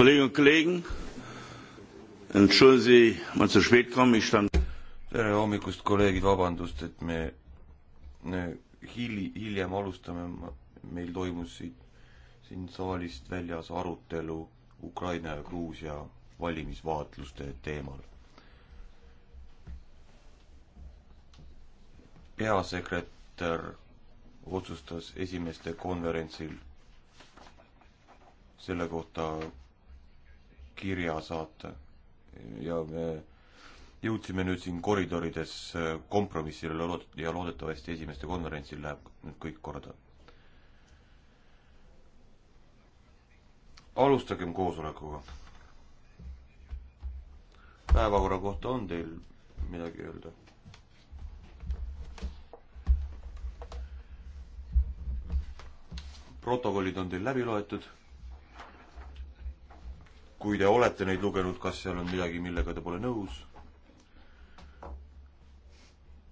Kolleginnen und Kollegen, entschuldigen Sie, ma zu spät komme, ich stand tere hommikust, kolleegid, vabandust, et me, me hili-, hiljem alustame, meil toimus siin, siin saalist väljas arutelu Ukraina ja Gruusia valimisvaatluste teemal. peasekretär otsustas esimeste konverentsil selle kohta kirja saata. ja me jõudsime nüüd siin koridorides äh, kompromissile lood- ja loodetavasti esimeste konverentsil läheb nüüd kõik korda. alustagem koosolekuga. päevakorra kohta on teil midagi öelda? protokollid on teil läbi loetud kui te olete neid lugenud, kas seal on midagi, millega te pole nõus?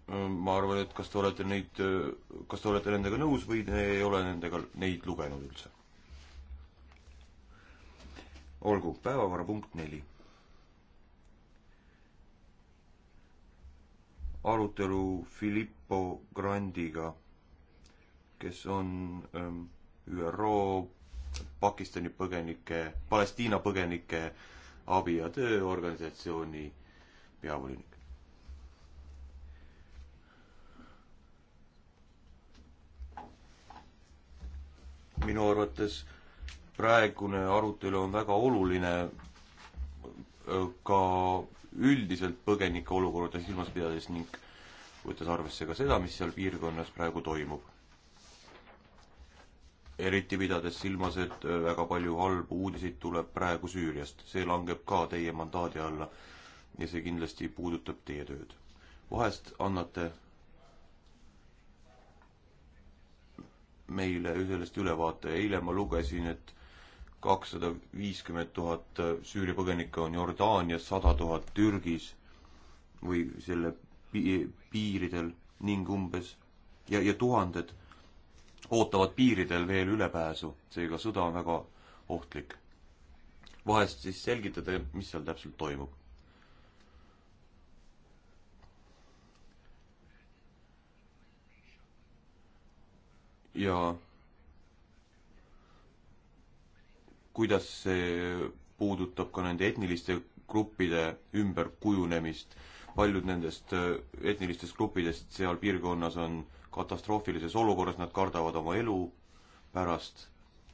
ma arvan, et kas te olete neid, kas te olete nendega nõus või te ei ole nendega, neid lugenud üldse. olgu, päevakorrapunkt neli. arutelu Filippo Grandiga, kes on ähm, ÜRO Pakistani põgenike, Palestiina põgenike abi- ja tööorganisatsiooni peavolinik. minu arvates praegune arutelu on väga oluline äh, ka üldiselt põgenike olukorda silmas pidades ning võttes arvesse ka seda, mis seal piirkonnas praegu toimub eriti pidades silmas, et äh, väga palju halbu uudiseid tuleb praegu Süüriast, see langeb ka teie mandaadi alla ja see kindlasti puudutab teie tööd. vahest annate meile sellest ülevaate, eile ma lugesin, et kakssada viiskümmend tuhat äh, Süüria põgenikke on Jordaanias, sada tuhat Türgis või selle piiridel ning umbes ja, ja tuhanded ootavad piiridel veel ülepääsu, seega sõda on väga ohtlik. vahest siis selgitada, mis seal täpselt toimub. ja kuidas see puudutab ka nende etniliste gruppide ümberkujunemist. paljud nendest äh, etnilistest gruppidest seal piirkonnas on äh, katastroofilises olukorras, nad kardavad oma elu pärast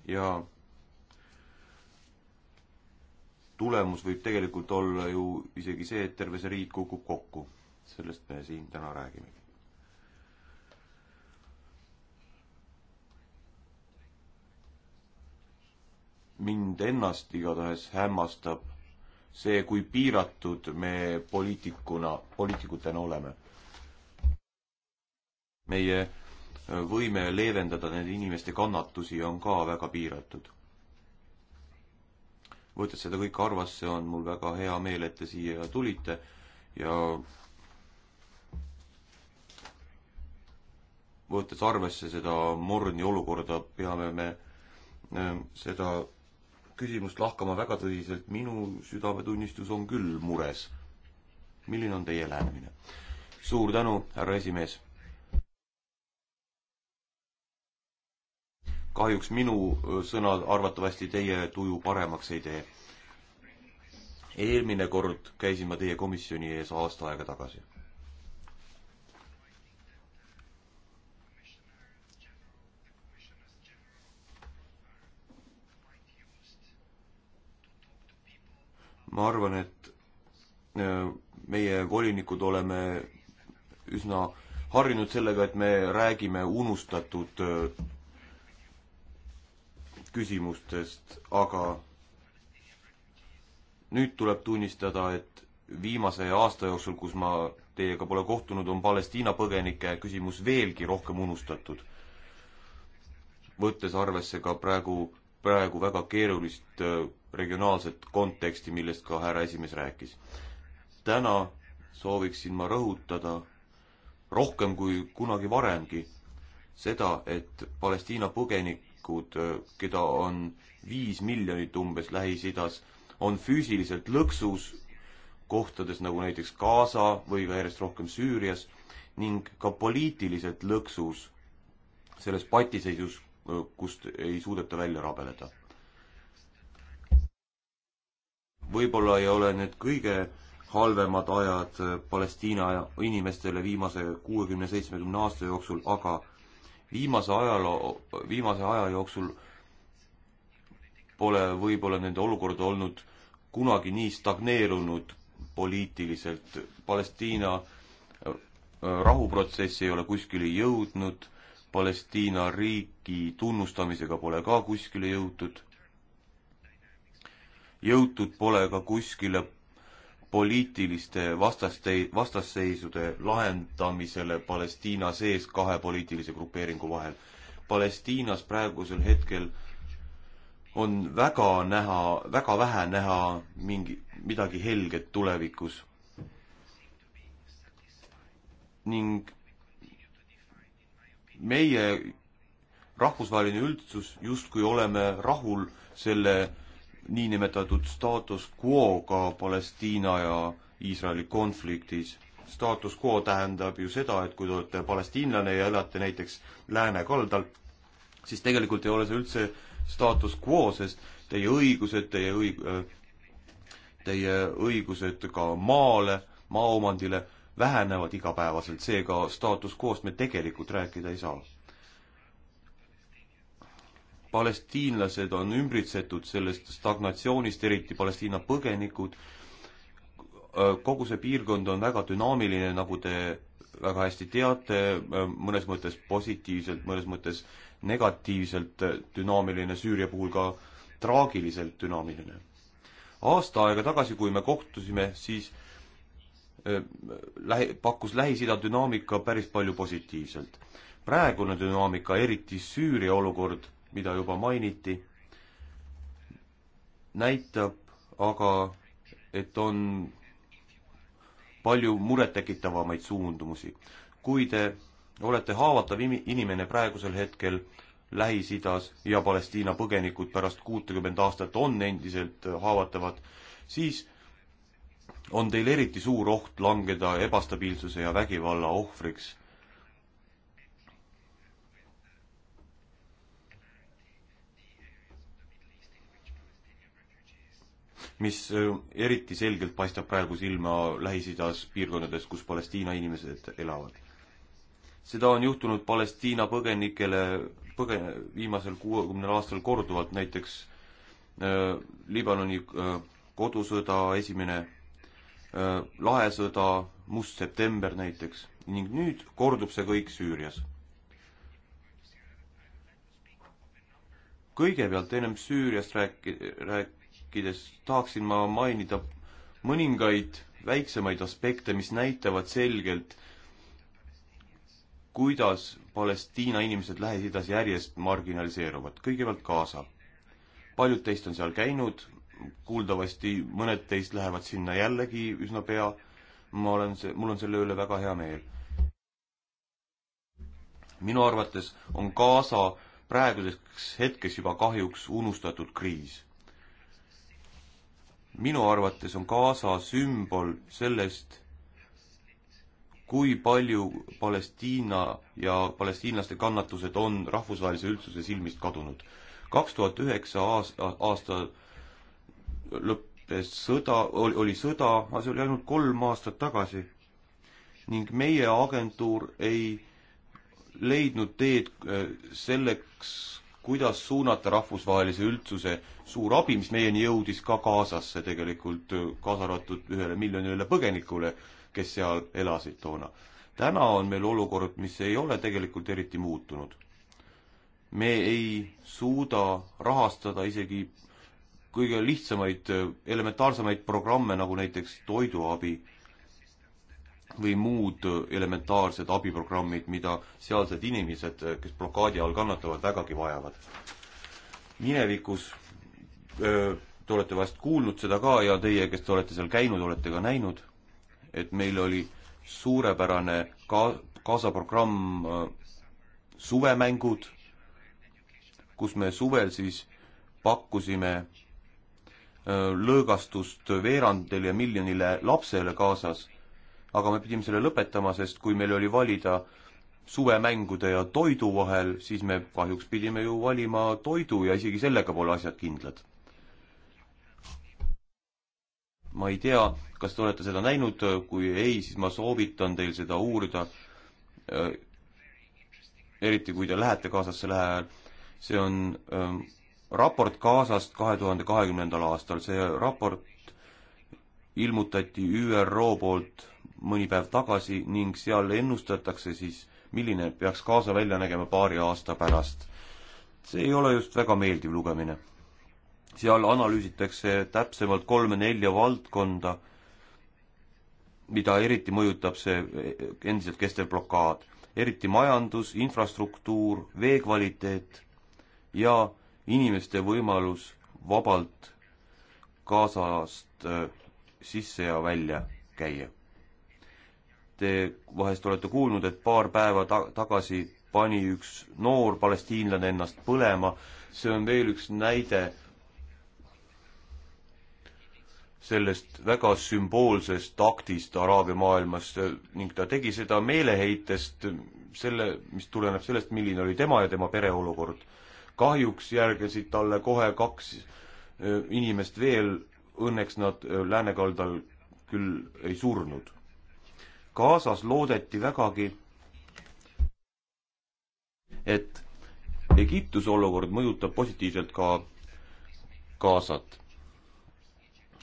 ja tulemus võib tegelikult olla ju isegi see, et terve see riik kukub kokku. sellest me siin täna räägimegi. mind ennast igatahes hämmastab see, kui piiratud me poliitikuna, poliitikutena oleme meie äh, võime leevendada nende inimeste kannatusi on ka väga piiratud. võttes seda kõike arvasse, on mul väga hea meel, et te siia tulite ja võttes arvesse seda morni olukorda, peame me äh, seda küsimust lahkama väga tõsiselt. minu südametunnistus on küll mures. milline on teie lähenemine? suur tänu, härra esimees kahjuks minu sõnad arvatavasti teie tuju paremaks ei tee. eelmine kord käisin ma teie komisjoni ees aasta aega tagasi. ma arvan, et meie volinikud oleme üsna harjunud sellega, et me räägime unustatud küsimustest, aga nüüd tuleb tunnistada, et viimase aasta jooksul, kus ma teiega pole kohtunud, on Palestiina põgenike küsimus veelgi rohkem unustatud. võttes arvesse ka praegu, praegu väga keerulist äh, regionaalset konteksti, millest ka härra esimees rääkis. täna sooviksin ma rõhutada rohkem kui kunagi varemgi seda, et Palestiina põgenik isikud, äh, keda on viis miljonit umbes Lähis-Idas, on füüsiliselt lõksus kohtades nagu näiteks Gaza või ka järjest rohkem Süürias ning ka poliitiliselt lõksus selles patiseisus, äh, kust ei suudeta välja rabeleda. võib-olla ei ole need kõige halvemad ajad äh, Palestiina inimestele viimase kuuekümne, seitsmekümne aasta jooksul, aga viimase ajaloo, viimase aja jooksul pole võib-olla nende olukord olnud kunagi nii stagneerunud poliitiliselt. Palestiina äh, rahuprotsess ei ole kuskile jõudnud, Palestiina riigi tunnustamisega pole ka kuskile jõutud. jõutud pole ka kuskile poliitiliste vastaste, vastasseisude lahendamisele Palestiina sees kahe poliitilise grupeeringu vahel. Palestiinas praegusel hetkel on väga näha, väga vähe näha mingi, midagi helget tulevikus. ning meie rahvusvaheline üldsus justkui oleme rahul selle niinimetatud status quo'ga Palestiina ja Iisraeli konfliktis. Status quo tähendab ju seda, et kui te olete palestiinlane ja elate näiteks lääne kaldal, siis tegelikult ei ole see üldse status quo, sest teie õigused, teie õig-, äh, teie õigused ka maale, maaomandile vähenevad igapäevaselt, seega status quo'st me tegelikult rääkida ei saa palestiinlased on ümbritsetud sellest stagnatsioonist, eriti Palestiina põgenikud. kogu see piirkond on väga dünaamiline, nagu te väga hästi teate, mõnes mõttes positiivselt, mõnes mõttes negatiivselt dünaamiline, Süüria puhul ka traagiliselt dünaamiline. aasta aega tagasi, kui me kohtusime, siis eh, lähi-, pakkus Lähis-Ida dünaamika päris palju positiivselt. praegune dünaamika, eriti Süüria olukord, mida juba mainiti, näitab aga, et on palju murettekitavamaid suundumusi. kui te olete haavatav inimene praegusel hetkel Lähis-Idas ja Palestiina põgenikud pärast kuutekümmend aastat on endiselt haavatavad, siis on teil eriti suur oht langeda ebastabiilsuse ja vägivalla ohvriks mis äh, eriti selgelt paistab praegu silma Lähis-Idas piirkondades, kus Palestiina inimesed elavad. seda on juhtunud Palestiina põgenikele põge-, viimasel kuuekümnel aastal korduvalt, näiteks äh, Liibanoni äh, kodusõda, esimene äh, lahesõda, must september näiteks ning nüüd kordub see kõik Süürias kõigepealt ennem Süüriast rääki-, rääk-, rääkides tahaksin ma mainida mõningaid väiksemaid aspekte, mis näitavad selgelt, kuidas Palestiina inimesed Lähis-Idas järjest marginaliseeruvad. kõigepealt Gaza. paljud teist on seal käinud, kuuldavasti mõned teist lähevad sinna jällegi üsna pea. ma olen, mul on selle üle väga hea meel. minu arvates on Gaza praeguseks hetkeks juba kahjuks unustatud kriis minu arvates on Gaza sümbol sellest, kui palju Palestiina ja palestiinlaste kannatused on rahvusvahelise üldsuse silmist kadunud. kaks tuhat üheksa aasta, aasta lõppes sõda, oli, oli sõda, aga see oli ainult kolm aastat tagasi. ning meie agentuur ei leidnud teed äh, selleks kuidas suunata rahvusvahelise üldsuse suur abi, mis meieni jõudis ka Gazasse tegelikult, kaasa arvatud ühele miljonile põgenikule, kes seal elasid toona. täna on meil olukord, mis ei ole tegelikult eriti muutunud. me ei suuda rahastada isegi kõige lihtsamaid, elementaarsemaid programme, nagu näiteks toiduabi või muud elementaarsed abiprogrammid, mida sealsed inimesed, kes blokaadi all kannatavad, vägagi vajavad. minevikus te olete vast kuulnud seda ka ja teie, kes te olete seal käinud, olete ka näinud, et meil oli suurepärane ka-, kaasaprogramm suvemängud, kus me suvel siis pakkusime lõõgastust veerandile miljonile lapsele kaasas aga me pidime selle lõpetama, sest kui meil oli valida suvemängude ja toidu vahel, siis me kahjuks pidime ju valima toidu ja isegi sellega pole asjad kindlad. ma ei tea, kas te olete seda näinud, kui ei, siis ma soovitan teil seda uurida. eriti kui te lähete Gazasse lähiajal, see on ähm, raport Gazast kahe tuhande kahekümnendal aastal, see raport ilmutati ÜRO poolt mõni päev tagasi ning seal ennustatakse siis, milline peaks kaasa välja nägema paari aasta pärast. see ei ole just väga meeldiv lugemine. seal analüüsitakse täpsemalt kolme-nelja valdkonda, mida eriti mõjutab see endiselt kestev blokaad. eriti majandus, infrastruktuur, vee kvaliteet ja inimeste võimalus vabalt Gazast äh, sisse ja välja käia Te vahest olete kuulnud, et paar päeva ta-, tagasi pani üks noor palestiinlane ennast põlema, see on veel üks näide sellest väga sümboolsest aktist Araabia maailmas ning ta tegi seda meeleheitest, selle, mis tuleneb sellest, milline oli tema ja tema pere olukord. kahjuks järgesid talle kohe kaks äh, inimest veel, õnneks nad äh, läänekaldal küll ei surnud Gazas loodeti vägagi, et Egiptuse olukord mõjutab positiivselt ka Gazat.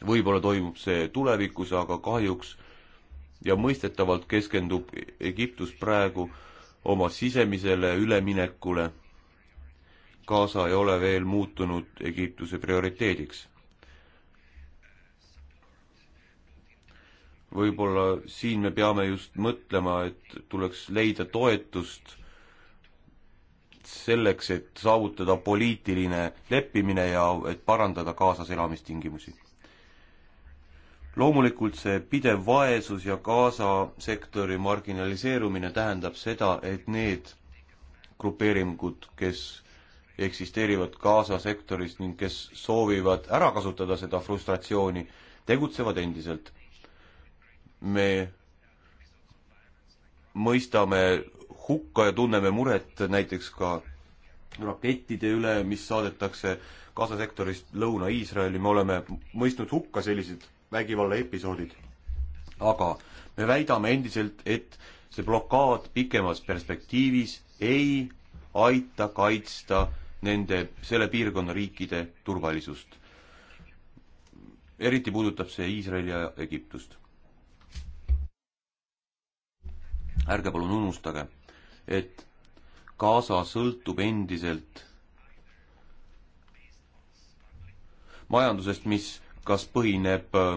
võib-olla toimub see tulevikus, aga kahjuks ja mõistetavalt keskendub Egiptus praegu oma sisemisele üleminekule. Gaza ei ole veel muutunud Egiptuse prioriteediks võib-olla siin me peame just mõtlema, et tuleks leida toetust selleks, et saavutada poliitiline leppimine ja et parandada kaasas elamistingimusi. loomulikult see pidev vaesus ja kaasasektori marginaliseerumine tähendab seda, et need grupeeringud, kes eksisteerivad kaasasektoris ning kes soovivad ära kasutada seda frustratsiooni, tegutsevad endiselt me mõistame hukka ja tunneme muret näiteks ka rakettide üle, mis saadetakse Gaza sektorist Lõuna-Iisraeli, me oleme mõistnud hukka sellised vägivallaepisoodid. aga me väidame endiselt, et see blokaad pikemas perspektiivis ei aita kaitsta nende, selle piirkonna riikide turvalisust. eriti puudutab see Iisraeli ja Egiptust ärge palun unustage, et Gaza sõltub endiselt majandusest, mis kas põhineb äh,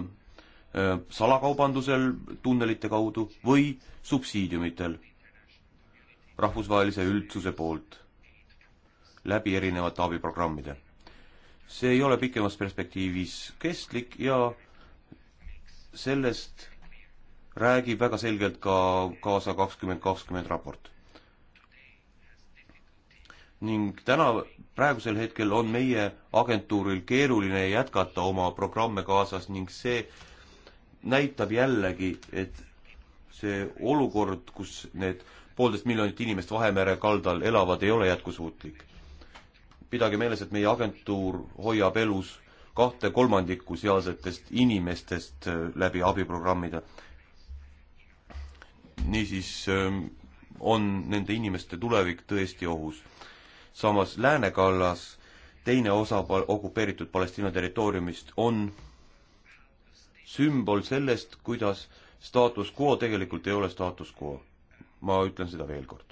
äh, salakaubandusel tunnelite kaudu või subsiidiumitel rahvusvahelise üldsuse poolt läbi erinevate abiprogrammide. see ei ole pikemas perspektiivis kestlik ja sellest räägib väga selgelt ka Kaasa kakskümmend kakskümmend raport. ning täna, praegusel hetkel on meie agentuuril keeruline jätkata oma programme kaasas ning see näitab jällegi, et see olukord, kus need poolteist miljonit inimest Vahemere kaldal elavad, ei ole jätkusuutlik. pidage meeles, et meie agentuur hoiab elus kahte kolmandikku sealsetest inimestest äh, läbi abiprogrammide niisiis ähm, on nende inimeste tulevik tõesti ohus. samas läänekallas teine osa pal-, okupeeritud Palestiina territooriumist on sümbol sellest, kuidas staatus quo tegelikult ei ole staatus quo. ma ütlen seda veel kord.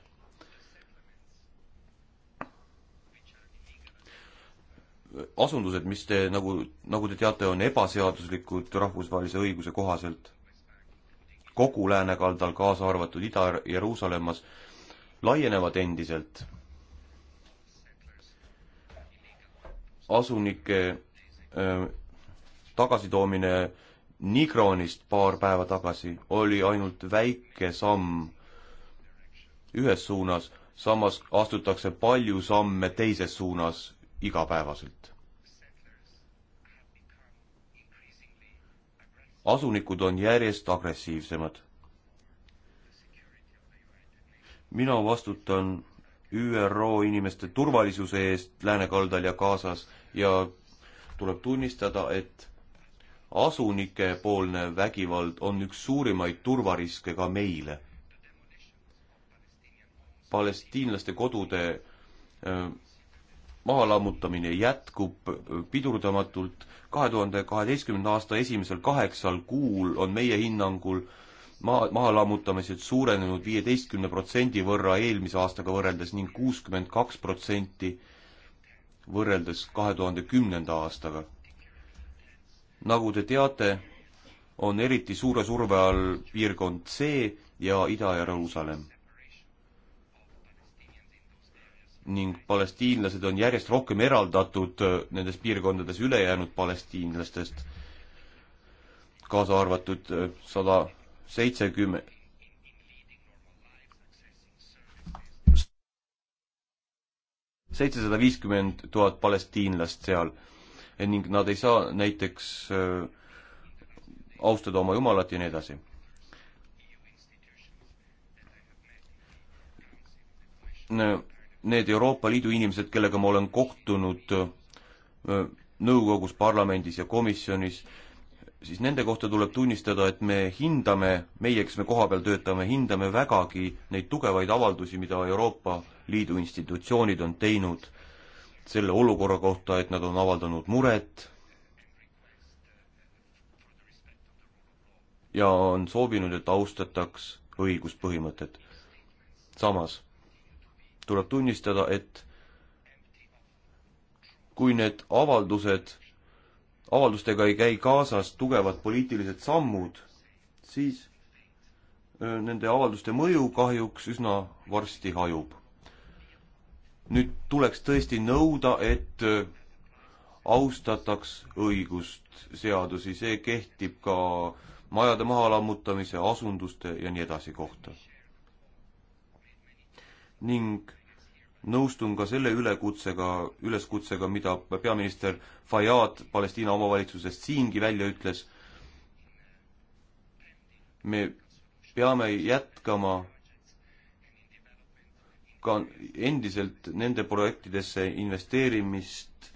asundused, mis te nagu, nagu te teate, on ebaseaduslikud rahvusvahelise õiguse kohaselt kogu lääne kaldal, kaasa arvatud Ida-Jeruusalemmas, laienevad endiselt. asunike öö, äh, tagasitoomine Nigronist paar päeva tagasi oli ainult väike samm ühes suunas, samas astutakse palju samme teises suunas igapäevaselt. asunikud on järjest agressiivsemad. mina vastutan ÜRO inimeste turvalisuse eest läänekaldal ja Gazas ja tuleb tunnistada, et asunikepoolne vägivald on üks suurimaid turvariske ka meile. palestiinlaste kodude äh, maha lammutamine jätkub pidurdamatult. kahe tuhande kaheteistkümnenda aasta esimesel kaheksal kuul on meie hinnangul maa, mahalammutamised suurenenud viieteistkümne protsendi võrra eelmise aastaga võrreldes ning kuuskümmend kaks protsenti võrreldes kahe tuhande kümnenda aastaga. nagu te teate, on eriti suure surve all piirkond C ja Ida-Jeruusalemm. ning palestiinlased on järjest rohkem eraldatud äh, nendes piirkondades ülejäänud palestiinlastest, kaasa arvatud äh, sada seitsekümmend, seitsesada viiskümmend tuhat palestiinlast seal eh, ning nad ei saa näiteks äh, austada oma jumalat ja nii edasi no need Euroopa Liidu inimesed, kellega ma olen kohtunud nõukogus, parlamendis ja komisjonis, siis nende kohta tuleb tunnistada, et me hindame, meie, kes me kohapeal töötame, hindame vägagi neid tugevaid avaldusi, mida Euroopa Liidu institutsioonid on teinud selle olukorra kohta, et nad on avaldanud muret ja on soovinud, et austataks õiguspõhimõtet. samas tuleb tunnistada, et kui need avaldused, avaldustega ei käi kaasas tugevad poliitilised sammud, siis nende avalduste mõju kahjuks üsna varsti hajub. nüüd tuleks tõesti nõuda, et austataks õigust, seadusi, see kehtib ka majade maha lammutamise, asunduste ja nii edasi kohta ning nõustun ka selle ülekutsega, üleskutsega, mida peaminister Fayad Palestiina omavalitsusest siingi välja ütles. me peame jätkama ka endiselt nende projektidesse investeerimist,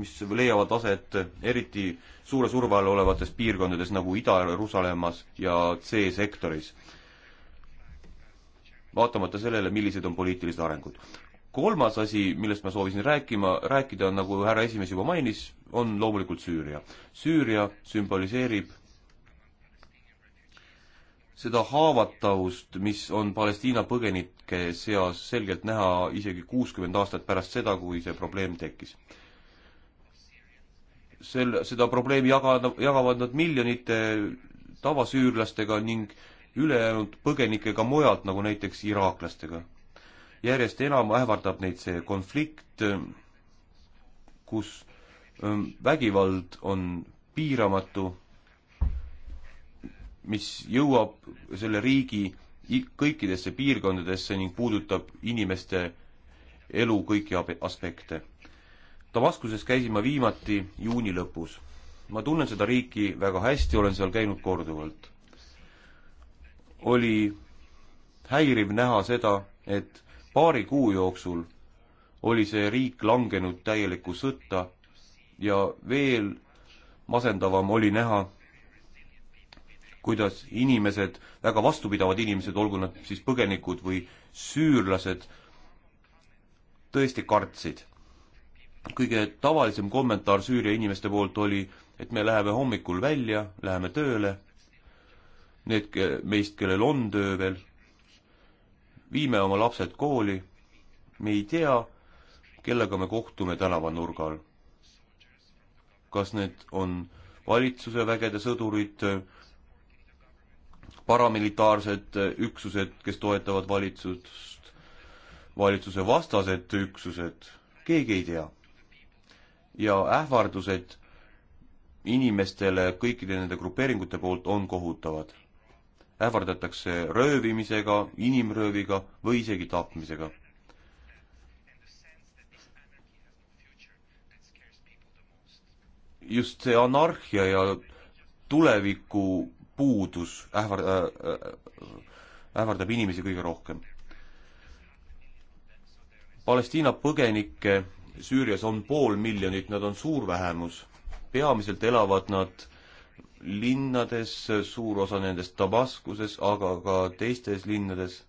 mis leiavad aset eriti suure surve all olevates piirkondades nagu Ida-Jeruusalemmas ja C-sektoris vaatamata sellele, millised on poliitilised arengud. kolmas asi, millest ma soovisin rääkima, rääkida, nagu härra esimees juba mainis, on loomulikult Süüria. Süüria sümboliseerib seda haavatavust, mis on Palestiina põgenike seas selgelt näha isegi kuuskümmend aastat pärast seda, kui see probleem tekkis. sel-, seda probleemi jaga-, jagavad nad miljonite tavasüürlastega ning äh, ülejäänud põgenikega mujalt, nagu näiteks iraaklastega. järjest enam ähvardab neid see konflikt, kus ähm, vägivald on piiramatu, mis jõuab selle riigi kõikidesse piirkondadesse ning puudutab inimeste elu kõiki aspekte. Damaskuses käisin ma viimati juuni lõpus. ma tunnen seda riiki väga hästi, olen seal käinud korduvalt oli häiriv näha seda, et paari kuu jooksul oli see riik langenud täielikku sõtta ja veel masendavam oli näha, kuidas inimesed, väga vastupidavad inimesed, olgu nad siis põgenikud või süürlased, tõesti kartsid. kõige tavalisem kommentaar Süüria inimeste poolt oli, et me läheme hommikul välja, läheme tööle need meist, kellel on töö veel, viime oma lapsed kooli, me ei tea, kellega me kohtume tänavanurgal. kas need on valitsuse vägede sõdurid, paramilitaarsed üksused, kes toetavad valitsust, valitsuse vastased üksused, keegi ei tea. ja ähvardused inimestele kõikide nende grupeeringute poolt on kohutavad ähvardatakse röövimisega, inimrööviga või isegi tapmisega. just see anarhia ja tuleviku puudus ähvar- äh,, äh ähvardab inimesi kõige rohkem. Palestiina põgenikke Süürias on pool miljonit, nad on suur vähemus. peamiselt elavad nad linnades, suur osa nendest Damaskuses, aga ka teistes linnades.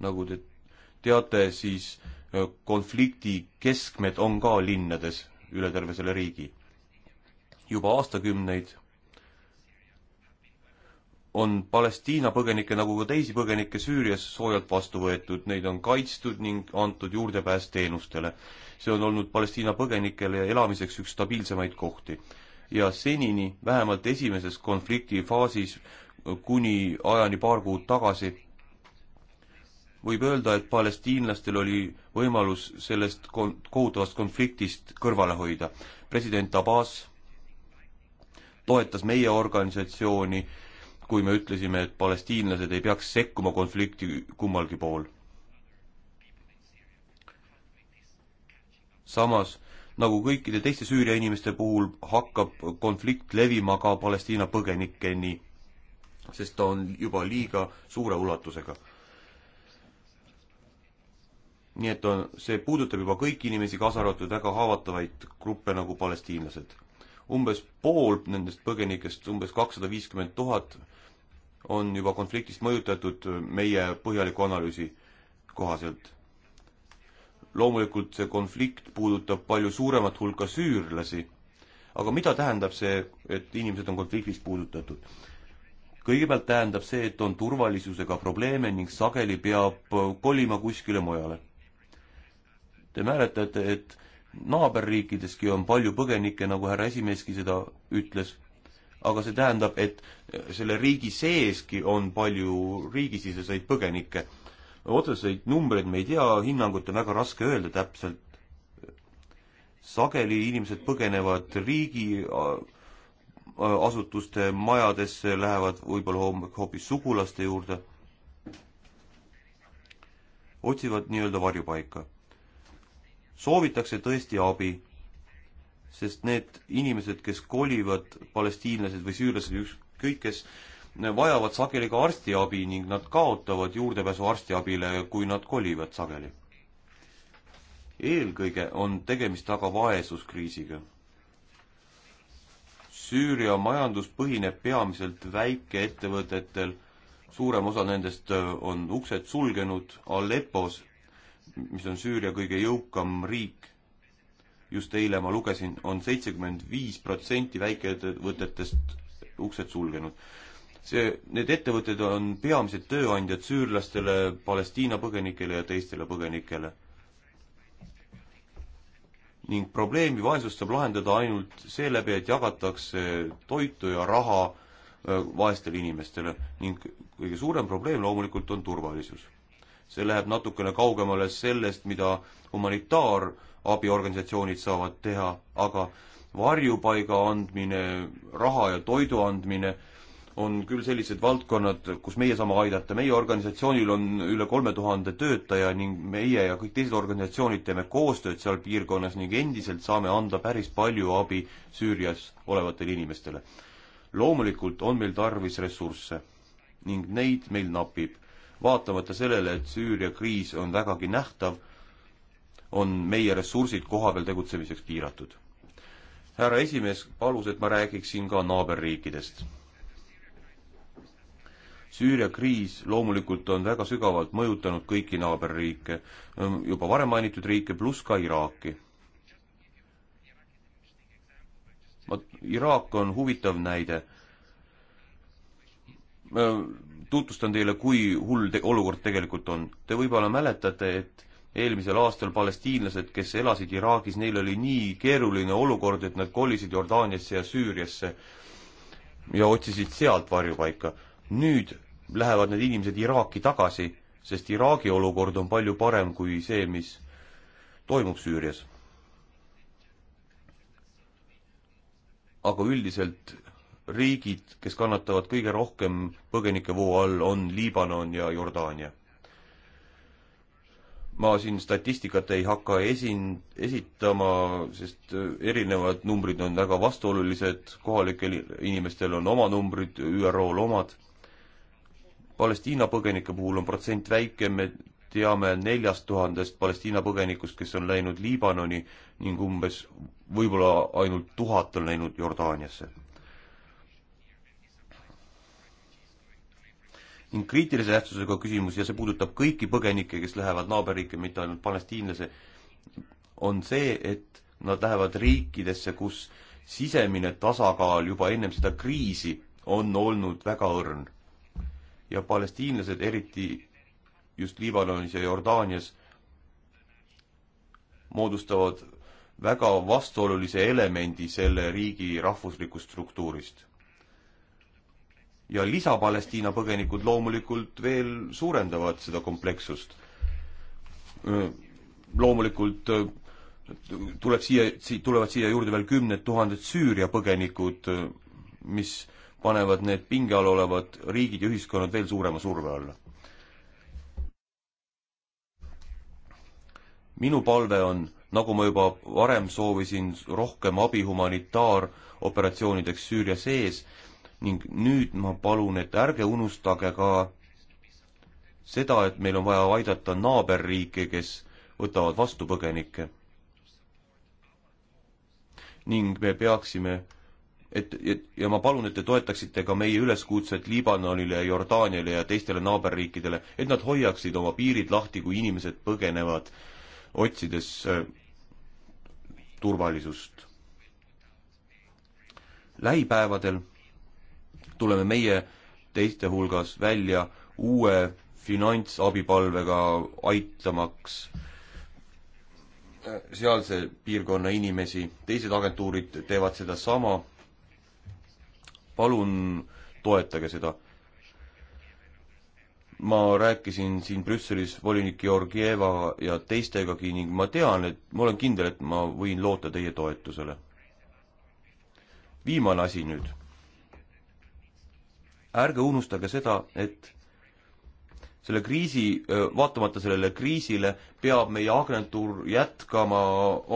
nagu te teate, siis äh, konflikti keskmed on ka linnades üle terve selle riigi. juba aastakümneid on Palestiina põgenikke nagu ka teisi põgenikke Süürias soojalt vastu võetud, neid on kaitstud ning antud juurdepääs teenustele. see on olnud Palestiina põgenikele elamiseks üks stabiilsemaid kohti ja senini, vähemalt esimeses konflikti faasis kuni ajani paar kuud tagasi, võib öelda, et palestiinlastel oli võimalus sellest kon-, kohutavast konfliktist kõrvale hoida. president Abbas toetas meie organisatsiooni, kui me ütlesime, et palestiinlased ei peaks sekkuma konflikti kummalgi pool. samas nagu kõikide teiste Süüria inimeste puhul hakkab konflikt levima ka Palestiina põgenikeni, sest ta on juba liiga suure ulatusega. nii et on, see puudutab juba kõiki inimesi, kaasa arvatud väga haavatavaid gruppe nagu palestiinlased. umbes pool nendest põgenikest, umbes kakssada viiskümmend tuhat, on juba konfliktist mõjutatud meie põhjaliku analüüsi kohaselt loomulikult see konflikt puudutab palju suuremat hulka süürlasi, aga mida tähendab see, et inimesed on konfliktist puudutatud? kõigepealt tähendab see, et on turvalisusega probleeme ning sageli peab kolima kuskile mujale. Te mäletate, et naaberriikideski on palju põgenikke, nagu härra esimeeski seda ütles, aga see tähendab, et selle riigi seeski on palju riigisiseseid põgenikke otseseid numbreid me ei tea, hinnangut on väga raske öelda täpselt. sageli inimesed põgenevad riigi asutuste majadesse, lähevad võib-olla hoopis sugulaste juurde, otsivad nii-öelda varjupaika. soovitakse tõesti abi sest need inimesed, kes kolivad, palestiinlased või süürlased, ükskõik kes, vajavad sageli ka arstiabi ning nad kaotavad juurdepääsu arstiabile, kui nad kolivad sageli. eelkõige on tegemist aga vaesuskriisiga. Süüria majandus põhineb peamiselt väikeettevõtetel, suurem osa nendest äh, on uksed sulgenud Aleppos, mis on Süüria kõige jõukam riik, just eile ma lugesin on, on seitsekümmend viis protsenti väikeettevõtetest uksed sulgenud see, need ettevõtted on peamised tööandjad süürlastele, Palestiina põgenikele ja teistele põgenikele. ning probleemi vaesust saab lahendada ainult seeläbi, et jagatakse toitu ja raha äh, vaestele inimestele ning kõige suurem probleem loomulikult on turvalisus. see läheb natukene kaugemale sellest, mida humanitaarabiorganisatsioonid saavad teha, aga varjupaiga andmine, raha ja toidu andmine on küll sellised valdkonnad, kus meie saame aidata, meie organisatsioonil on üle kolme tuhande töötaja ning meie ja kõik teised organisatsioonid teeme koostööd seal piirkonnas ning endiselt saame anda päris palju abi Süürias olevatele inimestele. loomulikult on meil tarvis ressursse ning neid meil napib. vaatamata sellele, et Süüria kriis on vägagi nähtav, on meie ressursid kohapeal tegutsemiseks piiratud. härra esimees palus, et ma räägiksin ka naaberriikidest Süüria kriis loomulikult on väga sügavalt mõjutanud kõiki naaberriike, ähm, juba varem mainitud riike, pluss ka Iraaki. Iraak on huvitav näide. tutvustan teile, kui hull te olukord tegelikult on. Te võib-olla mäletate, et eelmisel aastal palestiinlased, kes elasid Iraagis, neil oli nii keeruline olukord, et nad kolisid Jordaaniasse ja Süüriasse ja otsisid sealt varjupaika nüüd lähevad need inimesed Iraaki tagasi, sest Iraagi olukord on palju parem kui see, mis toimub Süürias. aga üldiselt riigid, kes kannatavad kõige rohkem põgenikevoo all, on Liibanon ja Jordaania. ma siin statistikat ei hakka esin-, esitama, sest erinevad numbrid on väga vastuolulised, kohalikel inimestel on oma numbrid, ÜRO-l omad Palestiina põgenike puhul on protsent väike, me teame neljast tuhandest Palestiina põgenikust, kes on läinud Liibanoni ning umbes võib-olla ainult tuhat on läinud Jordaaniasse. ning kriitilise tähtsusega küsimus ja see puudutab kõiki põgenikke, kes lähevad naaberriike, mitte ainult palestiinlase, on see, et nad lähevad riikidesse, kus sisemine tasakaal juba ennem seda kriisi on olnud väga õrn ja palestiinlased, eriti just Liibanonis ja Jordaanias, moodustavad väga vastuolulise elemendi selle riigi rahvuslikust struktuurist. ja lisapalestiina põgenikud loomulikult veel suurendavad seda komplekssust. loomulikult tuleb siia, tulevad siia juurde veel kümned tuhanded Süüria põgenikud, mis panevad need pinge all olevad riigid ja ühiskonnad veel suurema surve alla. minu palve on, nagu ma juba varem soovisin, rohkem abi humanitaaroperatsioonideks Süüria sees ning nüüd ma palun, et ärge unustage ka seda, et meil on vaja aidata naaberriike, kes võtavad vastu põgenikke. ning me peaksime et, et ja ma palun, et te toetaksite ka meie üleskutset Liibanonile, Jordaaniale ja teistele naaberriikidele, et nad hoiaksid oma piirid lahti, kui inimesed põgenevad, otsides äh, turvalisust. lähipäevadel tuleme meie teiste hulgas välja uue finantsabipalvega aitamaks äh, sealse piirkonna inimesi, teised agentuurid teevad sedasama palun toetage seda. ma rääkisin siin Brüsselis volinik Georgieva ja teistegagi ning ma tean, et ma olen kindel, et ma võin loota teie toetusele. viimane asi nüüd. ärge unustage seda, et selle kriisi, vaatamata sellele kriisile, peab meie agentuur jätkama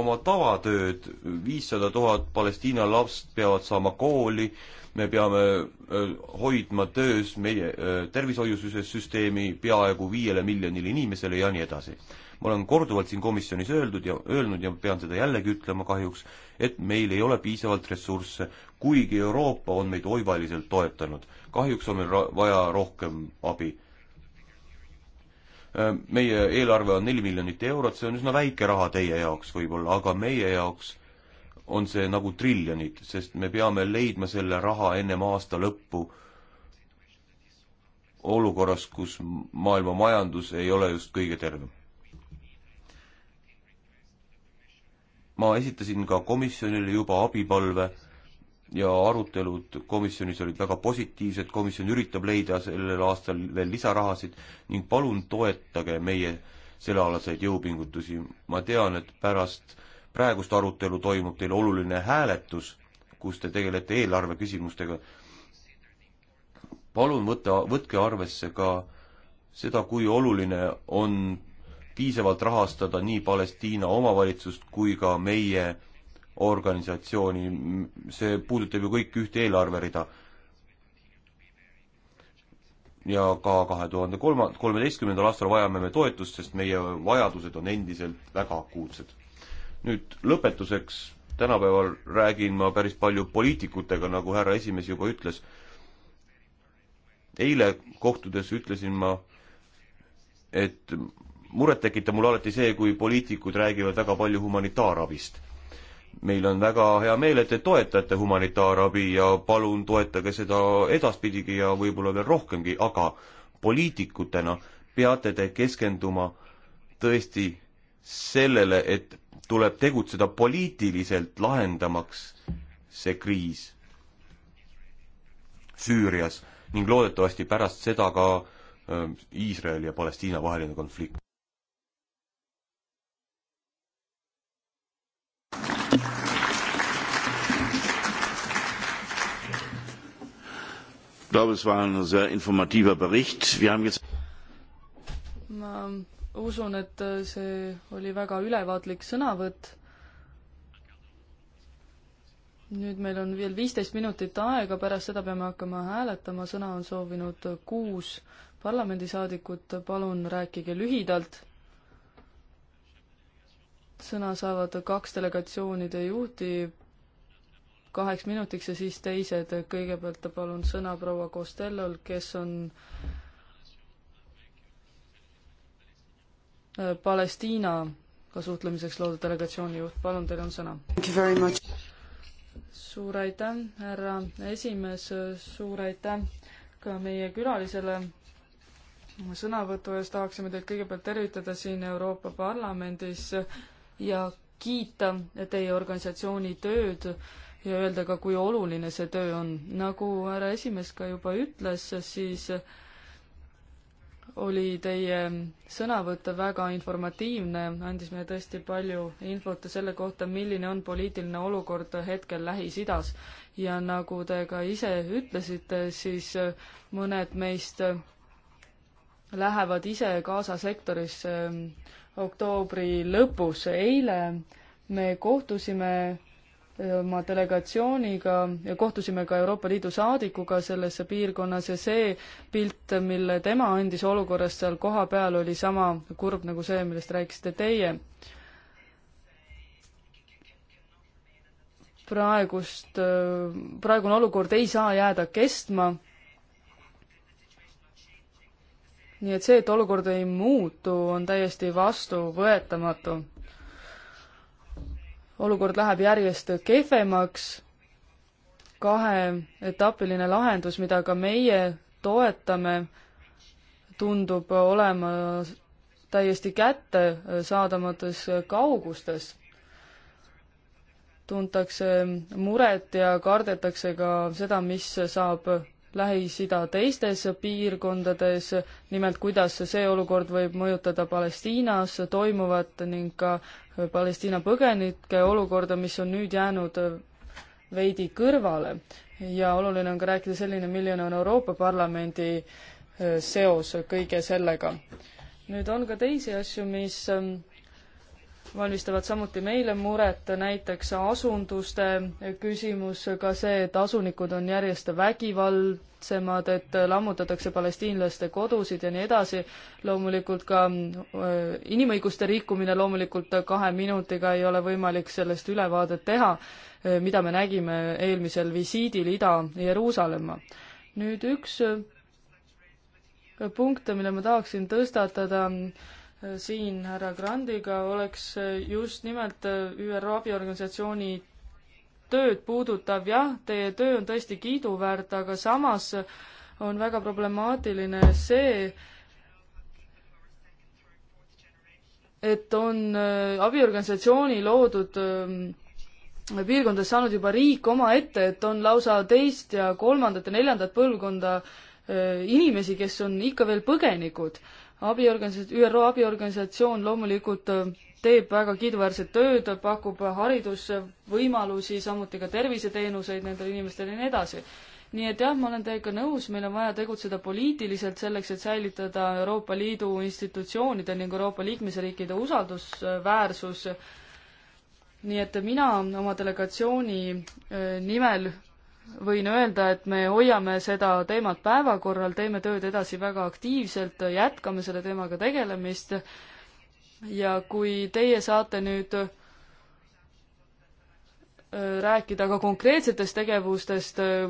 oma tavatööd, viissada tuhat Palestiina last peavad saama kooli, me peame hoidma töös meie tervishoiusüsteemi peaaegu viiele miljonile inimesele ja nii edasi. ma olen korduvalt siin komisjonis öeldud ja öelnud ja pean seda jällegi ütlema kahjuks, et meil ei ole piisavalt ressursse, kuigi Euroopa on meid oivaliselt toetanud. kahjuks on meil vaja rohkem abi meie eelarve on neli miljonit eurot, see on üsna väike raha teie jaoks võib-olla, aga meie jaoks on see nagu triljonid, sest me peame leidma selle raha ennem aasta lõppu olukorras, kus maailma majandus ei ole just kõige tervem. ma esitasin ka komisjonile juba abipalve ja arutelud komisjonis olid väga positiivsed, komisjon üritab leida sellel aastal veel lisarahasid ning palun toetage meie sellealaseid jõupingutusi. ma tean, et pärast praegust arutelu toimub teil oluline hääletus, kus te tegelete eelarve küsimustega. palun võta, võtke arvesse ka seda, kui oluline on piisavalt rahastada nii Palestiina omavalitsust kui ka meie organisatsiooni, see puudutab ju kõik ühte eelarverida. ja ka kahe tuhande kolma, kolmeteistkümnendal aastal vajame me toetust, sest meie vajadused on endiselt väga akuutsed nüüd lõpetuseks, tänapäeval räägin ma päris palju poliitikutega, nagu härra esimees juba ütles. eile kohtudes ütlesin ma, et muret tekitab mul alati see, kui poliitikud räägivad väga palju humanitaarabist. meil on väga hea meel, et te toetate humanitaarabi ja palun toetage seda edaspidigi ja võib-olla veel rohkemgi, aga poliitikutena peate te keskenduma tõesti sellele, et tuleb tegutseda poliitiliselt, lahendamaks see kriis Süürias ning loodetavasti pärast seda ka ähm, Iisraeli ja Palestiina vaheline konflikt. Ich glaube, es war ein sehr informativer Bericht. Wir haben jetzt ma usun, et äh, see oli väga ülevaatlik sõnavõtt. nüüd meil on veel viisteist minutit aega, pärast seda peame hakkama hääletama, sõna on soovinud kuus parlamendisaadikut, palun rääkige lühidalt. sõna saavad kaks delegatsioonide juhti kaheks minutiks ja siis teised, kõigepealt palun sõna proua Costellol, kes on äh, Äh, Palestiinaga suhtlemiseks loodud delegatsiooni juht, palun, teil on sõna. suur aitäh, härra esimees, suur aitäh ka meie külalisele sõnavõtu eest, tahaksime teid kõigepealt tervitada siin Euroopa Parlamendis ja kiita teie organisatsiooni tööd ja öelda ka, kui oluline see töö on. nagu härra esimees ka juba ütles, siis oli teie sõnavõtt väga informatiivne, andis meile tõesti palju infot selle kohta, milline on poliitiline olukord hetkel Lähis-Idas. ja nagu te ka ise ütlesite, siis mõned meist lähevad ise Gaza sektorisse ähm, oktoobri lõpus. eile me kohtusime oma delegatsiooniga ja kohtusime ka Euroopa Liidu saadikuga selles piirkonnas ja see pilt, mille tema andis olukorrast seal kohapeal, oli sama kurb nagu see, millest rääkisite teie. praegust, praegune olukord ei saa jääda kestma nii et see, et olukord ei muutu, on täiesti vastuvõetamatu olukord läheb järjest kehvemaks. kaheetapiline lahendus, mida ka meie toetame, tundub olema täiesti kättesaadamates kaugustes. tuntakse muret ja kardetakse ka seda, mis saab Lähis-Ida teistes piirkondades, nimelt kuidas see olukord võib mõjutada Palestiinas toimuvat ning ka Palestiina põgenike olukorda, mis on nüüd jäänud veidi kõrvale. ja oluline on ka rääkida selline, milline on Euroopa Parlamendi äh, seos kõige sellega. nüüd on ka teisi asju, mis ähm, valmistavad samuti meile muret, näiteks asunduste küsimus, ka see, et asunikud on järjest vägivaldsemad, et lammutatakse palestiinlaste kodusid ja nii edasi. loomulikult ka inimõiguste rikkumine, loomulikult kahe minutiga ei ole võimalik sellest ülevaadet teha, mida me nägime eelmisel visiidil Ida-Jeruusalemma. nüüd üks punkte, mille ma tahaksin tõstatada, siin härra Grandiga oleks just nimelt ÜRO abiorganisatsiooni tööd puudutav, jah, teie töö on tõesti kiiduväärt, aga samas on väga problemaatiline see, et on äh, abiorganisatsiooni loodud ähm, piirkondades saanud juba riik omaette, et on lausa teist ja kolmandat ja neljandat põlvkonda äh, inimesi, kes on ikka veel põgenikud abiorganisatsioon, ÜRO abiorganisatsioon loomulikult äh, teeb väga kiiduväärset tööd, pakub haridusvõimalusi, samuti ka terviseteenuseid nendele inimestele ja nii edasi. nii et jah, ma olen teiega nõus, meil on vaja tegutseda poliitiliselt selleks, et säilitada Euroopa Liidu institutsioonide ning Euroopa liikmesriikide usaldusväärsus. nii et mina oma delegatsiooni äh, nimel võin öelda, et me hoiame seda teemat päevakorral, teeme tööd edasi väga aktiivselt, jätkame selle teemaga tegelemist ja kui teie saate nüüd äh, rääkida ka konkreetsetest tegevustest äh,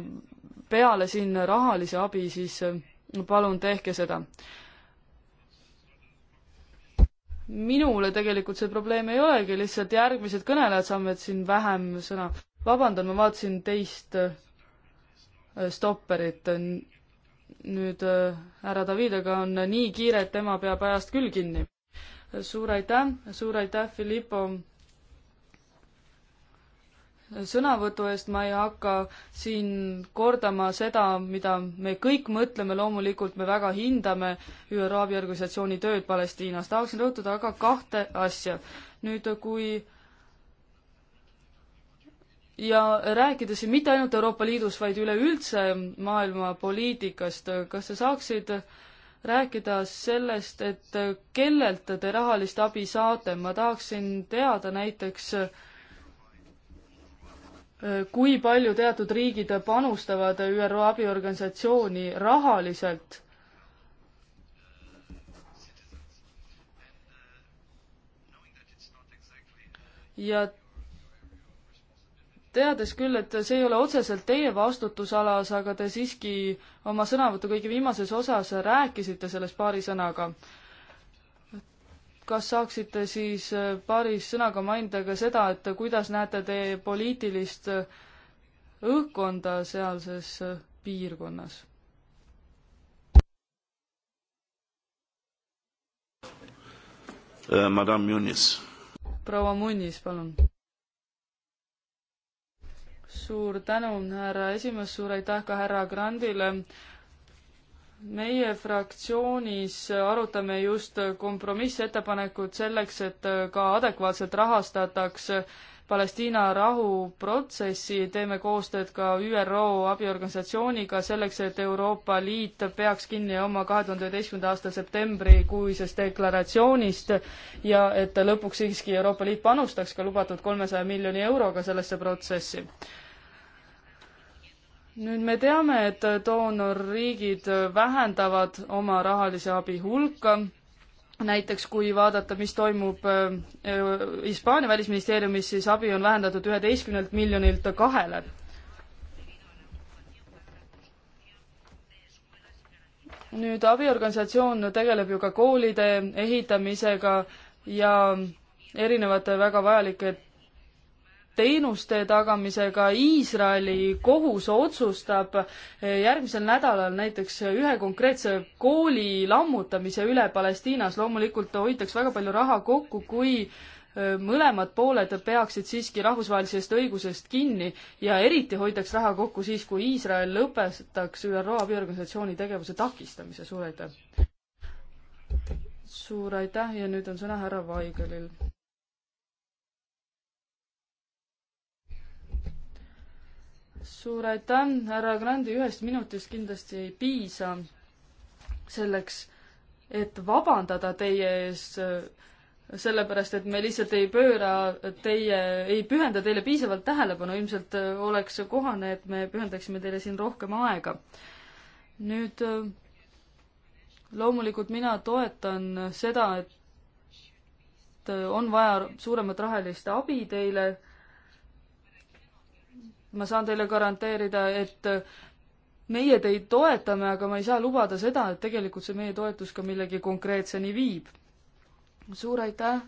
peale siin rahalise abi, siis äh, palun tehke seda. minule tegelikult see probleem ei olegi, lihtsalt järgmised kõnelejad saavad siin vähem sõna vabandan, ma vaatasin teist äh, stopperit. nüüd äh, härra Davidega on nii kiire, et tema peab ajast küll kinni. suur aitäh, suur aitäh, Filippo sõnavõtu eest, ma ei hakka siin kordama seda, mida me kõik mõtleme, loomulikult me väga hindame ÜRO abiorganisatsiooni tööd Palestiinas, tahaksin rõhutada aga kahte asja. nüüd, kui ja rääkida siin mitte ainult Euroopa Liidus, vaid üleüldse maailma poliitikast, kas sa saaksid rääkida sellest, et kellelt te rahalist abi saate, ma tahaksin teada näiteks, kui palju teatud riigid panustavad ÜRO abiorganisatsiooni rahaliselt ja teades küll, et see ei ole otseselt teie vastutusalas, aga te siiski oma sõnavõtu kõige viimases osas rääkisite sellest paari sõnaga. kas saaksite siis paari sõnaga mainida ka seda, et kuidas näete te poliitilist õhkkonda sealses piirkonnas? Eh, madame Munis. proua Munis, palun suur tänu, härra esimees, suur aitäh ka härra Grandile. meie fraktsioonis arutame just kompromissettepanekut selleks, et ka adekvaatselt rahastataks Palestiina rahuprotsessi, teeme koostööd ka ÜRO abiorganisatsiooniga selleks, et Euroopa Liit peaks kinni oma kahe tuhande üheteistkümnenda aasta septembrikuisest deklaratsioonist ja et lõpuks siiski Euroopa Liit panustaks ka lubatud kolmesaja miljoni euroga sellesse protsessi nüüd me teame, et doonorriigid vähendavad oma rahalise abi hulka. näiteks kui vaadata, mis toimub äh, Hispaania välisministeeriumis, siis abi on vähendatud üheteistkümnelt miljonilt kahele. nüüd abiorganisatsioon tegeleb ju ka koolide ehitamisega ja erinevate väga vajalike teenuste tagamisega. Iisraeli kohus otsustab eh, järgmisel nädalal näiteks ühe konkreetse kooli lammutamise üle Palestiinas. loomulikult hoitaks väga palju raha kokku, kui eh, mõlemad pooled peaksid siiski rahvusvahelisest õigusest kinni ja eriti hoitaks raha kokku siis, kui Iisrael lõpetaks ÜRO abiorganisatsiooni tegevuse takistamise. suur aitäh! suur aitäh ja nüüd on sõna härra Vaigelil. suur aitäh, härra Grandi, ühest minutist kindlasti ei piisa selleks, et vabandada teie ees äh, sellepärast, et me lihtsalt ei pööra teie, ei pühenda teile piisavalt tähelepanu, ilmselt äh, oleks kohane, et me pühendaksime teile siin rohkem aega. nüüd äh, loomulikult mina toetan seda, et on vaja suuremat rahalist abi teile ma saan teile garanteerida, et meie teid toetame, aga ma ei saa lubada seda, et tegelikult see meie toetus ka millegi konkreetseni viib. suur aitäh,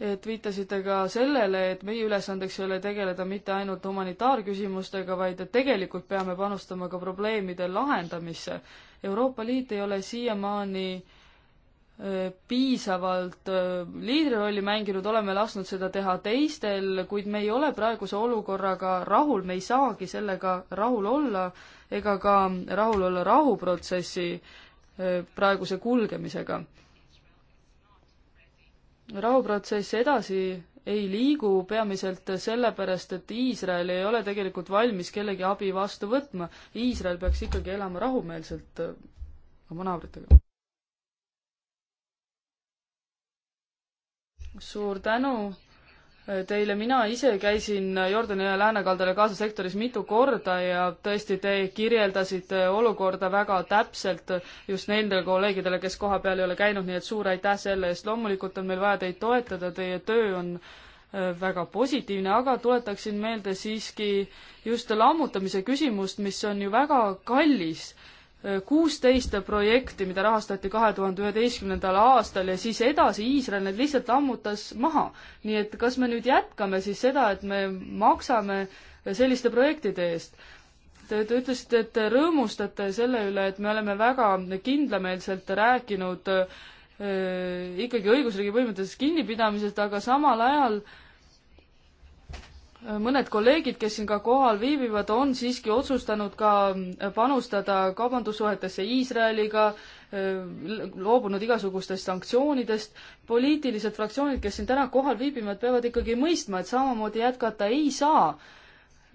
et viitasite ka sellele, et meie ülesandeks ei ole tegeleda mitte ainult humanitaarküsimustega, vaid et tegelikult peame panustama ka probleemide lahendamisse. Euroopa Liit ei ole siiamaani äh, piisavalt liidrirolli mänginud, oleme lasknud seda teha teistel, kuid me ei ole praeguse olukorraga rahul, me ei saagi sellega rahul olla ega ka rahul olla rahuprotsessi praeguse kulgemisega. rahuprotsess edasi ei liigu peamiselt sellepärast, et Iisrael ei ole tegelikult valmis kellegi abi vastu võtma. Iisrael peaks ikkagi elama rahumeelselt oma naabritega suur tänu teile, mina ise käisin Jordani ja läänekaldale Gaza sektoris mitu korda ja tõesti, te kirjeldasite olukorda väga täpselt just nendele kolleegidele, kes kohapeal ei ole käinud, nii et suur aitäh selle eest. loomulikult on meil vaja teid toetada, teie töö on äh, väga positiivne, aga tuletaksin meelde siiski just lammutamise küsimust, mis on ju väga kallis kuusteist projekti, mida rahastati kahe tuhande üheteistkümnendal aastal ja siis edasi Iisrael need lihtsalt lammutas maha. nii et kas me nüüd jätkame siis seda, et me maksame selliste projektide eest? Te, te ütlesite, et te rõõmustate selle üle, et me oleme väga kindlameelselt rääkinud äh, ikkagi õigusriigi põhimõttest kinnipidamisest, aga samal ajal äh, mõned kolleegid, kes siin ka kohal viibivad, on siiski otsustanud ka äh, panustada kaubandussuhetesse Iisraeliga, äh, loobunud igasugustest sanktsioonidest. poliitilised fraktsioonid, kes siin täna kohal viibivad, peavad ikkagi mõistma, et samamoodi jätkata ei saa.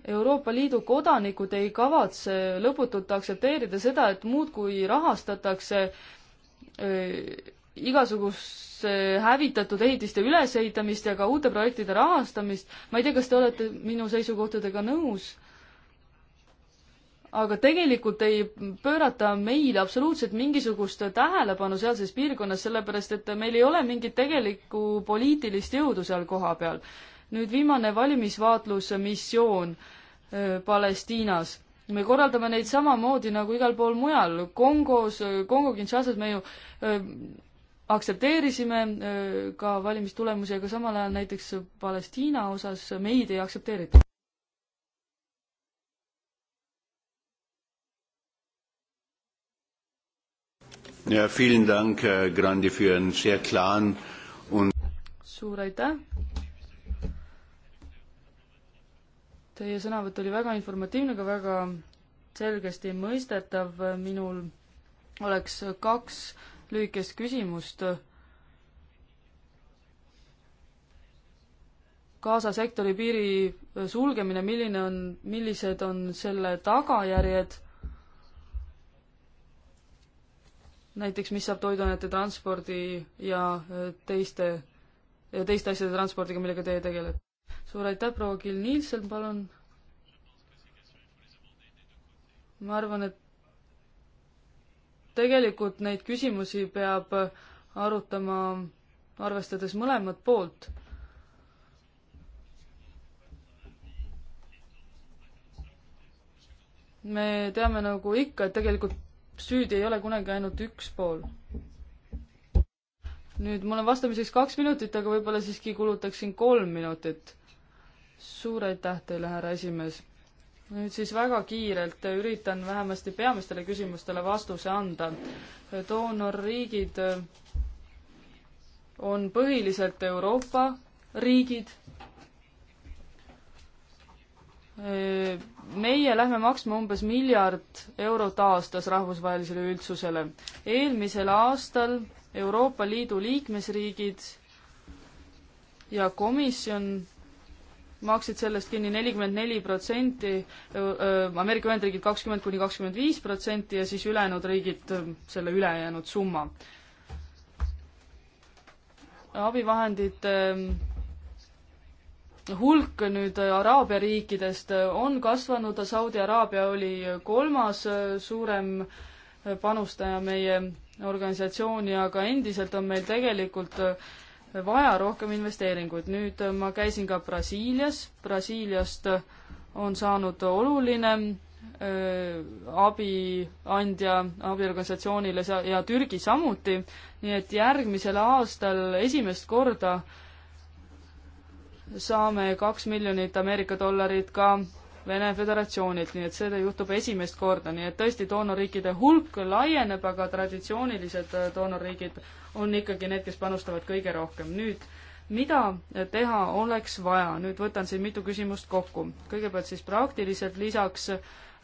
Euroopa Liidu kodanikud ei kavatse lõputult aktsepteerida seda, et muudkui rahastatakse öö, äh, igasuguse hävitatud ehitiste ülesehitamist ja ka uute projektide rahastamist. ma ei tea, kas te olete minu seisukohtadega nõus, aga tegelikult ei pöörata meile absoluutselt mingisugust tähelepanu sealses piirkonnas, sellepärast et meil ei ole mingit tegelikku poliitilist jõudu seal kohapeal. nüüd viimane valimisvaatlusmissioon äh, Palestiinas me korraldame neid samamoodi nagu igal pool mujal, Kongos, äh, Kongo Kinshasas me ju öö, äh, aktsepteerisime äh, ka valimistulemusi, aga samal ajal näiteks Palestiina osas meid ei aktsepteerita. ja, vielen Dank, äh, Grandi, für einen sehr klaren und suur aitäh! Teie sõnavõtt oli väga informatiivne, aga väga selgesti mõistetav, minul oleks kaks lühikest küsimust. Gaza sektori piiri sulgemine, milline on, millised on selle tagajärjed? näiteks, mis saab toiduainete transpordi ja teiste, teiste asjade transpordiga, millega teie tegelete? suur aitäh, proua Kill Nielsen, palun. ma arvan, et tegelikult neid küsimusi peab arutama arvestades mõlemat poolt. me teame nagu ikka, et tegelikult süüdi ei ole kunagi ainult üks pool. nüüd mul on vastamiseks kaks minutit, aga võib-olla siiski kulutaksin kolm minutit. suur aitäh teile, härra esimees nüüd siis väga kiirelt üritan vähemasti peamistele küsimustele vastuse anda. doonorriigid äh, on põhiliselt Euroopa riigid. Äh, meie lähme maksma umbes miljard eurot aastas rahvusvahelisele üldsusele. eelmisel aastal Euroopa Liidu liikmesriigid ja komisjon maksid sellest kinni nelikümmend neli protsenti, Ameerika Ühendriigid kakskümmend kuni kakskümmend viis protsenti ja siis ülejäänud riigid selle ülejäänud summa. abivahendite hulk nüüd Araabia riikidest on kasvanud, Saudi Araabia oli kolmas suurem panustaja meie organisatsiooni, aga endiselt on meil tegelikult äh, vaja rohkem investeeringuid. nüüd äh, ma käisin ka Brasiilias, Brasiiliast äh, on saanud oluline äh, abiandja, abiorganisatsioonile ja Türgi samuti, nii et järgmisel aastal esimest korda saame kaks miljonit Ameerika dollarit ka Vene Föderatsioonilt, nii et seda juhtub esimest korda, nii et tõesti doonorriikide hulk laieneb, aga traditsioonilised äh, doonorriigid on ikkagi need, kes panustavad kõige rohkem. nüüd mida teha oleks vaja, nüüd võtan siin mitu küsimust kokku. kõigepealt siis praktiliselt lisaks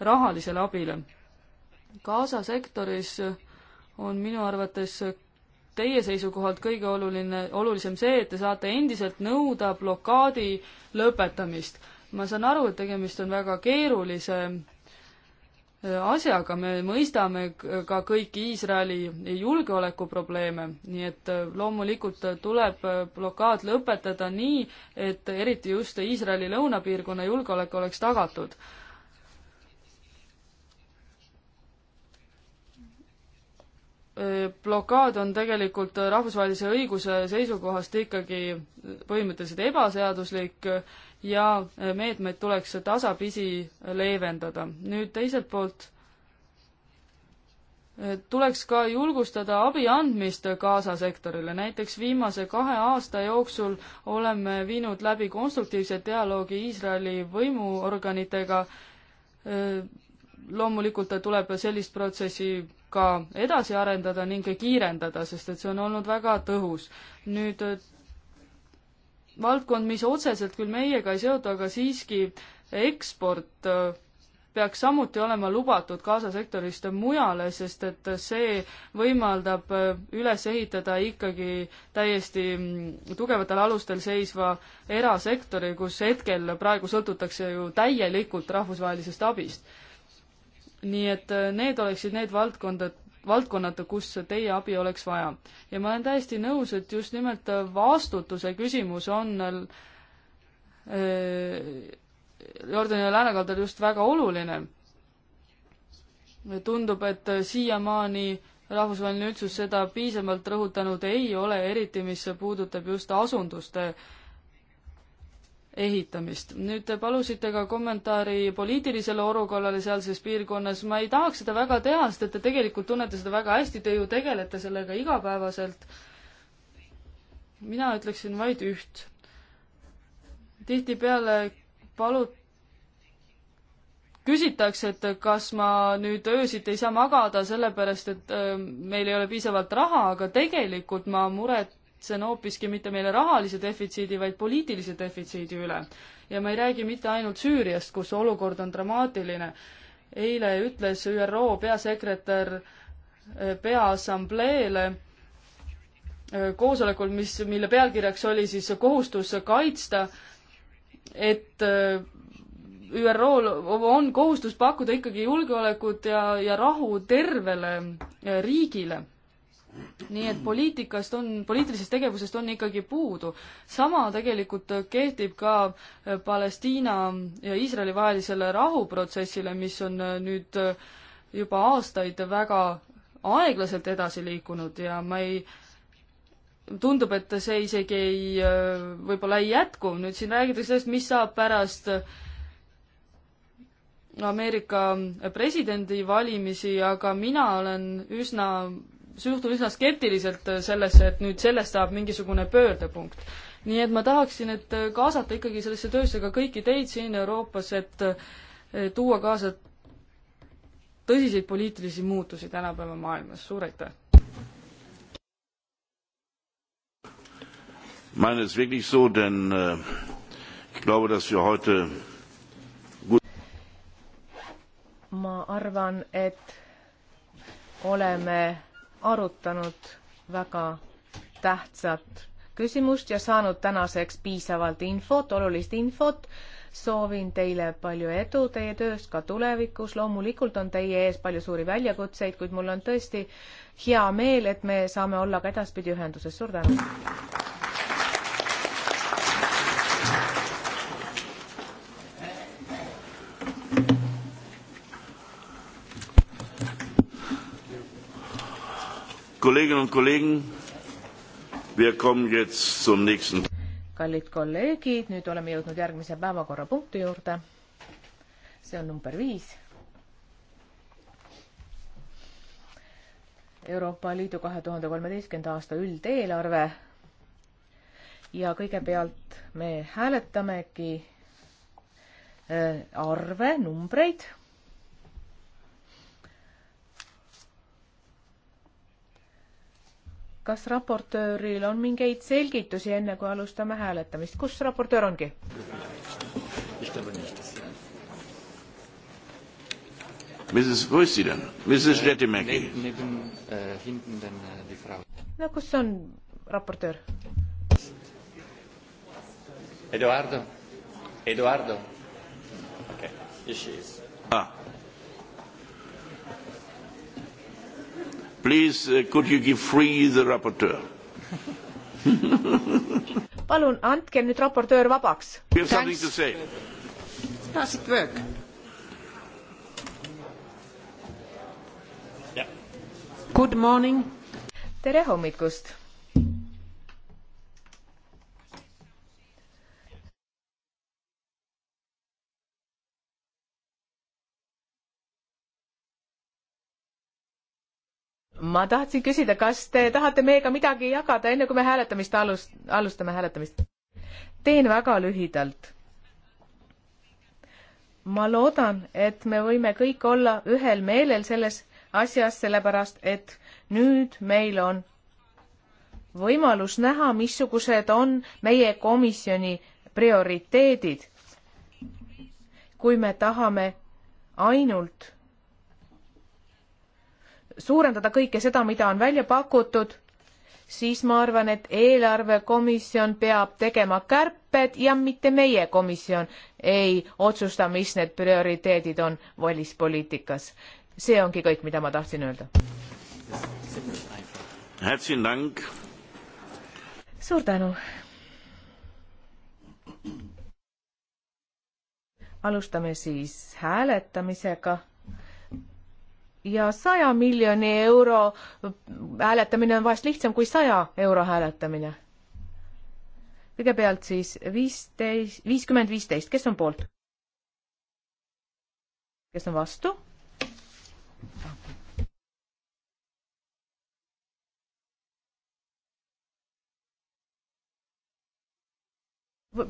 rahalisele abile. Gaza sektoris on minu arvates teie seisukohalt kõige oluline, olulisem see, et te saate endiselt nõuda blokaadi lõpetamist ma saan aru, et tegemist on väga keerulise äh, asjaga, me mõistame ka kõiki Iisraeli julgeolekuprobleeme, nii et äh, loomulikult äh, tuleb blokaad lõpetada nii, et eriti just Iisraeli lõunapiirkonna julgeolek oleks tagatud. blokaad on tegelikult rahvusvahelise õiguse seisukohast ikkagi põhimõtteliselt ebaseaduslik ja äh, meetmeid tuleks tasapisi leevendada. nüüd teiselt poolt äh, tuleks ka julgustada abi andmist Gaza sektorile, näiteks viimase kahe aasta jooksul oleme viinud läbi konstruktiivse dialoogi Iisraeli võimuorganitega. Äh, loomulikult tuleb sellist protsessi ka edasi arendada ning kiirendada, sest et see on olnud väga tõhus. nüüd valdkond, mis otseselt küll meiega ei seotu, aga siiski eksport äh, peaks samuti olema lubatud Gaza sektorist mujale, sest et see võimaldab äh, üles ehitada ikkagi täiesti mm, tugevatel alustel seisva erasektori, kus hetkel praegu sõltutakse ju täielikult rahvusvahelisest abist. nii et äh, need oleksid need valdkondad, valdkonnad, kus teie abi oleks vaja. ja ma olen täiesti nõus, et just nimelt vastutuse küsimus on äh, Jordani ja läänekaldal just väga oluline. tundub, et siiamaani rahvusvaheline üldsus seda piisavalt rõhutanud ei ole, eriti mis puudutab just asunduste äh, ehitamist. nüüd te palusite ka kommentaari poliitilisele olukorrale sealses piirkonnas, ma ei tahaks seda väga teha, sest et te tegelikult tunnete seda väga hästi, te ju tegelete sellega igapäevaselt. mina ütleksin vaid üht. tihtipeale palut-, küsitakse, et kas ma nüüd öösiti ei saa magada sellepärast, et äh, meil ei ole piisavalt raha, aga tegelikult ma muret see on hoopiski mitte meile rahalise defitsiidi, vaid poliitilise defitsiidi üle. ja ma ei räägi mitte ainult Süüriast, kus olukord on dramaatiline. eile ütles ÜRO peasekretär eh, Peaassambleele eh, koosolekul, mis, mille pealkirjaks oli siis kohustus kaitsta, et eh, ÜRO-l on kohustus pakkuda ikkagi julgeolekut ja, ja rahu tervele riigile nii et poliitikast on, poliitilisest tegevusest on ikkagi puudu. sama tegelikult kehtib ka eh, Palestiina ja Iisraeli vahelisele rahuprotsessile, mis on eh, nüüd eh, juba aastaid väga aeglaselt edasi liikunud ja ma ei tundub, et see isegi ei, võib-olla ei jätku, nüüd siin räägitakse sellest, mis saab pärast Ameerika presidendivalimisi, aga mina olen üsna suhtun üsna skeptiliselt äh, sellesse, et nüüd sellest saab mingisugune pöördepunkt. nii et ma tahaksin, et äh, kaasata ikkagi sellesse töösse ka kõiki teid siin Euroopas, et äh, tuua kaasa tõsiseid poliitilisi muutusi tänapäeva maailmas, suur aitäh! meine es wirklich so, denn äh, ich glaube, dass wir heute gut ma arvan, et oleme arutanud väga tähtsat küsimust ja saanud tänaseks piisavalt infot, olulist infot. soovin teile palju edu teie töös ka tulevikus. loomulikult on teie ees palju suuri väljakutseid, kuid mul on tõesti hea meel, et me saame olla ka edaspidi ühenduses. suur tänu! Kolleginnen und Kollegen, wir kommen jetzt zum nächsten. kallid kolleegid, nüüd oleme jõudnud järgmise päevakorrapunkti juurde. see on number viis. Euroopa Liidu kahe tuhande kolmeteistkümnenda aasta üldeelarve. ja kõigepealt me hääletamegi äh, arve, numbreid kas raportööril on mingeid selgitusi, enne kui alustame hääletamist, kus raportöör ongi? Äh, äh, äh, no kus on raportöör? Eduardo, Eduardo okay., yes she is ah.. Please, uh, could you give free the raportöör palun andke nüüd raportöör vabaks. You have something to say? Does it work? Good morning. tere hommikust ma tahtsin küsida, kas te tahate meiega midagi jagada, enne kui me hääletamist alust-, alustame hääletamist? teen väga lühidalt. ma loodan, et me võime kõik olla ühel meelel selles asjas, sellepärast et nüüd meil on võimalus näha, missugused on meie komisjoni prioriteedid, kui me tahame ainult suurendada kõike seda, mida on välja pakutud, siis ma arvan, et eelarvekomisjon peab tegema kärped ja mitte meie komisjon ei otsusta, mis need prioriteedid on välispoliitikas. see ongi kõik, mida ma tahtsin öelda. suur tänu. alustame siis hääletamisega ja saja miljoni euro hääletamine on vahest lihtsam kui saja euro hääletamine. kõigepealt siis viisteist, viiskümmend viisteist, kes on poolt? kes on vastu?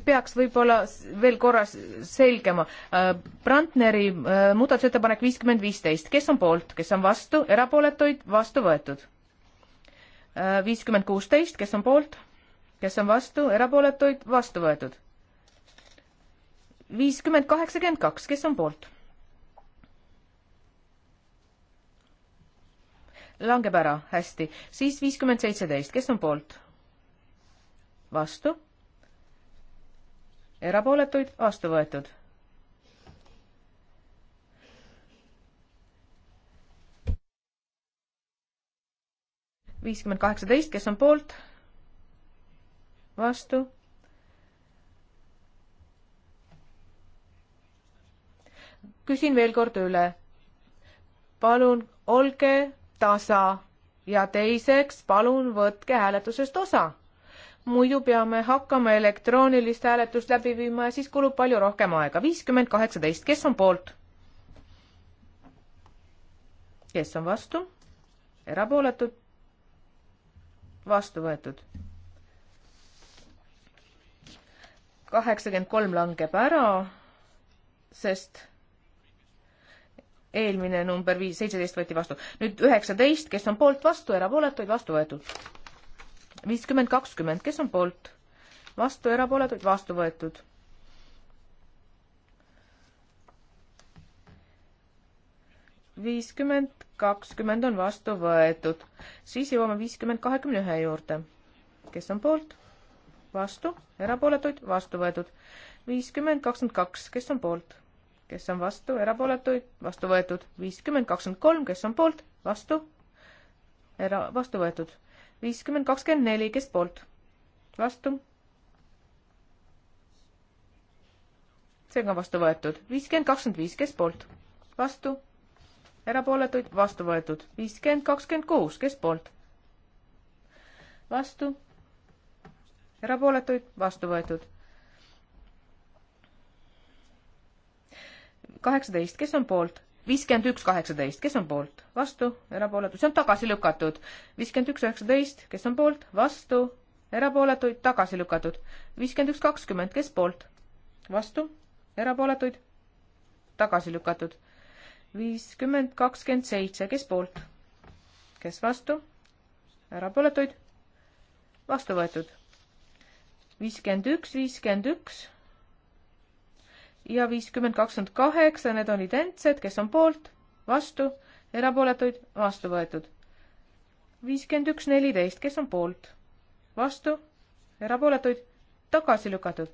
peaks võib-olla veel korra selgema. Äh, Brandneri äh, muudatusettepanek viiskümmend viisteist, kes on poolt, kes on vastu, erapooletuid, vastu võetud. Äh, viiskümmend kuusteist, kes on poolt, kes on vastu, erapooletuid, vastu võetud. viiskümmend kaheksakümmend kaks, kes on poolt? langeb ära, hästi, siis viiskümmend seitseteist, kes on poolt? vastu erapooletuid, vastu võetud. viiskümmend kaheksateist, kes on poolt, vastu. küsin veel kord üle. palun olge tasa ja teiseks palun võtke hääletusest osa muidu peame hakkama elektroonilist hääletust läbi viima ja siis kulub palju rohkem aega. viiskümmend kaheksateist, kes on poolt? kes on vastu? erapooletud? vastu võetud. kaheksakümmend kolm langeb ära, sest eelmine number viis, seitseteist võeti vastu. nüüd üheksateist, kes on poolt vastu, erapooletuid vastu võetud viiskümmend kakskümmend, kes on poolt? vastu, erapooletuid, vastu võetud. viiskümmend kakskümmend on vastu võetud, siis jõuame viiskümmend kahekümne ühe juurde. kes on poolt? vastu, erapooletuid, vastu võetud. viiskümmend kakskümmend kaks, kes on poolt? kes on vastu, erapooletuid, vastu võetud. viiskümmend kakskümmend kolm, kes on poolt? vastu, era-, vastu võetud viiskümmend kakskümmend neli, kes poolt? vastu? see on ka vastu võetud. viiskümmend kakskümmend viis, kes poolt? vastu? erapooletuid vastu võetud. viiskümmend kakskümmend kuus, kes poolt? vastu? erapooletuid vastu võetud. kaheksateist, kes on poolt? viiskümmend üks, kaheksateist, kes on poolt, vastu, erapooletu, see on tagasi lükatud. viiskümmend üks, üheksateist, kes on poolt, vastu, erapooletuid, tagasi lükatud. viiskümmend üks, kakskümmend, kes poolt, vastu, erapooletuid, tagasi lükatud. viiskümmend, kakskümmend seitse, kes poolt, kes vastu, erapooletuid, vastu võetud. viiskümmend üks, viiskümmend üks ja viiskümmend kakskümmend kaheksa, need on identsed, kes on poolt, vastu, erapooletuid, vastu võetud. viiskümmend üks, neliteist, kes on poolt, vastu, erapooletuid, tagasi lükatud.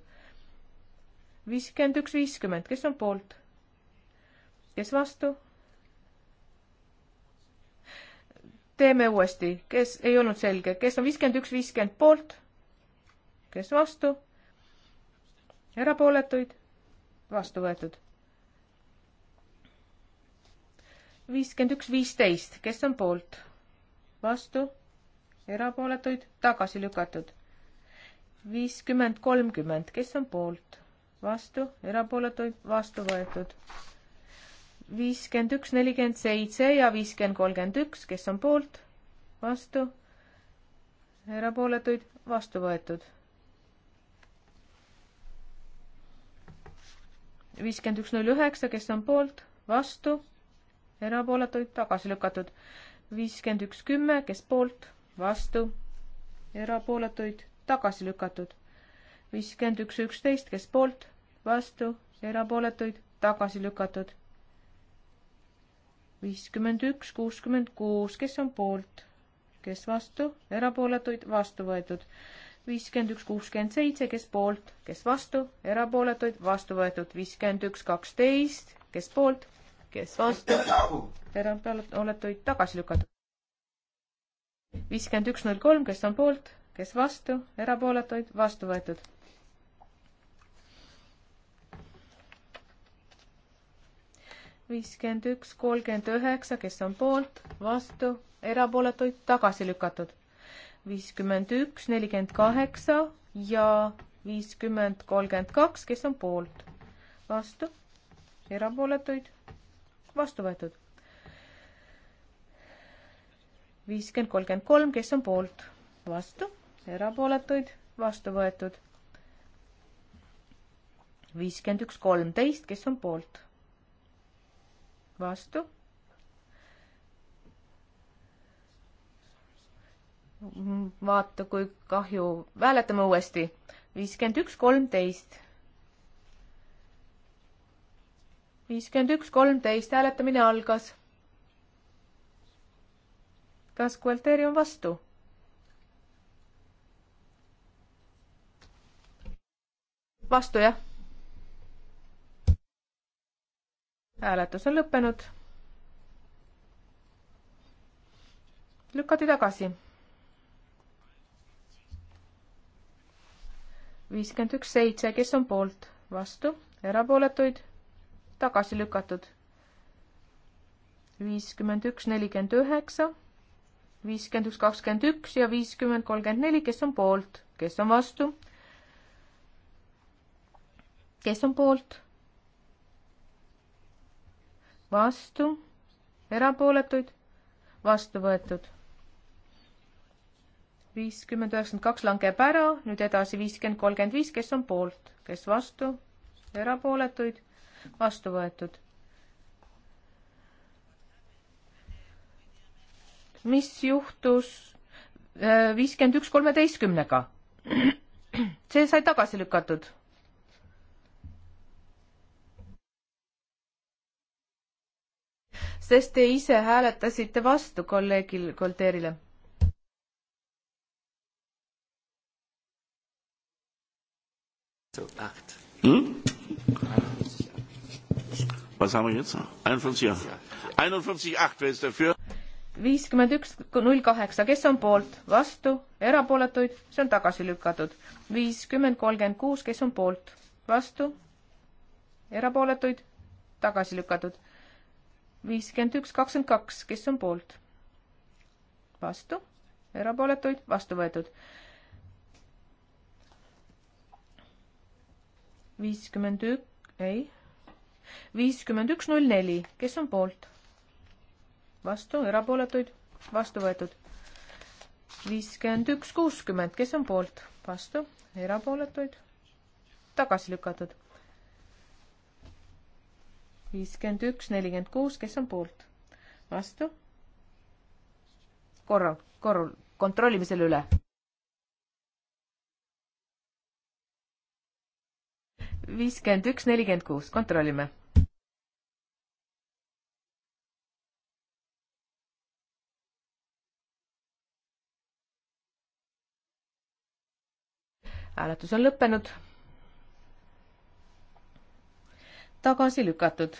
viiskümmend üks, viiskümmend, kes on poolt, kes vastu? teeme uuesti, kes ei olnud selge, kes on viiskümmend üks, viiskümmend poolt, kes vastu? erapooletuid vastu võetud. viiskümmend üks, viisteist, kes on poolt? vastu, erapooletuid, tagasi lükatud. viiskümmend, kolmkümmend, kes on poolt? vastu, erapooletuid, vastu võetud. viiskümmend üks, nelikümmend seitse ja viiskümmend kolmkümmend üks, kes on poolt? vastu, erapooletuid, vastu võetud viiskümmend üks null üheksa, kes on poolt, vastu, erapooletuid tagasi lükatud. viiskümmend üks kümme, kes poolt, vastu, erapooletuid tagasi lükatud. viiskümmend üks üksteist, kes poolt, vastu, erapooletuid tagasi lükatud. viiskümmend üks kuuskümmend kuus, kes on poolt, kes vastu, erapooletuid vastu võetud viiskümmend üks, kuuskümmend seitse, kes poolt, kes vastu, erapooletuid, vastu võetud viiskümmend üks, kaksteist, kes poolt, kes vastu, erapooletuid tagasi lükatud. viiskümmend üks, null kolm, kes on poolt, kes vastu, erapooletuid, vastu võetud. viiskümmend üks, kolmkümmend üheksa, kes on poolt, vastu, erapooletuid, tagasi lükatud viiskümmend üks, nelikümmend kaheksa ja viiskümmend kolmkümmend kaks, kes on poolt, vastu, erapooletuid, vastu võetud. viiskümmend kolmkümmend kolm, kes on poolt, vastu, erapooletuid, vastu võetud. viiskümmend üks, kolmteist, kes on poolt, vastu vaata, kui kahju, hääletame uuesti. viiskümmend üks, kolmteist. viiskümmend üks, kolmteist, hääletamine algas. kas Gualteri on vastu? vastu, jah. hääletus on lõppenud. lükati tagasi viiskümmend üks seitse, kes on poolt, vastu, erapooletuid, tagasi lükatud. viiskümmend üks, nelikümmend üheksa, viiskümmend üks, kakskümmend üks ja viiskümmend kolmkümmend neli, kes on poolt, kes on vastu, kes on poolt, vastu, erapooletuid, vastu võetud viiskümmend, üheksakümmend kaks langeb ära, nüüd edasi viiskümmend, kolmkümmend viis, kes on poolt, kes vastu, erapooletuid, vastu võetud. mis juhtus äh, viiskümmend üks kolmeteistkümnega? see sai tagasi lükatud. sest te ise hääletasite vastu kolleegil Kolterile zu 8. Hm? Was haben wir jetzt? 51, 51, 8. Wer ist dafür? viiskümmend üks null kaheksa, kes on poolt, vastu, erapooletuid, see on tagasi lükatud. viiskümmend kolmkümmend kuus, kes on poolt, vastu, erapooletuid, tagasi lükatud. viiskümmend üks, kakskümmend kaks, kes on poolt, vastu, erapooletuid, vastu võetud viiskümmend ük-, ei, viiskümmend üks null neli, kes on poolt? vastu, erapooletuid, vastu võetud. viiskümmend üks kuuskümmend, kes on poolt? vastu, erapooletuid, tagasi lükatud. viiskümmend üks nelikümmend kuus, kes on poolt? vastu. korra, korra, kontrollime selle üle viiskümmend üks, nelikümmend kuus, kontrollime. hääletus on lõppenud. tagasi lükatud.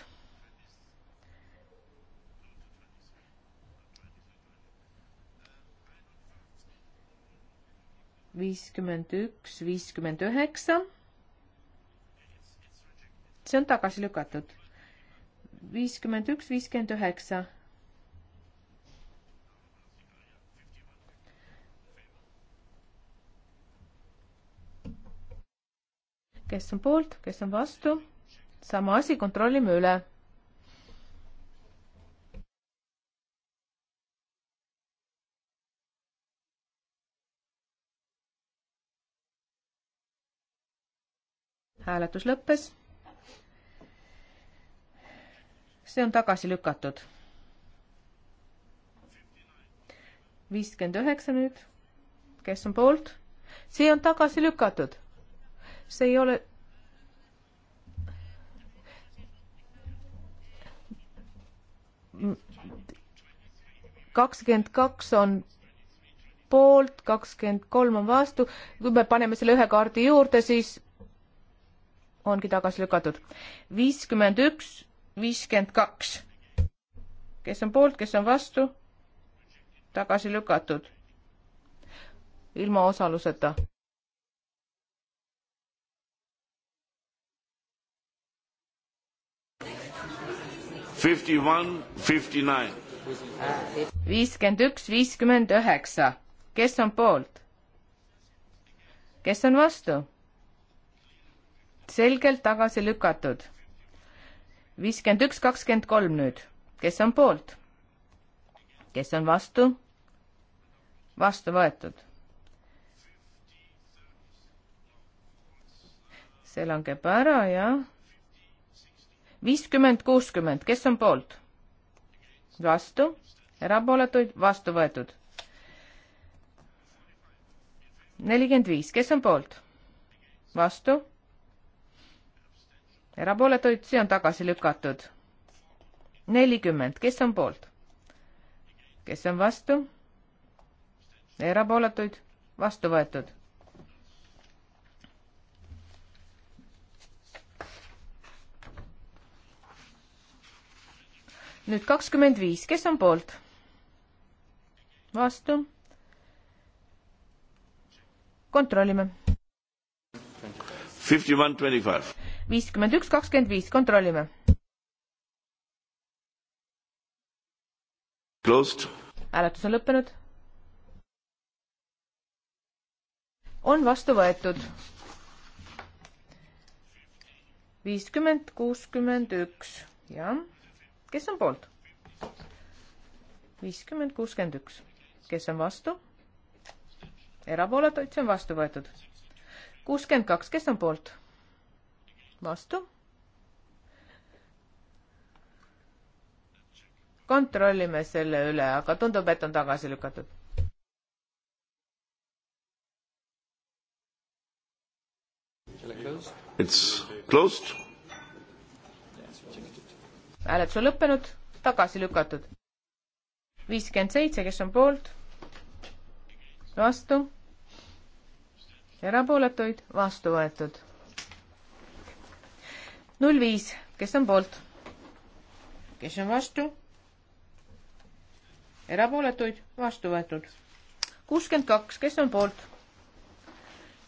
viiskümmend üks, viiskümmend üheksa see on tagasi lükatud. viiskümmend üks, viiskümmend üheksa. kes on poolt, kes on vastu? sama asi, kontrollime üle. hääletus lõppes see on tagasi lükatud. viiskümmend üheksa nüüd, kes on poolt? see on tagasi lükatud. see ei ole. kakskümmend kaks on poolt, kakskümmend kolm on vastu. kui me paneme selle ühe kaardi juurde, siis ongi tagasi lükatud. viiskümmend üks viiskümmend kaks. kes on poolt, kes on vastu? tagasi lükatud. ilma osaluseta. viiskümmend üks, viiskümmend üheksa. kes on poolt? kes on vastu? selgelt tagasi lükatud viiskümmend üks, kakskümmend kolm nüüd, kes on poolt? kes on vastu? vastu võetud. see langeb ära ja viiskümmend, kuuskümmend, kes on poolt? vastu, erapooletuid, vastu võetud. nelikümmend viis, kes on poolt? vastu erapooletuid, see on tagasi lükatud. nelikümmend, kes on poolt? kes on vastu? erapooletuid, vastu võetud. nüüd kakskümmend viis, kes on poolt? vastu. kontrollime. Fifty one twenty five viiskümmend üks, kakskümmend viis, kontrollime. hääletus on lõppenud. on vastu võetud. viiskümmend, kuuskümmend üks, jah. kes on poolt? viiskümmend, kuuskümmend üks. kes on vastu? erapooletuid, see on vastu võetud. kuuskümmend kaks, kes on poolt? vastu. kontrollime selle üle, aga tundub, et on tagasi lükatud. It's closed. hääletus on lõppenud, tagasi lükatud. viiskümmend seitse, kes on poolt? vastu erapooletuid vastu võetud null viis, kes on poolt? kes on vastu? erapooletuid, vastu võetud. kuuskümmend kaks, kes on poolt?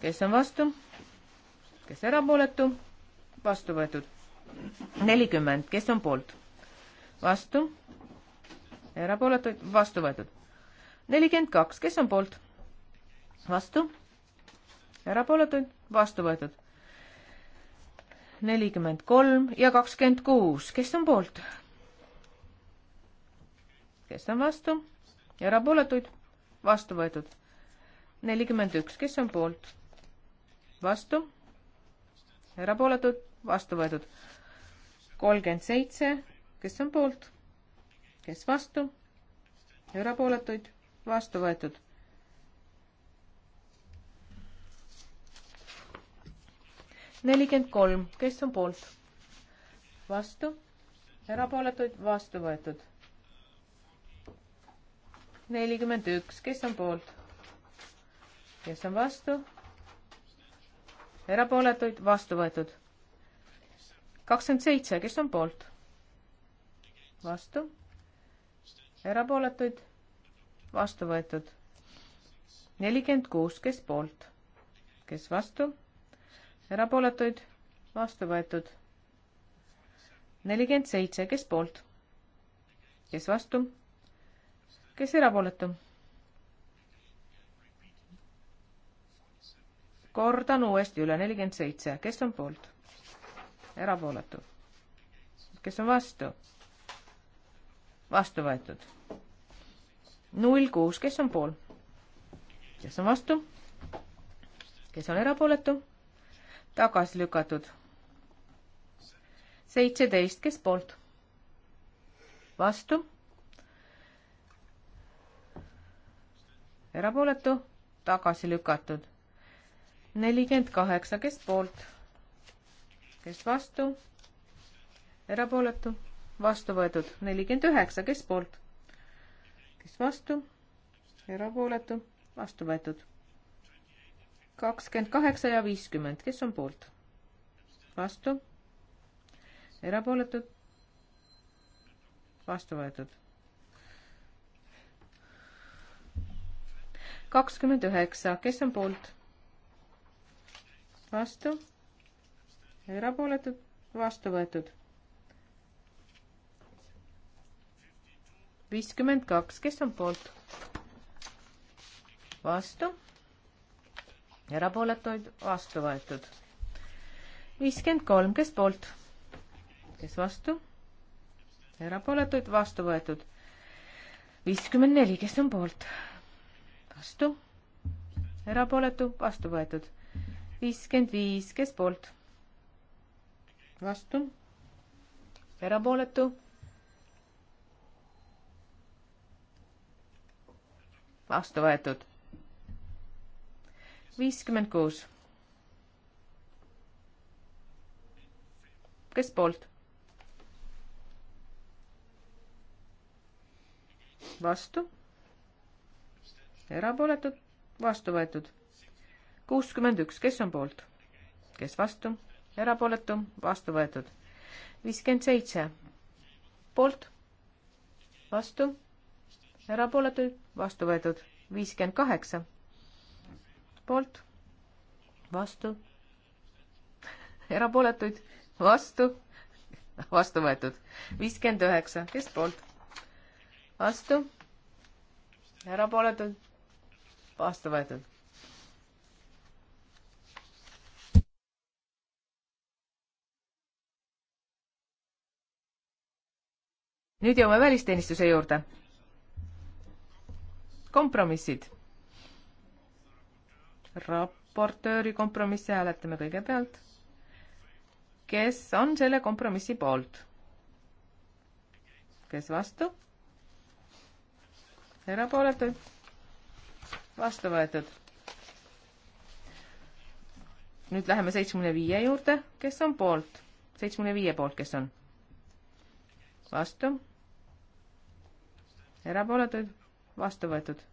kes on vastu? kes erapooletu? vastu võetud. nelikümmend, kes on poolt? vastu? erapooletuid, vastu võetud. nelikümmend kaks, kes on poolt? vastu? erapooletuid, vastu võetud nelikümmend kolm ja kakskümmend kuus, kes on poolt? kes on vastu? erapooletuid? vastu võetud. nelikümmend üks, kes on poolt? vastu? erapooletud? vastu võetud. kolmkümmend seitse, kes on poolt? kes vastu? erapooletuid? vastu võetud nelikümmend kolm, kes on poolt? vastu, erapooletuid, vastu võetud. nelikümmend üks, kes on poolt? kes on vastu? erapooletuid, vastu võetud. kakskümmend seitse, kes on poolt? vastu, erapooletuid, vastu võetud. nelikümmend kuus, kes poolt, kes vastu? erapooletuid, vastu võetud. nelikümmend seitse, kes poolt? kes vastu? kes erapooletu? kordan uuesti üle, nelikümmend seitse, kes on poolt? erapooletu. kes on vastu? vastu võetud. null kuus, kes on pool? kes on vastu? kes on erapooletu? tagasi lükatud. seitseteist, kes poolt? vastu. erapooletu, tagasi lükatud. nelikümmend kaheksa, kes poolt? kes vastu? erapooletu, vastu võetud. nelikümmend üheksa, kes poolt? kes vastu? erapooletu, vastu võetud kakskümmend kaheksa ja viiskümmend, kes on poolt? vastu? erapooletud? vastu võetud. kakskümmend üheksa, kes on poolt? vastu? erapooletud? vastu võetud. viiskümmend kaks, kes on poolt? vastu erapooletuid vastu võetud. viiskümmend kolm, kes poolt, kes vastu, erapooletuid vastu võetud. viiskümmend neli, kes on poolt, vastu, erapooletu, vastu võetud. viiskümmend viis, kes poolt, vastu, erapooletu, vastu võetud viiskümmend kuus. kes poolt? vastu. erapooletud, vastu võetud. kuuskümmend üks, kes on poolt? kes vastu? erapooletu, vastu võetud. viiskümmend seitse, poolt, vastu, erapooletuid, vastu võetud. viiskümmend kaheksa poolt, vastu, erapooletuid, vastu, vastu võetud. viiskümmend üheksa, kes poolt, vastu, erapooletuid, vastu võetud. nüüd jõuame välisteenistuse juurde. kompromissid raportööri kompromissi hääletame kõigepealt. kes on selle kompromissi poolt? kes vastu? erapooletuid? vastu võetud. nüüd läheme seitsmekümne viie juurde, kes on poolt? seitsmekümne viie poolt, kes on? vastu? erapooletuid? vastu võetud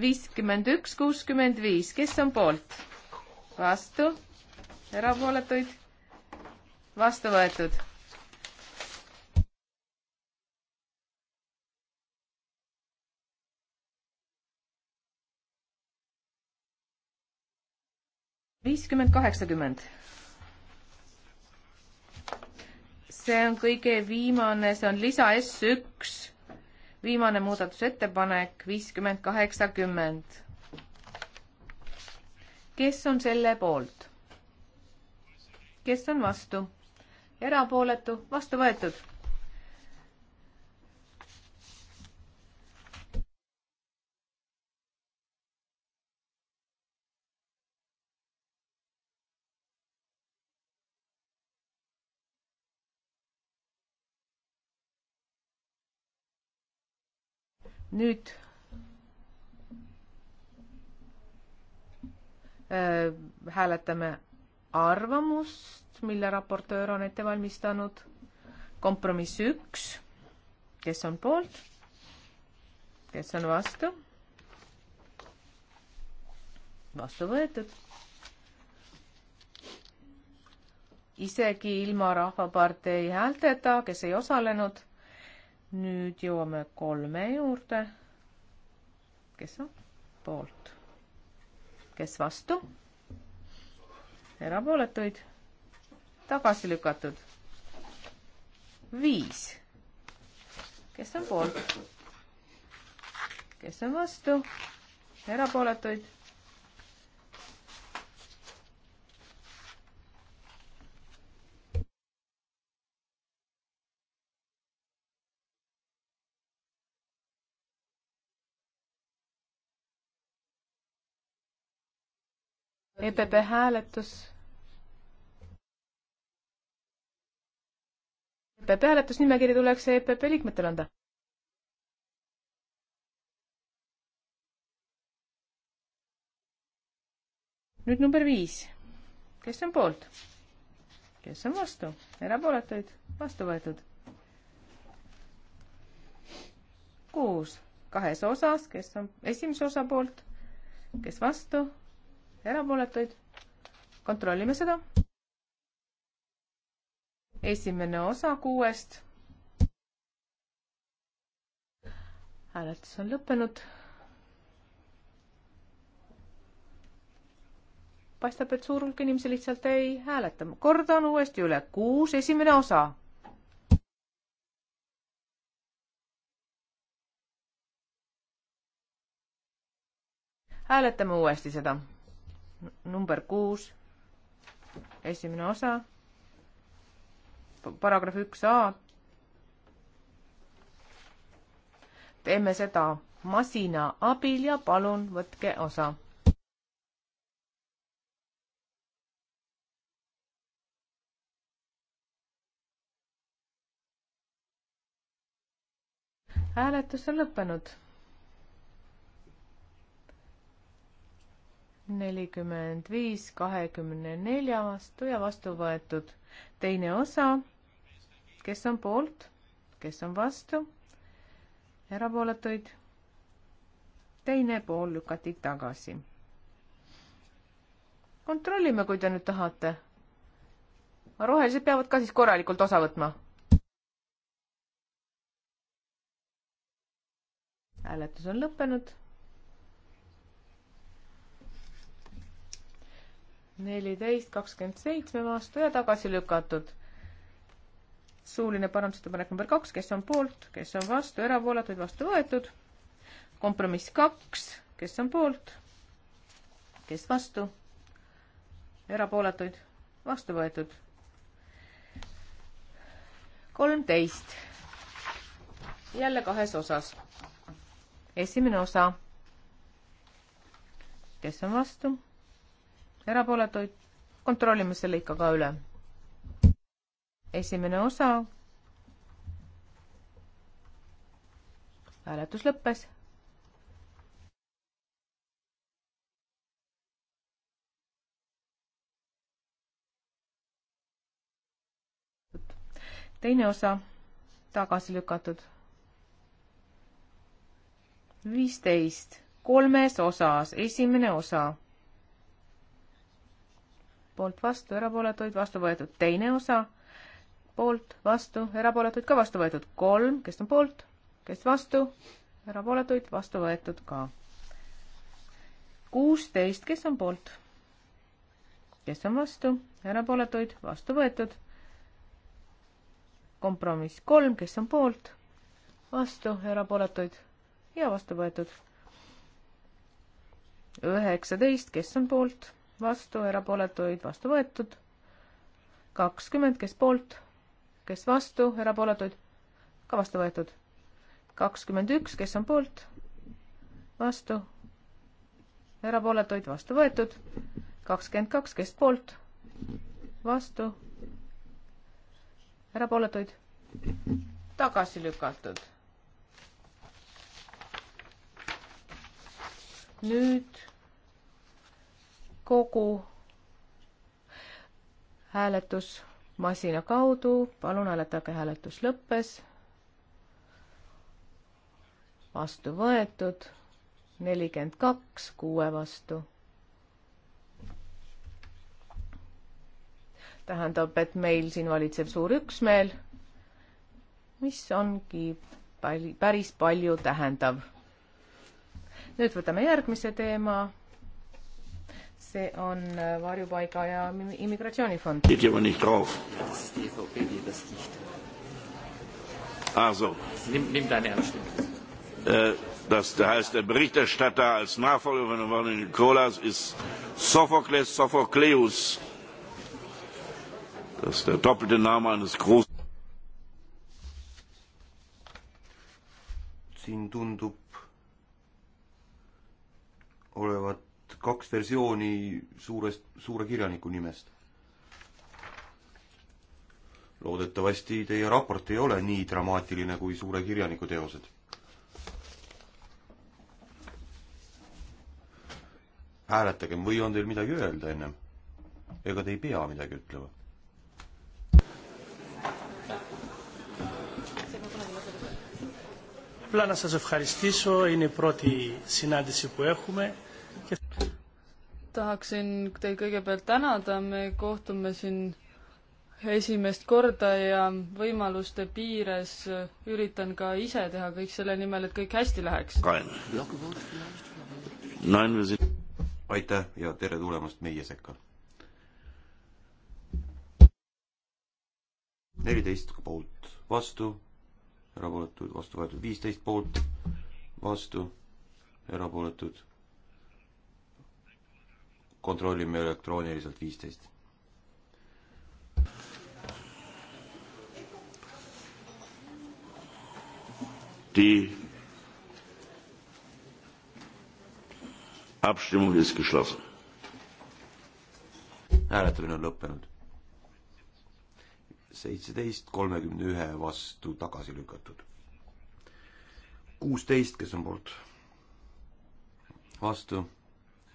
viiskümmend üks, kuuskümmend viis, kes on poolt? vastu, erapooletuid, vastu võetud. viiskümmend, kaheksakümmend. see on kõige viimane, see on lisa S üks viimane muudatusettepanek viiskümmend kaheksakümmend. kes on selle poolt? kes on vastu? erapooletu, vastu võetud nüüd äh, hääletame arvamust, mille raportöör on ette valmistanud. kompromiss üks, kes on poolt, kes on vastu? vastu võetud. isegi ilma Rahvapartei häälteta, kes ei osalenud nüüd jõuame kolme juurde. kes on poolt? kes vastu? erapooletuid? tagasi lükatud. viis. kes on poolt? kes on vastu? erapooletuid? EPP hääletus. EPP hääletusnimekiri tuleks EPP liikmetele anda. nüüd number viis. kes on poolt? kes on vastu? erapooletuid? vastu võetud. kuus, kahes osas, kes on esimese osa poolt, kes vastu, erapooletuid. kontrollime seda. esimene osa kuuest. hääletus on lõppenud. paistab, et suur hulk inimesi lihtsalt ei hääleta. kordan uuesti üle, kuus esimene osa hääletame uuesti seda number kuus, esimene osa, paragrahv üks A. teeme seda masina abil ja palun võtke osa. hääletus on lõppenud nelikümmend viis kahekümne nelja vastu ja vastu võetud. teine osa, kes on poolt, kes on vastu, erapooletuid. teine pool lükati tagasi. kontrollime, kui te nüüd tahate. rohelised peavad ka siis korralikult osa võtma. hääletus on lõppenud neliteist, kakskümmend seitsme vastu ja tagasi lükatud. suuline parandusettepanek number kaks, kes on poolt, kes on vastu, erapooletuid vastu võetud. kompromiss kaks, kes on poolt, kes vastu, erapooletuid vastu võetud. kolmteist, jälle kahes osas. esimene osa, kes on vastu erapooletuid, kontrollime selle ikka ka üle. esimene osa. hääletus lõppes. teine osa tagasi lükatud. viisteist, kolmes osas, esimene osa poolt, vastu, erapooletuid, vastu võetud. teine osa, poolt, vastu, erapooletuid ka vastu võetud. kolm, kes on poolt, kes vastu, erapooletuid vastu võetud ka. kuusteist, kes on poolt, kes on vastu, erapooletuid vastu võetud. kompromiss kolm, kes on poolt, vastu, erapooletuid ja vastu võetud. üheksateist, kes on poolt vastu, erapooletuid vastu võetud. kakskümmend, kes poolt, kes vastu, erapooletuid ka vastu võetud. kakskümmend üks, kes on poolt, vastu, erapooletuid vastu võetud. kakskümmend kaks, kes poolt, vastu, erapooletuid tagasi lükatud. nüüd kogu hääletus masina kaudu, palun hääletage, hääletus lõppes. vastu võetud nelikümmend kaks, kuue vastu. tähendab, et meil siin valitseb suur üksmeel, mis ongi pal päris palju tähendav. nüüd võtame järgmise teema see on äh, varjupaiga ja immigratsioonifond. Also, nimm, nimm deine äh, das heißt, der Berichterstatter als Nachfolger von Wollen Nikolas ist Sophokles Sophokleus. Das ist der doppelte Name eines großen. Siin tundub olevat ainult kaks versiooni suurest, suure kirjaniku nimest. loodetavasti teie raport ei ole nii dramaatiline kui suure kirjaniku teosed. hääletagem või on teil midagi öelda ennem? ega te ei pea midagi ütlema Απλά να σας ευχαριστήσω. Είναι η πρώτη συνάντηση που έχουμε tahaksin teid kõigepealt tänada, me kohtume siin esimest korda ja võimaluste piires üritan ka ise teha kõik selle nimel, et kõik hästi läheks. aitäh ja tere tulemast meie sekka. neliteist poolt vastu, erapooletud, vastu võetud viisteist poolt, vastu, erapooletud kontrollime elektrooniliselt viisteist. Die Abstimmung ist geschlossen. hääletamine on lõppenud. seitseteist kolmekümne ühe vastu tagasi lükatud. kuusteist, kes on poolt, vastu,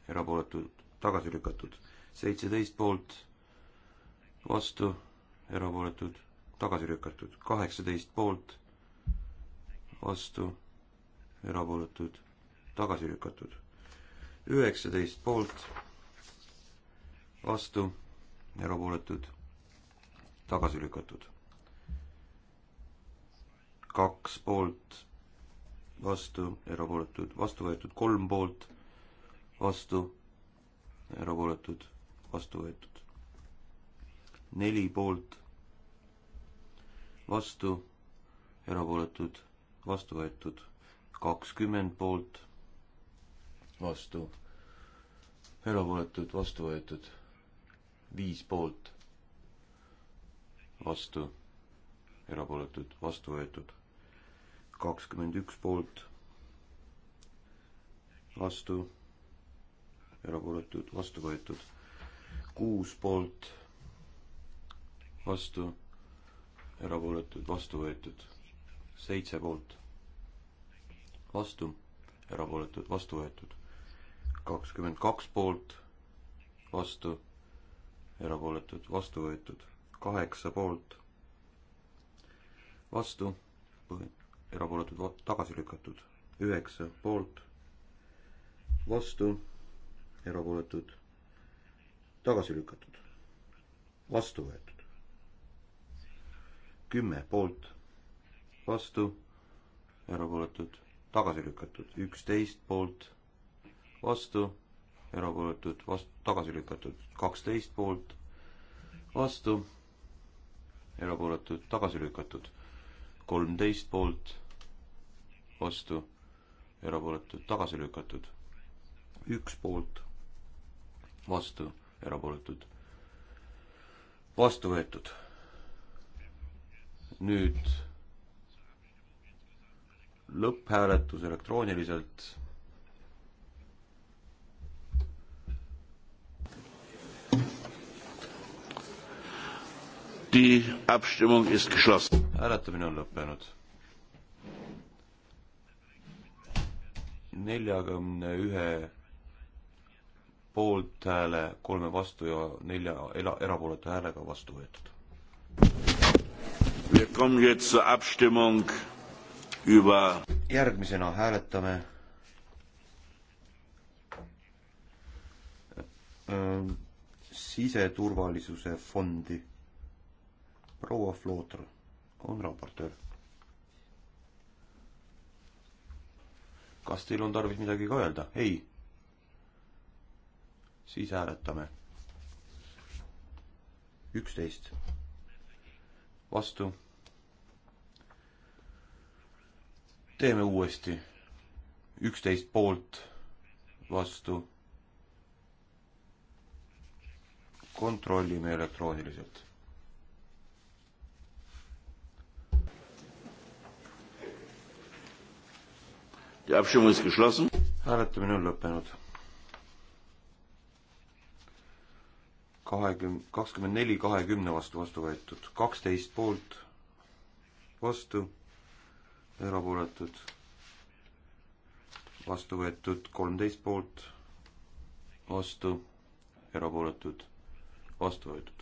erapooletud, tagasi lükatud. seitseteist poolt, vastu, erapooletud, tagasi lükatud. kaheksateist poolt, vastu, erapooletud, tagasi lükatud. üheksateist poolt, vastu, erapooletud, tagasi lükatud. kaks poolt, vastu, erapooletud, vastu võetud kolm poolt, vastu, erapooletud, vastu võetud. neli poolt, vastu, erapooletud, vastu võetud. kakskümmend poolt, vastu, erapooletud, vastu võetud. viis poolt, vastu, erapooletud, vastu võetud. kakskümmend üks poolt, vastu erapooletud, vastu võetud. kuus poolt, vastu, erapooletud, vastu võetud. seitse poolt, vastu, erapooletud, vastu võetud. kakskümmend kaks poolt, vastu, erapooletud, vastu võetud. kaheksa poolt, vastu, erapooletud, tagasi lükatud. üheksa poolt, vastu erapooletud, tagasi lükatud, vastu võetud. kümme poolt, vastu, erapooletud, tagasi lükatud, üksteist poolt, vastu, erapooletud, vastu, tagasi lükatud, kaksteist poolt, vastu, erapooletud, tagasi lükatud, kolmteist poolt, vastu, erapooletud, tagasi lükatud, üks poolt vastu, erapooletud, vastu võetud. nüüd lõpphääletus elektrooniliselt. Die Abstimmung ist geschlossen. hääletamine on lõppenud. neljakümne ühe poolthääle, kolme vastu ja nelja era-, erapooletu häälega vastu võetud. järgmisena hääletame ähm, siseturvalisuse fondi. proua Flootr on raportöör. kas teil on tarvis midagi ka öelda? ei siis hääletame. üksteist vastu. teeme uuesti. üksteist poolt, vastu. kontrollime elektrooniliselt. hääletamine on lõppenud kahekümne, kakskümmend neli kahekümne vastu vastu võetud, kaksteist poolt vastu, erapooletud vastu võetud, kolmteist poolt vastu, erapooletud vastu võetud.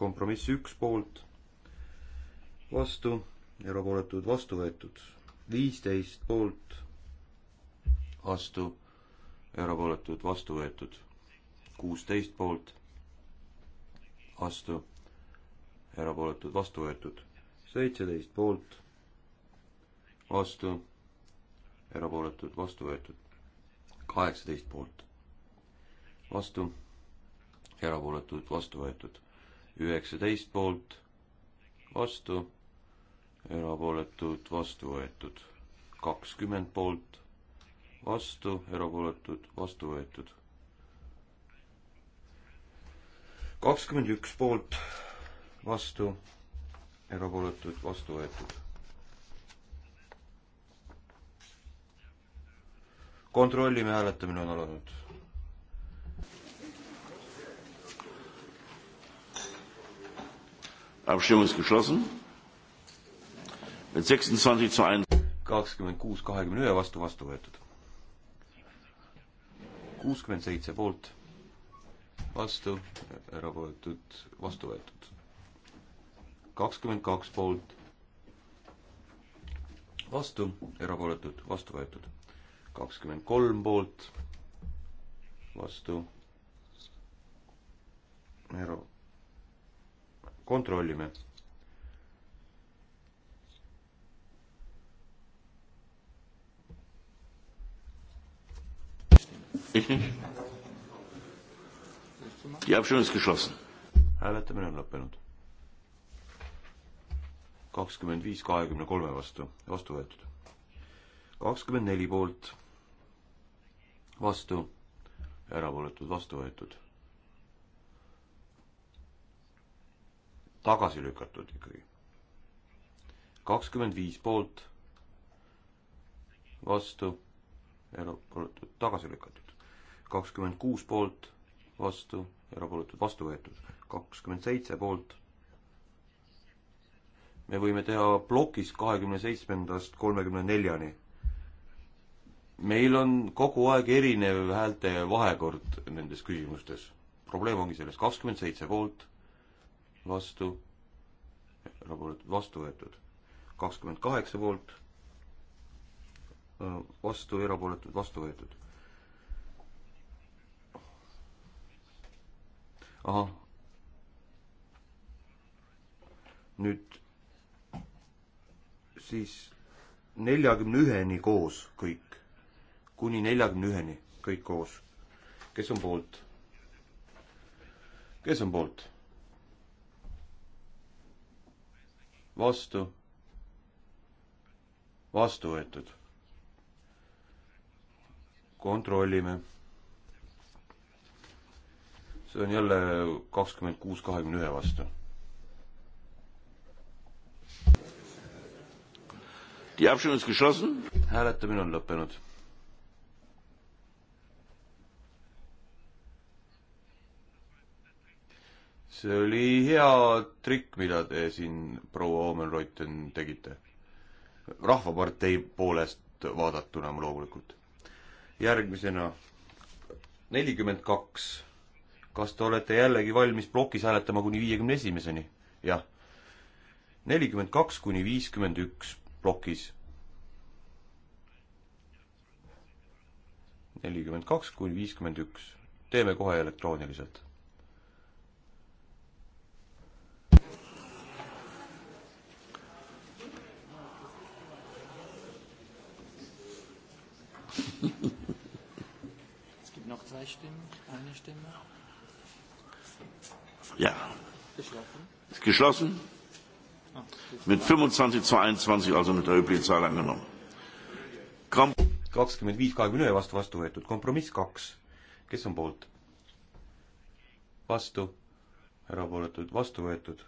kompromiss üks poolt vastu, erapooletud vastu võetud, viisteist poolt vastu, erapooletud vastu võetud, kuusteist poolt vastu, erapooletud, vastu võetud. seitseteist poolt, vastu, erapooletud, vastu võetud. kaheksateist poolt, vastu, erapooletud, vastu võetud. üheksateist poolt, vastu, erapooletud, vastu võetud. kakskümmend poolt, vastu, erapooletud, vastu võetud kakskümmend üks poolt, vastu, erapooletud, vastu võetud. kontrollime, hääletamine on alanud. Abstimmung ist geschlossen. Mit 26 zu 1. 26, 21 vastu vastu võetud. 67 poolt vastu, erapooletud, vastu võetud. kakskümmend kaks poolt, vastu, erapooletud, vastu võetud. kakskümmend kolm poolt, vastu, era-, kontrollime Ich nicht hääletamine on lõppenud. kakskümmend viis kahekümne kolme vastu, vastu võetud. kakskümmend neli poolt, vastu, erapooletud, vastu võetud. tagasi lükatud ikkagi. kakskümmend viis poolt, vastu, erapooletud, tagasi lükatud. kakskümmend kuus poolt vastu, erapooletud vastu võetud, kakskümmend seitse poolt. me võime teha plokis kahekümne seitsmendast kolmekümne neljani. meil on kogu aeg erinev häälte vahekord nendes küsimustes. probleem ongi selles, kakskümmend seitse poolt, vastu, erapooletud vastu võetud, kakskümmend kaheksa poolt, vastu, erapooletud vastu võetud ahah. nüüd siis neljakümne üheni koos kõik, kuni neljakümne üheni kõik koos. kes on poolt? kes on poolt? vastu? vastu võetud. kontrollime see on jälle kakskümmend kuus kahekümne ühe vastu. hääletamine on lõppenud. see oli hea trikk, mida te siin, proua Omen-Reuten, tegite. rahvapartei poolest vaadatuna loomulikult. järgmisena nelikümmend kaks kas te olete jällegi valmis plokis hääletama kuni viiekümne esimeseni? jah. nelikümmend kaks kuni viiskümmend üks plokis. nelikümmend kaks kuni viiskümmend üks. teeme kohe elektrooniliselt. Es gibt noch zwei Stimmen, eine Stimme. Ja. Ist geschlossen. Mit 25 zu 21, also mit der üblichen Zahl angenommen. Kom- kakskümmend viis, kahekümne ühe vastu vastu võetud, kompromiss kaks. kes on poolt? vastu, erapooletud, vastu võetud.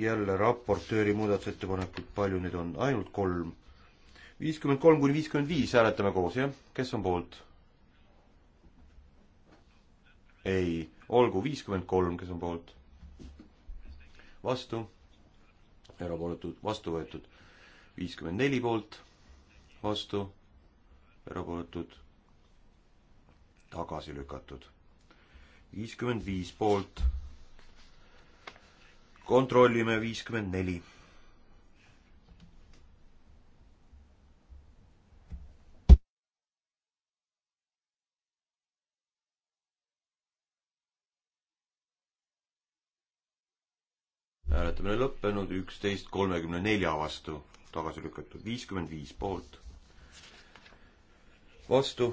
jälle raportööri muudatusettepanekud, palju neid on, ainult kolm. viiskümmend kolm kuni viiskümmend viis hääletame koos, jah, kes on poolt? ei olgu viiskümmend kolm, kes on poolt, vastu, erapooletud, vastu võetud, viiskümmend neli poolt, vastu, erapooletud, tagasi lükatud, viiskümmend viis poolt, kontrollime viiskümmend neli hääletamine lõppenud, üksteist kolmekümne nelja vastu, tagasi lükatud viiskümmend viis poolt, vastu,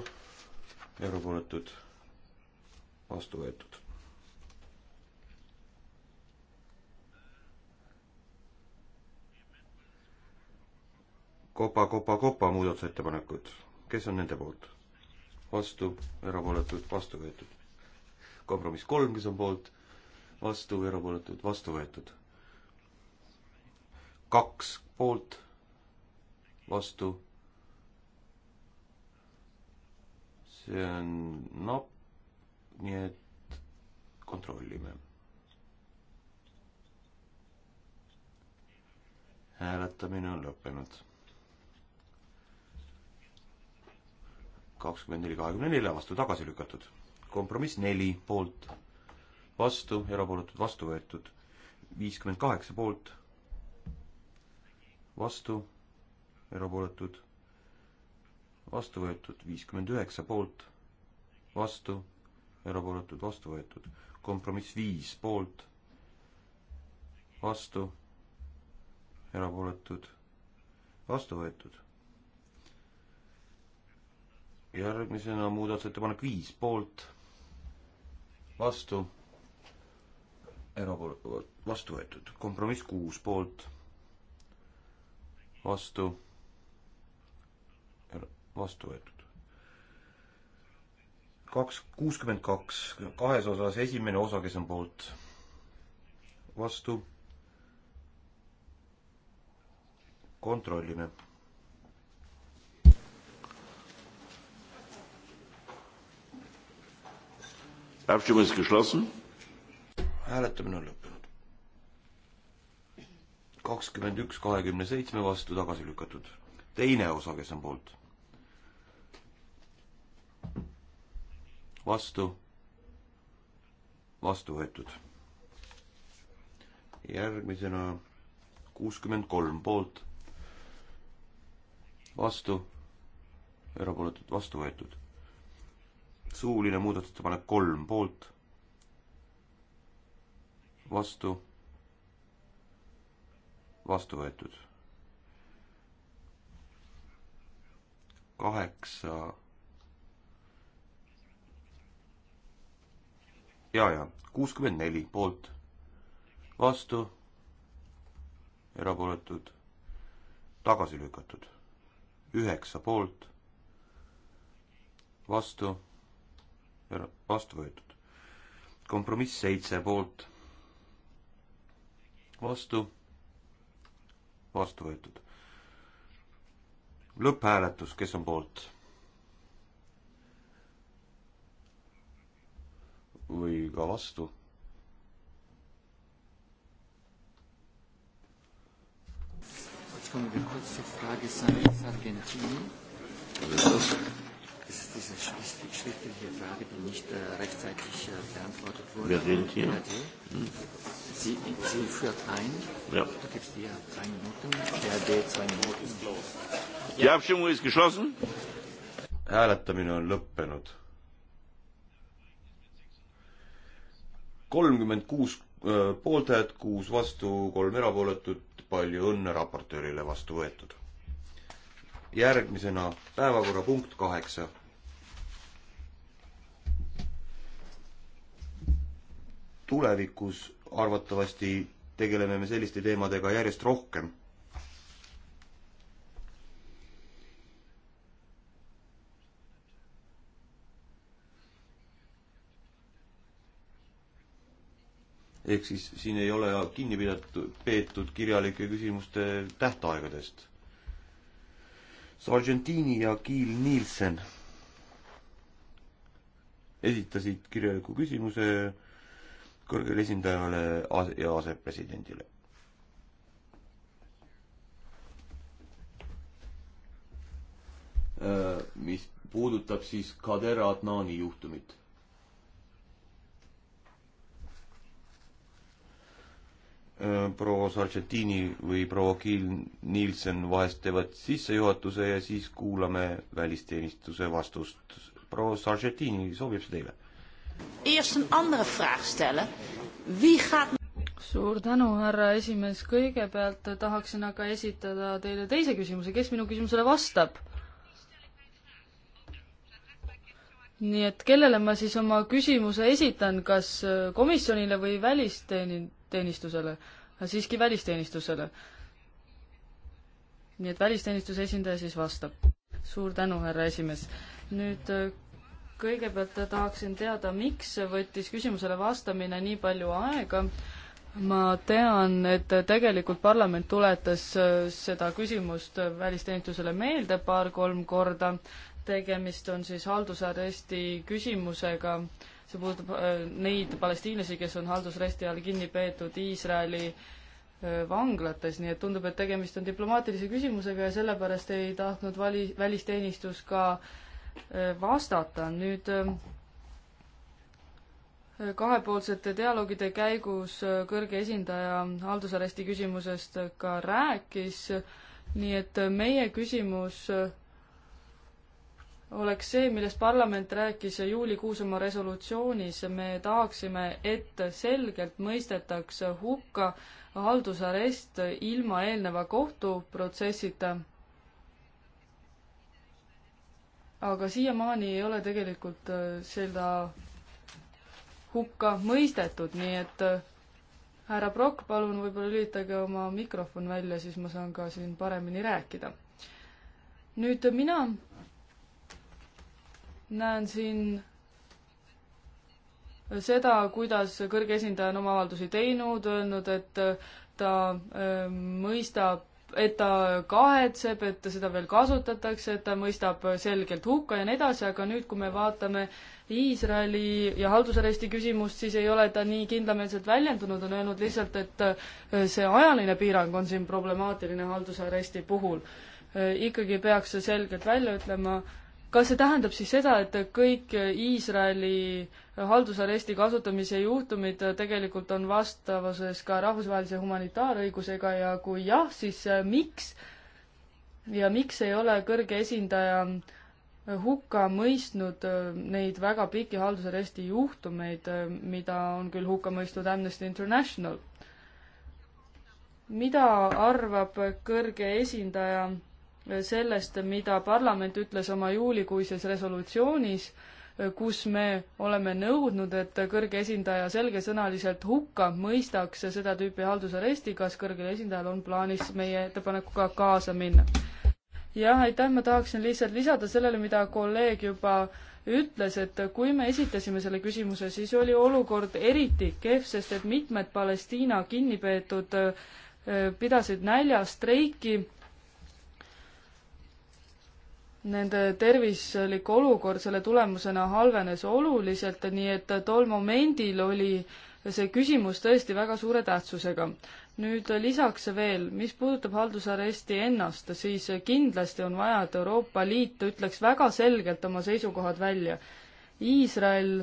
erapooletud, vastu võetud. kopa, kopa, kopa muudatusettepanekud, kes on nende poolt? vastu, erapooletud, vastu võetud. kompromiss kolm, kes on poolt, vastu, erapooletud, vastu võetud kaks poolt, vastu. see on napp no,, nii et kontrollime. hääletamine on lõppenud. kakskümmend neli, kahekümne nelja vastu tagasi lükatud. kompromiss neli poolt, vastu, erapooletud, vastu võetud. viiskümmend kaheksa poolt vastu, erapooletud, vastu võetud, viiskümmend üheksa poolt, vastu, erapooletud, vastu võetud, kompromiss viis poolt, vastu, erapooletud, vastu võetud. järgmisena muudatusettepanek viis poolt, vastu, erapooletud, vastu võetud, kompromiss kuus poolt vastu, vastu võetud. kaks, kuuskümmend kaks, kahes osas esimene osa, kes on poolt, vastu, kontrollime Abstimmung ist geschlossen. Hääletamine on lõppenud kakskümmend üks kahekümne seitsme vastu tagasi lükatud. teine osa, kes on poolt? vastu, vastu võetud. järgmisena kuuskümmend kolm poolt, vastu, erapooletult vastu võetud. suuline muudatusettepanek kolm poolt, vastu vastu võetud. kaheksa. ja, ja kuuskümmend neli poolt, vastu, erapooletud, tagasi lükatud, üheksa poolt, vastu, vastu võetud, kompromiss seitse poolt, vastu vastu võetud. lõpphääletus, kes on poolt? või ka vastu Jetzt kommen wir kurz zur Frage Sargentini dass diese schriftliche Frage, die nicht äh, rechtzeitig äh, beantwortet wurde, Wir sind hier. Hm. Sie, sie führt ein. Ja. Du gibst dir drei Minuten, BRD zwei Minuten. Die Abstimmung ist geschlossen. hääletamine on lõppenud. kolmkümmend kuus äh, poolthäält, kuus vastu, kolm erapooletut, palju õnne raportöörile vastu võetud järgmisena päevakorrapunkt kaheksa. tulevikus arvatavasti tegeleme me selliste teemadega järjest rohkem. ehk siis siin ei ole kinni pidatud, peetud kirjalike küsimuste tähtaegadest. Sargentini ja Kiil Nielsen esitasid kirjaliku küsimuse kõrgele esindajale ja asepresidendile. Äh, mis puudutab siis Kader Adnani juhtumit. Äh, proua Sargentini või proua Kiil Nielsen vahest teevad sissejuhatuse ja siis kuulame välisteenistuse vastust. proua Sargentini, sobib see teile? eerst een andere vraag stellen. Wie gaat suur tänu, härra esimees, kõigepealt tahaksin aga esitada teile teise küsimuse, kes minu küsimusele vastab? nii et kellele ma siis oma küsimuse esitan, kas komisjonile või välisteenistusele? siiski välisteenistusele. nii et välisteenistuse esindaja siis vastab. suur tänu, härra esimees. nüüd kõigepealt tahaksin teada, miks võttis küsimusele vastamine nii palju aega. ma tean, et tegelikult parlament tuletas seda küsimust välisteenistusele meelde paar-kolm korda. tegemist on siis haldusaresti küsimusega. see puudutab äh, neid palestiinlasi, kes on haldusaresti all kinni peetud Iisraeli äh, vanglates, nii et tundub, et tegemist on diplomaatilise küsimusega ja sellepärast ei tahtnud vali, välisteenistus ka äh, Äh, vastata. nüüd äh, kahepoolsete dialoogide käigus äh, kõrge esindaja haldusaresti küsimusest ka rääkis, nii et meie küsimus oleks see, millest parlament rääkis juulikuus oma resolutsioonis, me tahaksime, et selgelt mõistetaks hukka haldusarest ilma eelneva kohtuprotsessita aga siiamaani ei ole tegelikult äh, seda hukka mõistetud, nii et äh, härra Prokk, palun võib-olla lülitage oma mikrofon välja, siis ma saan ka siin paremini rääkida. nüüd äh, mina näen siin seda, kuidas kõrge esindaja on oma avaldusi teinud, öelnud, et ta mõistab et ta kahetseb, et seda veel kasutatakse, et ta mõistab selgelt hukka ja nii edasi, aga nüüd, kui me vaatame Iisraeli ja haldusaresti küsimust, siis ei ole ta nii kindlameelselt väljendunud, on öelnud lihtsalt, et äh, see ajaline piirang on siin problemaatiline haldusaresti puhul. Äh, ikkagi peaks see selgelt välja ütlema kas see tähendab siis seda, et kõik Iisraeli haldusaresti kasutamise juhtumid tegelikult on vastavuses ka rahvusvahelise humanitaarõigusega ja kui jah, siis äh, miks? ja miks ei ole kõrge esindaja hukka mõistnud äh, neid väga pikki haldusaresti juhtumeid, äh, mida on küll hukka mõistnud Amnesty International? mida arvab kõrge esindaja sellest, mida parlament ütles oma juulikuises resolutsioonis, kus me oleme nõudnud, et kõrge esindaja selgesõnaliselt hukka mõistaks seda tüüpi haldusaresti, kas kõrgel esindajal on plaanis meie ettepanekuga kaasa minna. jah, aitäh, ma tahaksin lihtsalt lisada sellele, mida kolleeg juba ütles, et kui me esitasime selle küsimuse, siis oli olukord eriti kehv, sest et mitmed Palestiina kinnipeetud äh, pidasid näljastreiki nende tervislik olukord selle tulemusena halvenes oluliselt, nii et tol momendil oli see küsimus tõesti väga suure tähtsusega. nüüd lisaks veel, mis puudutab haldusaresti ennast, siis kindlasti on vaja, et Euroopa Liit ütleks väga selgelt oma seisukohad välja. Iisrael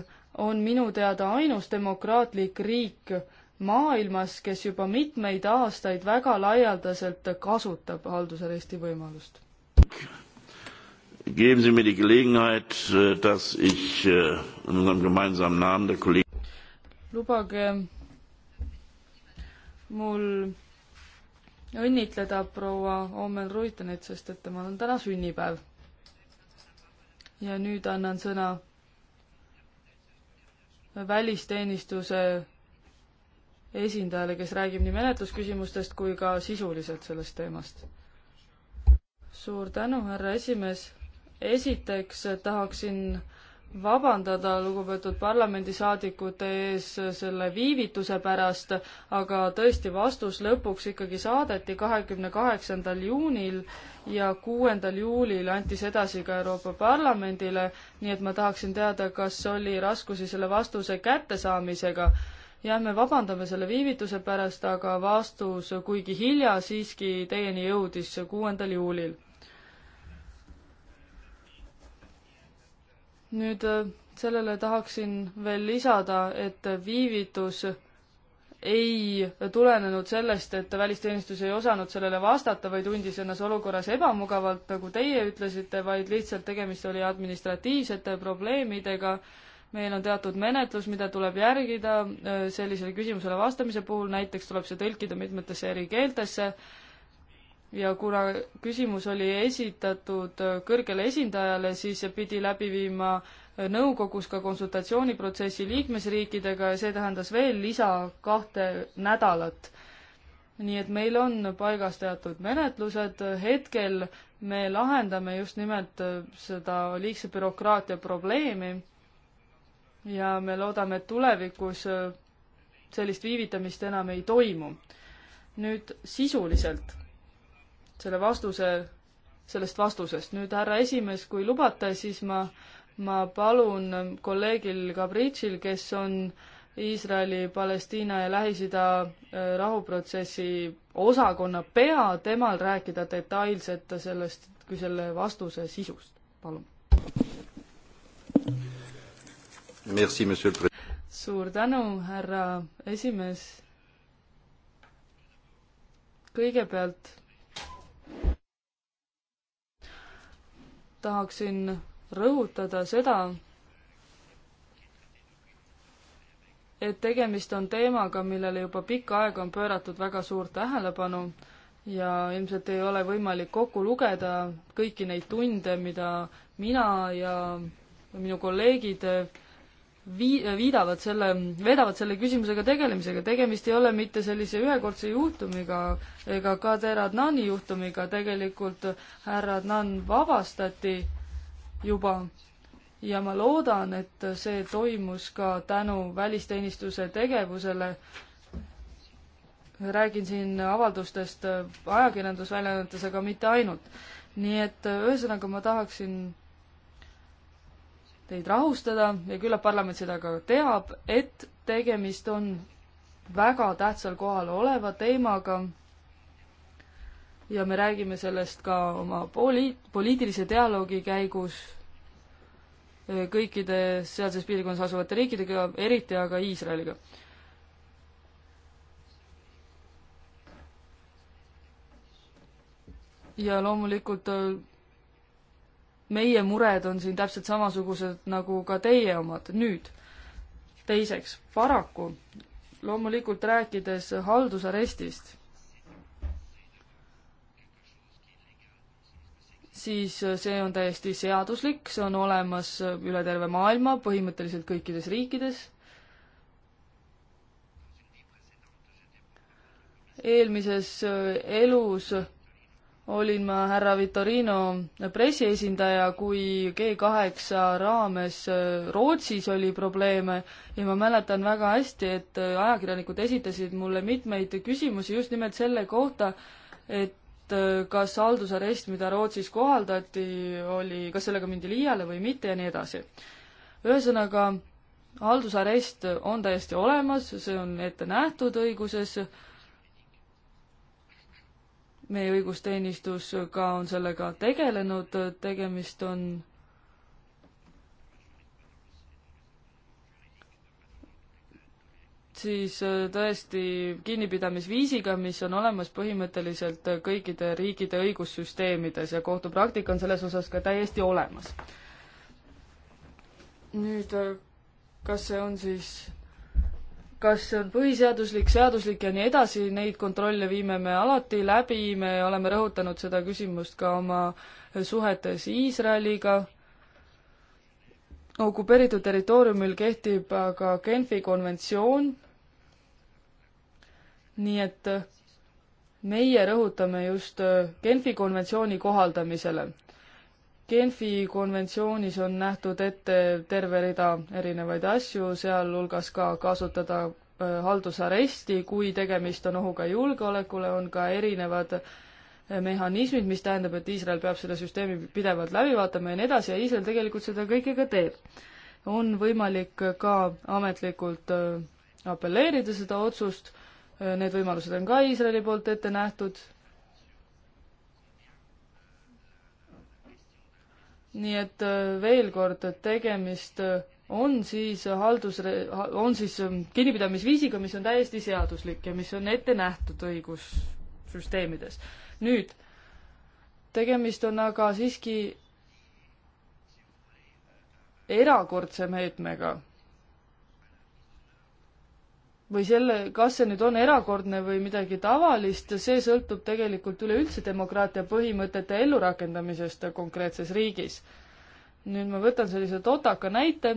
on minu teada ainus demokraatlik riik maailmas, kes juba mitmeid aastaid väga laialdaselt kasutab haldusaresti võimalust. Geben Sie mir die Gelegenheit, äh, dass ich äh, in unserem gemeinsamen Namen der Kollegen. lubage mul õnnitleda proua Omen Ruitenit, sest et temal on täna sünnipäev. ja nüüd annan sõna välisteenistuse esindajale, kes räägib nii menetlusküsimustest kui ka sisuliselt sellest teemast. suur tänu, härra esimees esiteks tahaksin vabandada lugupeetud parlamendisaadikute ees selle viivituse pärast, aga tõesti, vastus lõpuks ikkagi saadeti kahekümne kaheksandal juunil ja kuuendal juulil anti see edasi ka Euroopa Parlamendile, nii et ma tahaksin teada, kas oli raskusi selle vastuse kättesaamisega. jah, me vabandame selle viivituse pärast, aga vastus, kuigi hilja, siiski teieni jõudis kuuendal juulil nüüd äh, sellele tahaksin veel lisada, et viivitus ei tulenenud sellest, et välisteenistus ei osanud sellele vastata või tundis ennast olukorras ebamugavalt, nagu teie ütlesite, vaid lihtsalt tegemist oli administratiivsete probleemidega. meil on teatud menetlus, mida tuleb järgida äh, sellisele küsimusele vastamise puhul, näiteks tuleb see tõlkida mitmetesse eri keeltesse ja kuna küsimus oli esitatud kõrgele esindajale, siis pidi läbi viima nõukogus ka konsultatsiooniprotsessi liikmesriikidega ja see tähendas veel lisa kahte nädalat. nii et meil on paigas teatud menetlused, hetkel me lahendame just nimelt seda liigse bürokraatia probleemi ja me loodame, et tulevikus sellist viivitamist enam ei toimu. nüüd sisuliselt selle vastuse, sellest vastusest. nüüd, härra esimees, kui lubate, siis ma, ma palun kolleegil Gabritšil, kes on Iisraeli, Palestiina ja Lähis-Ida äh, rahuprotsessi osakonna pea, temal rääkida detailselt sellest, kui selle vastuse sisust, palun. suur tänu, härra esimees. kõigepealt tahaksin rõhutada seda, et tegemist on teemaga, millele juba pikka aega on pööratud väga suurt tähelepanu ja ilmselt ei ole võimalik kokku lugeda kõiki neid tunde, mida mina ja minu kolleegid vii-, viidavad selle, veedavad selle küsimusega tegelemisega, tegemist ei ole mitte sellise ühekordse juhtumiga ega Kader Adnani juhtumiga, tegelikult härra Adnan vabastati juba ja ma loodan, et see toimus ka tänu välisteenistuse tegevusele. räägin siin avaldustest ajakirjandusväljaannetes, aga mitte ainult. nii et ühesõnaga ma tahaksin teid rahustada ja küllap parlament seda ka teab, et tegemist on väga tähtsal kohal oleva teemaga. ja me räägime sellest ka oma poli-, poliitilise dialoogi käigus eh, kõikide sealses piirkonnas asuvate riikidega, eriti aga Iisraeliga. ja loomulikult eh, meie mured on siin täpselt samasugused nagu ka teie omad nüüd. teiseks, paraku loomulikult rääkides haldusarestist, siis see on täiesti seaduslik, see on olemas üle terve maailma, põhimõtteliselt kõikides riikides. eelmises äh, elus olin ma härra Vitorino pressiesindaja, kui G kaheksa raames äh, Rootsis oli probleeme ja ma mäletan väga hästi, et äh, ajakirjanikud esitasid mulle mitmeid küsimusi just nimelt selle kohta, et äh, kas haldusarest, mida Rootsis kohaldati, oli, kas sellega mindi liiale või mitte ja nii edasi. ühesõnaga, haldusarest on täiesti olemas, see on ette nähtud õiguses meie õigusteenistus ka on sellega tegelenud, tegemist on siis äh, tõesti kinnipidamisviisiga, mis on olemas põhimõtteliselt kõikide riikide õigussüsteemides ja kohtupraktika on selles osas ka täiesti olemas. nüüd, äh, kas see on siis kas see on põhiseaduslik, seaduslik ja nii edasi, neid kontrolle viime me alati läbi, me oleme rõhutanud seda küsimust ka oma suhetes Iisraeliga. okupeeritud territooriumil kehtib aga Genfi konventsioon, nii et meie rõhutame just Genfi konventsiooni kohaldamisele Genfi konventsioonis on nähtud ette terve rida erinevaid asju, sealhulgas ka kasutada haldusaresti, kui tegemist on ohuga julgeolekule, on ka erinevad mehhanismid, mis tähendab, et Iisrael peab selle süsteemi pidevalt läbi vaatama ja nii edasi ja Iisrael tegelikult seda kõike ka teeb. on võimalik ka ametlikult apelleerida seda otsust, need võimalused on ka Iisraeli poolt ette nähtud nii et äh, veel kord, et tegemist äh, on siis äh, haldus, on siis ähm, kinnipidamisviisiga, mis on täiesti seaduslik ja mis on ette nähtud õigussüsteemides. nüüd, tegemist on aga siiski erakordse meetmega või selle, kas see nüüd on erakordne või midagi tavalist, see sõltub tegelikult üleüldse demokraatia põhimõtete ellurakendamisest konkreetses riigis. nüüd ma võtan sellise totaka näite.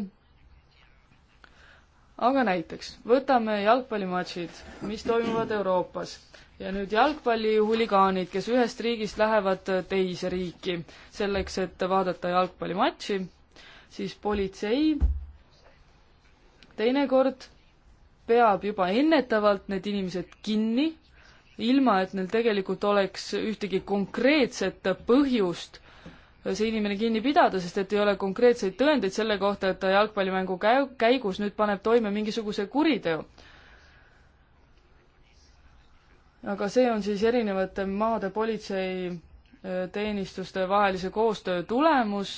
aga näiteks võtame jalgpallimatšid, mis toimuvad Euroopas ja nüüd jalgpallihuligaanid, kes ühest riigist lähevad teise riiki selleks, et vaadata jalgpallimatši, siis politsei teinekord peab juba ennetavalt need inimesed kinni, ilma et neil tegelikult oleks ühtegi konkreetset põhjust see inimene kinni pidada, sest et ei ole konkreetseid tõendeid selle kohta, et ta jalgpallimängu käi-, käigus nüüd paneb toime mingisuguse kuriteo. aga see on siis erinevate maade politseiteenistuste äh, vahelise koostöö tulemus,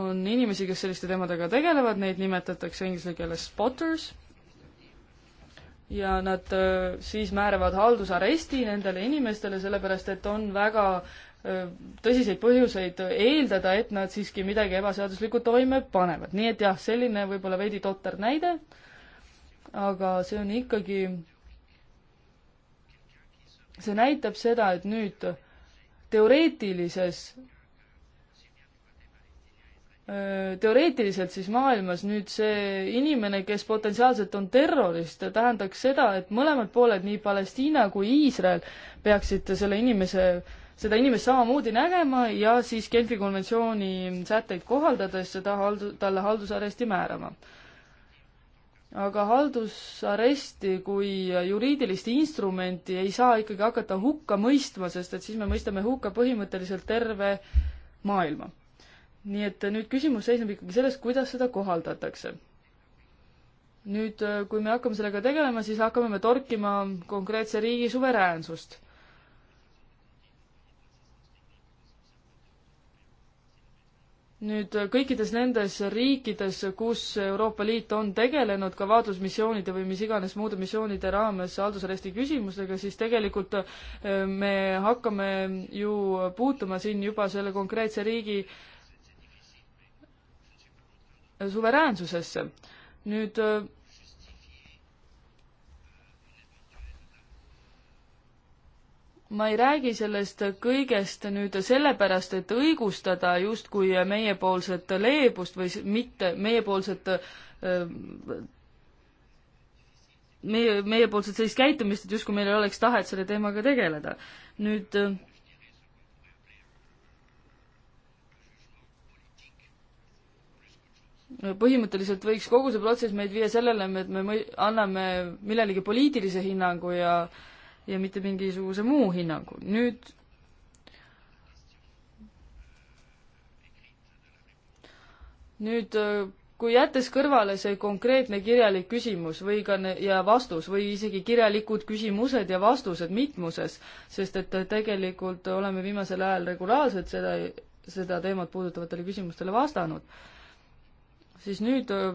on inimesi, kes selliste teemadega tegelevad, neid nimetatakse inglise keeles spotters ja nad äh, siis määravad haldusaresti nendele inimestele, sellepärast et on väga äh, tõsiseid põhjuseid eeldada, et nad siiski midagi ebaseaduslikku toime panevad. nii et jah, selline võib-olla veidi totter näide, aga see on ikkagi, see näitab seda, et nüüd teoreetilises Äh, teoreetiliselt siis maailmas nüüd see inimene, kes potentsiaalselt on terrorist, tähendaks seda, et mõlemad pooled, nii Palestiina kui Iisrael, peaksid selle inimese, seda inimest samamoodi nägema ja siis Genfi konventsiooni sätteid kohaldades seda haldu-, talle haldusaresti määrama. aga haldusaresti kui juriidilist instrumenti ei saa ikkagi hakata hukka mõistma, sest et siis me mõistame hukka põhimõtteliselt terve maailma nii et äh, nüüd küsimus seisneb ikkagi selles, kuidas seda kohaldatakse. nüüd, äh, kui me hakkame sellega tegelema, siis hakkame me torkima konkreetse riigi suveräänsust nüüd äh, kõikides nendes riikides, kus Euroopa Liit on tegelenud ka vaatlusmissioonide või mis iganes muude missioonide raames haldusaresti küsimustega, siis tegelikult me hakkame ju puutuma siin juba selle konkreetse riigi suveräänsusesse. nüüd ma ei räägi sellest kõigest nüüd sellepärast, et õigustada justkui meiepoolset leebust või mitte meiepoolset äh, meie, meiepoolset sellist käitumist, et justkui meil ei oleks tahet selle teemaga tegeleda. nüüd põhimõtteliselt võiks kogu see protsess meid viia sellele, et me anname millelegi poliitilise hinnangu ja, ja mitte mingisuguse muu hinnangu. nüüd nüüd kui jättes kõrvale see konkreetne kirjalik küsimus või ka ne-, ja vastus või isegi kirjalikud küsimused ja vastused mitmuses, sest et tegelikult oleme viimasel ajal regulaarselt seda, seda teemat puudutavatele küsimustele vastanud siis nüüd äh,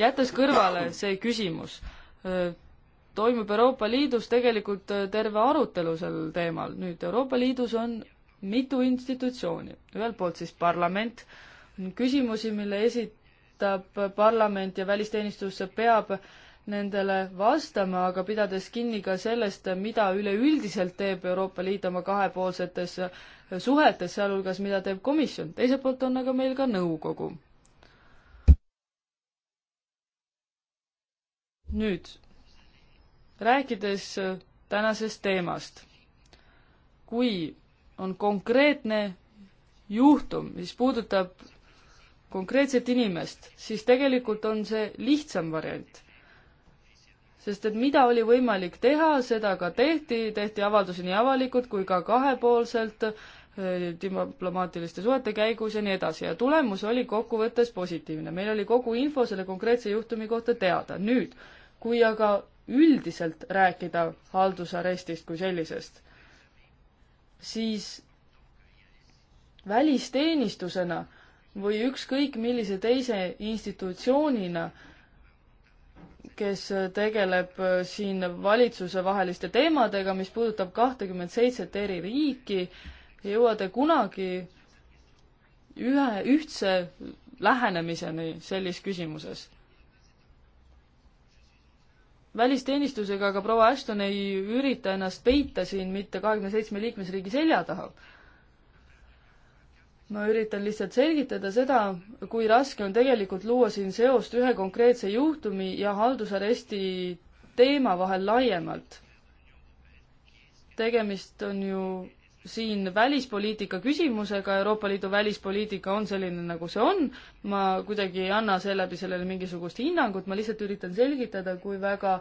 jättes kõrvale see küsimus, äh, toimub Euroopa Liidus tegelikult äh, terve arutelu sel teemal. nüüd Euroopa Liidus on mitu institutsiooni, ühelt poolt siis parlament, küsimusi, mille esitab parlament ja välisteenistus peab nendele vastama, aga pidades kinni ka sellest, mida üleüldiselt teeb Euroopa Liit oma kahepoolsetes suhetes, sealhulgas mida teeb komisjon. teiselt poolt on aga meil ka nõukogu nüüd, rääkides äh, tänasest teemast, kui on konkreetne juhtum, mis puudutab konkreetset inimest, siis tegelikult on see lihtsam variant. sest et mida oli võimalik teha, seda ka tehti, tehti avaldusi nii avalikult kui ka kahepoolselt, äh, diplomaatiliste suhete käigus ja nii edasi ja tulemus oli kokkuvõttes positiivne. meil oli kogu info selle konkreetse juhtumi kohta teada. nüüd kui aga üldiselt rääkida haldusarestist kui sellisest, siis välisteenistusena või ükskõik millise teise institutsioonina, kes tegeleb siin valitsusevaheliste teemadega, mis puudutab kahtekümmet seitset eri riiki, ei jõua te kunagi ühe, ühtse lähenemiseni selles küsimuses välisteenistusega, aga proua Ashton ei ürita ennast peita siin mitte kahekümne seitsme liikmesriigi selja taha. ma üritan lihtsalt selgitada seda, kui raske on tegelikult luua siin seost ühe konkreetse juhtumi ja haldusaresti teema vahel laiemalt. tegemist on ju siin välispoliitika küsimusega, Euroopa Liidu välispoliitika on selline, nagu see on, ma kuidagi ei anna seeläbi sellele mingisugust hinnangut, ma lihtsalt üritan selgitada, kui väga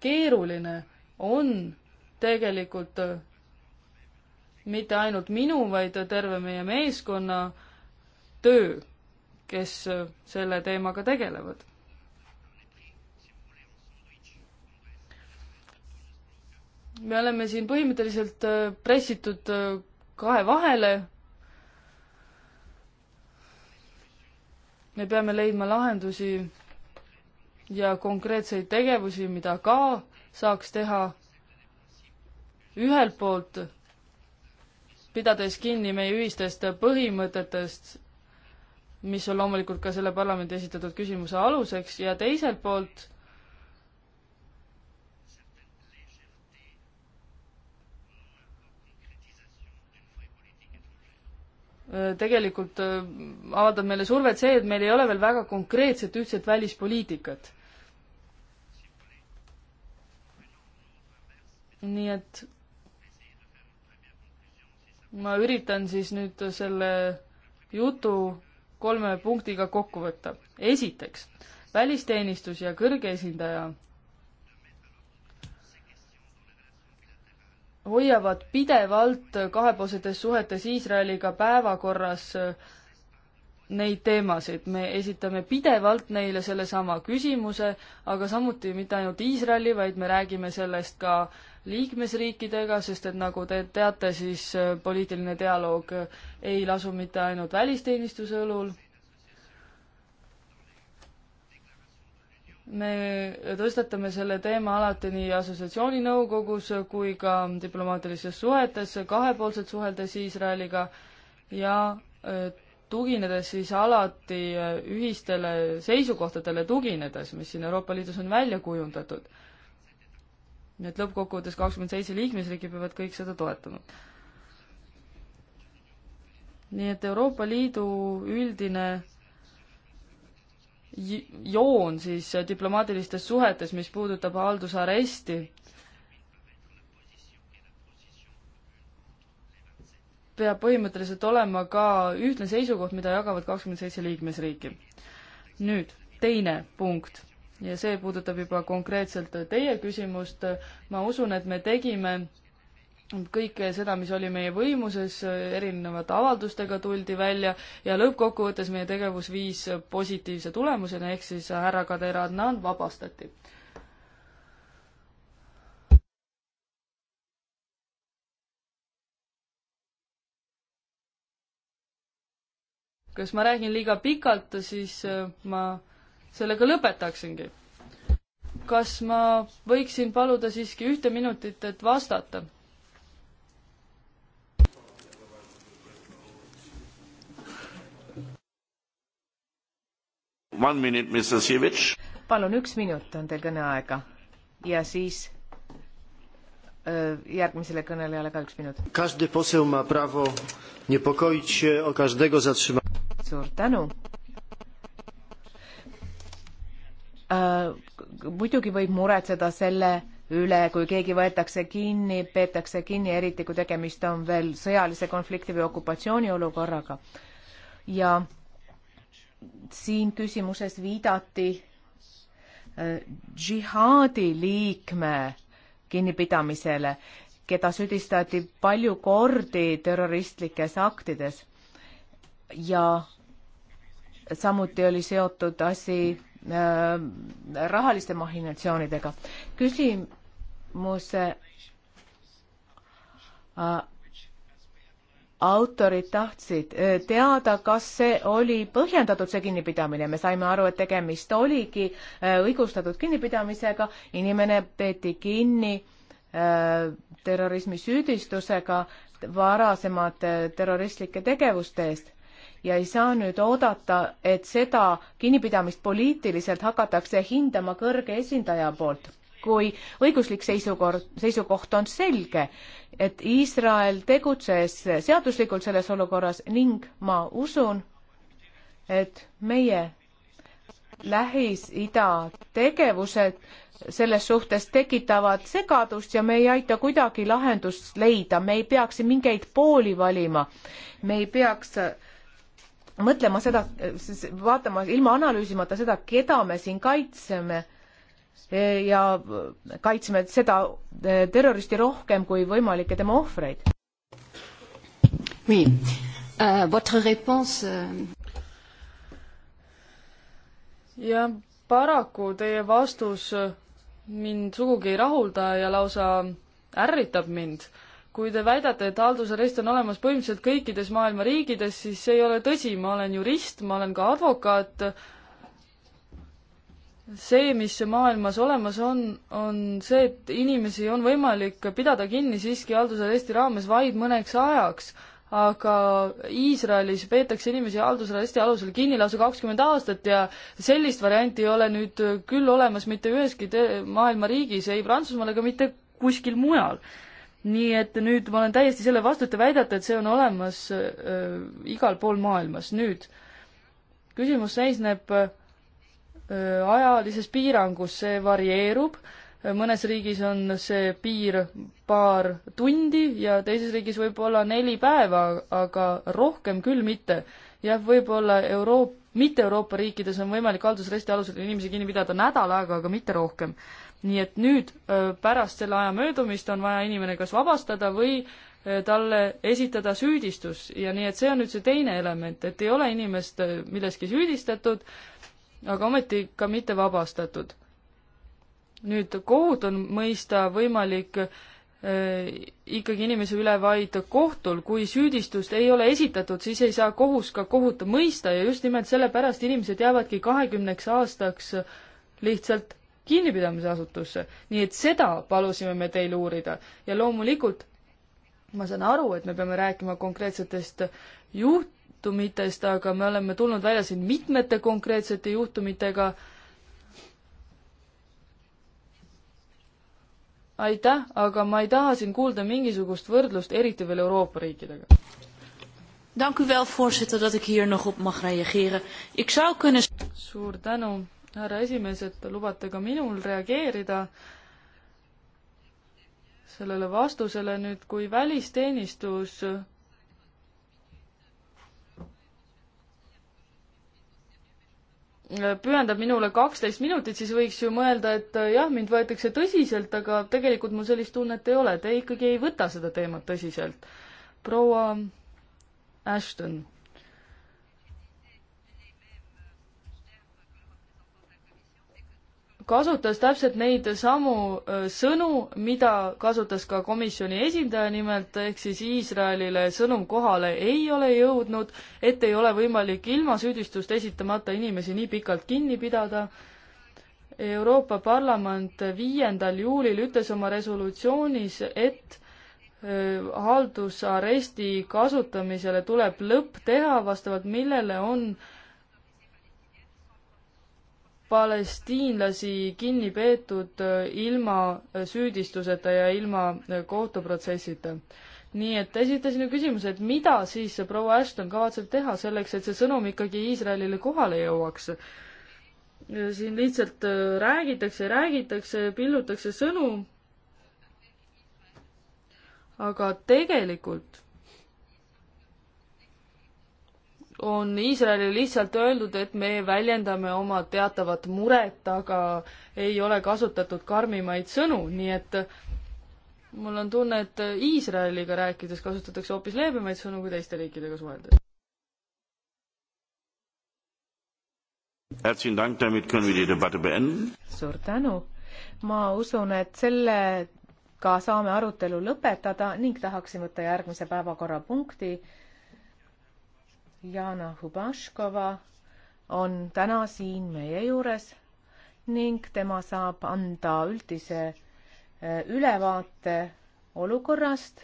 keeruline on tegelikult äh, mitte ainult minu, vaid terve meie meeskonna töö, kes äh, selle teemaga tegelevad. me oleme siin põhimõtteliselt äh, pressitud äh, kahe vahele. me peame leidma lahendusi ja konkreetseid tegevusi, mida ka saaks teha ühelt poolt, pidades kinni meie ühistest põhimõtetest, mis on loomulikult ka selle parlamendi esitatud küsimuse aluseks, ja teiselt poolt tegelikult avaldab meile survet see, et meil ei ole veel väga konkreetset ühtset välispoliitikat. nii et ma üritan siis nüüd selle jutu kolme punktiga kokku võtta. esiteks, välisteenistus ja kõrge esindaja hoiavad pidevalt kahepoolsetes suhetes Iisraeliga päevakorras äh, neid teemasid, me esitame pidevalt neile sellesama küsimuse, aga samuti mitte ainult Iisraeli, vaid me räägime sellest ka liikmesriikidega, sest et nagu te teate, siis äh, poliitiline dialoog äh, ei lasu mitte ainult välisteenistuse õlul me tõstatame selle teema alati nii assotsiatsiooni nõukogus kui ka diplomaatilistes suhetes, kahepoolselt suheldes Iisraeliga ja e, tuginedes siis alati e, ühistele seisukohtadele tuginedes, mis siin Euroopa Liidus on välja kujundatud. nii et lõppkokkuvõttes kakskümmend seitse liikmesriiki peavad kõik seda toetama. nii et Euroopa Liidu üldine joon siis diplomaatilistes suhetes, mis puudutab haldusaresti. peab põhimõtteliselt olema ka ühtne seisukoht, mida jagavad kakskümmend seitse liikmesriiki. nüüd teine punkt ja see puudutab juba konkreetselt teie küsimust. ma usun, et me tegime kõike seda, mis oli meie võimuses, erinevate avaldustega tuldi välja ja lõppkokkuvõttes meie tegevus viis positiivse tulemusena, ehk siis härra Kader Adnan vabastati. kas ma räägin liiga pikalt, siis äh, ma sellega lõpetaksingi. kas ma võiksin paluda siiski ühte minutit, et vastata? One minute, Mr Sivic. palun, üks minut on teil kõneaega ja siis järgmisele kõnelejale ka üks minut. Każdy poseł ma prawo niepokoić się o każdego zatrzymanego. suur tänu äh,. muidugi võib muretseda selle üle, kui keegi võetakse kinni, peetakse kinni, eriti kui tegemist on veel sõjalise konflikti või okupatsiooniolukorraga. ja äh, siin küsimuses viidati äh, džihaadi liikme kinnipidamisele, keda süüdistati palju kordi terroristlikes aktides. ja samuti oli seotud asi äh, rahaliste mahinatsioonidega. küsimuse äh, autorid tahtsid äh, teada, kas see oli põhjendatud, see kinnipidamine. me saime aru, et tegemist oligi äh, õigustatud kinnipidamisega, inimene peeti kinni äh, terrorismisüüdistusega varasemate terroristlike tegevuste eest ja ei saa nüüd oodata, et seda kinnipidamist poliitiliselt hakatakse hindama kõrge esindaja poolt kui õiguslik seisukord, seisukoht on selge, et Iisrael tegutses seaduslikult selles olukorras ning ma usun, et meie Lähis-Ida tegevused selles suhtes tekitavad segadust ja me ei aita kuidagi lahendust leida, me ei peaks mingeid pooli valima, me ei peaks äh, mõtlema seda, äh, vaatama ilma analüüsimata seda, keda me siin kaitseme ja kaitseme seda eh, terroristi rohkem kui võimalikke tema ohvreid. Oui. Euh, votre réponse euh... ja paraku teie vastus mind sugugi ei rahulda ja lausa ärritab mind. kui te väidate, et haldusarest on olemas põhimõtteliselt kõikides maailma riikides, siis see ei ole tõsi, ma olen jurist, ma olen ka advokaat äh,, see, mis maailmas olemas on, on see, et inimesi on võimalik pidada kinni siiski haldusaresti raames vaid mõneks ajaks, aga Iisraelis peetakse inimesi haldusaresti alusel kinni lausa kakskümmend aastat ja sellist varianti ei ole nüüd küll olemas mitte üheski maailma riigis, ei Prantsusmaal ega mitte kuskil mujal. nii et nüüd ma olen täiesti selle vastu, et te väidate, et see on olemas äh, igal pool maailmas. nüüd küsimus seisneb äh, ajalises piirangus, see varieerub, mõnes riigis on see piir paar tundi ja teises riigis võib-olla neli päeva, aga rohkem küll mitte. jah, võib-olla Euroop-, mitte Euroopa riikides on võimalik haldusresti alusel inimesi kinni pidada nädal aega, aga mitte rohkem. nii et nüüd pärast selle aja möödumist on vaja inimene kas vabastada või talle esitada süüdistus ja nii et see on nüüd see teine element, et ei ole inimest milleski süüdistatud aga ometi ka mitte vabastatud. nüüd kohut on mõista võimalik äh, ikkagi inimese üle vaid kohtul, kui süüdistust ei ole esitatud, siis ei saa kohus ka kohut mõista ja just nimelt sellepärast inimesed jäävadki kahekümneks aastaks lihtsalt kinnipidamisasutusse. nii et seda palusime me teil uurida ja loomulikult ma saan aru, et me peame rääkima konkreetsetest juht-, juhtumitest, aga me oleme tulnud välja siin mitmete konkreetsete juhtumitega. aitäh, aga ma ei taha siin kuulda mingisugust võrdlust, eriti veel Euroopa riikidega. Dank u wel, voorzitter, dat ik hier nog op mag reageren. Ik zou kunnen... Suur tänu, härra esimees, et lubate ka minul reageerida sellele vastusele nüüd, kui välisteenistus pühendab minule kaksteist minutit, siis võiks ju mõelda, et äh, jah, mind võetakse tõsiselt, aga tegelikult mul sellist tunnet ei ole, te ikkagi ei võta seda teemat tõsiselt. proua Ashton kasutas täpselt neid samu sõnu, mida kasutas ka komisjoni esindaja, nimelt ehk siis Iisraelile sõnum kohale ei ole jõudnud, et ei ole võimalik ilma süüdistust esitamata inimesi nii pikalt kinni pidada. Euroopa Parlament viiendal juulil ütles oma resolutsioonis, et haldusaresti kasutamisele tuleb lõpp teha, vastavalt millele on äh, palestiinlasi kinni peetud äh, ilma äh, süüdistuseta ja ilma äh, kohtuprotsessita. nii et esitasin ju küsimuse, et mida siis proua Ashton kavatseb teha selleks, et see sõnum ikkagi Iisraelile kohale jõuaks. siin lihtsalt räägitakse, räägitakse, pillutakse sõnu, aga tegelikult on Iisraelile lihtsalt öeldud, et me väljendame oma teatavat muret, aga ei ole kasutatud karmimaid sõnu, nii et mul on tunne, et Iisraeliga rääkides kasutatakse hoopis leebemaid sõnu kui teiste riikidega suheldes. suur tänu. ma usun, et sellega saame arutelu lõpetada ning tahaksin võtta järgmise päevakorrapunkti Jana Hubaškova on täna siin meie juures ning tema saab anda üldise eh, ülevaate olukorrast.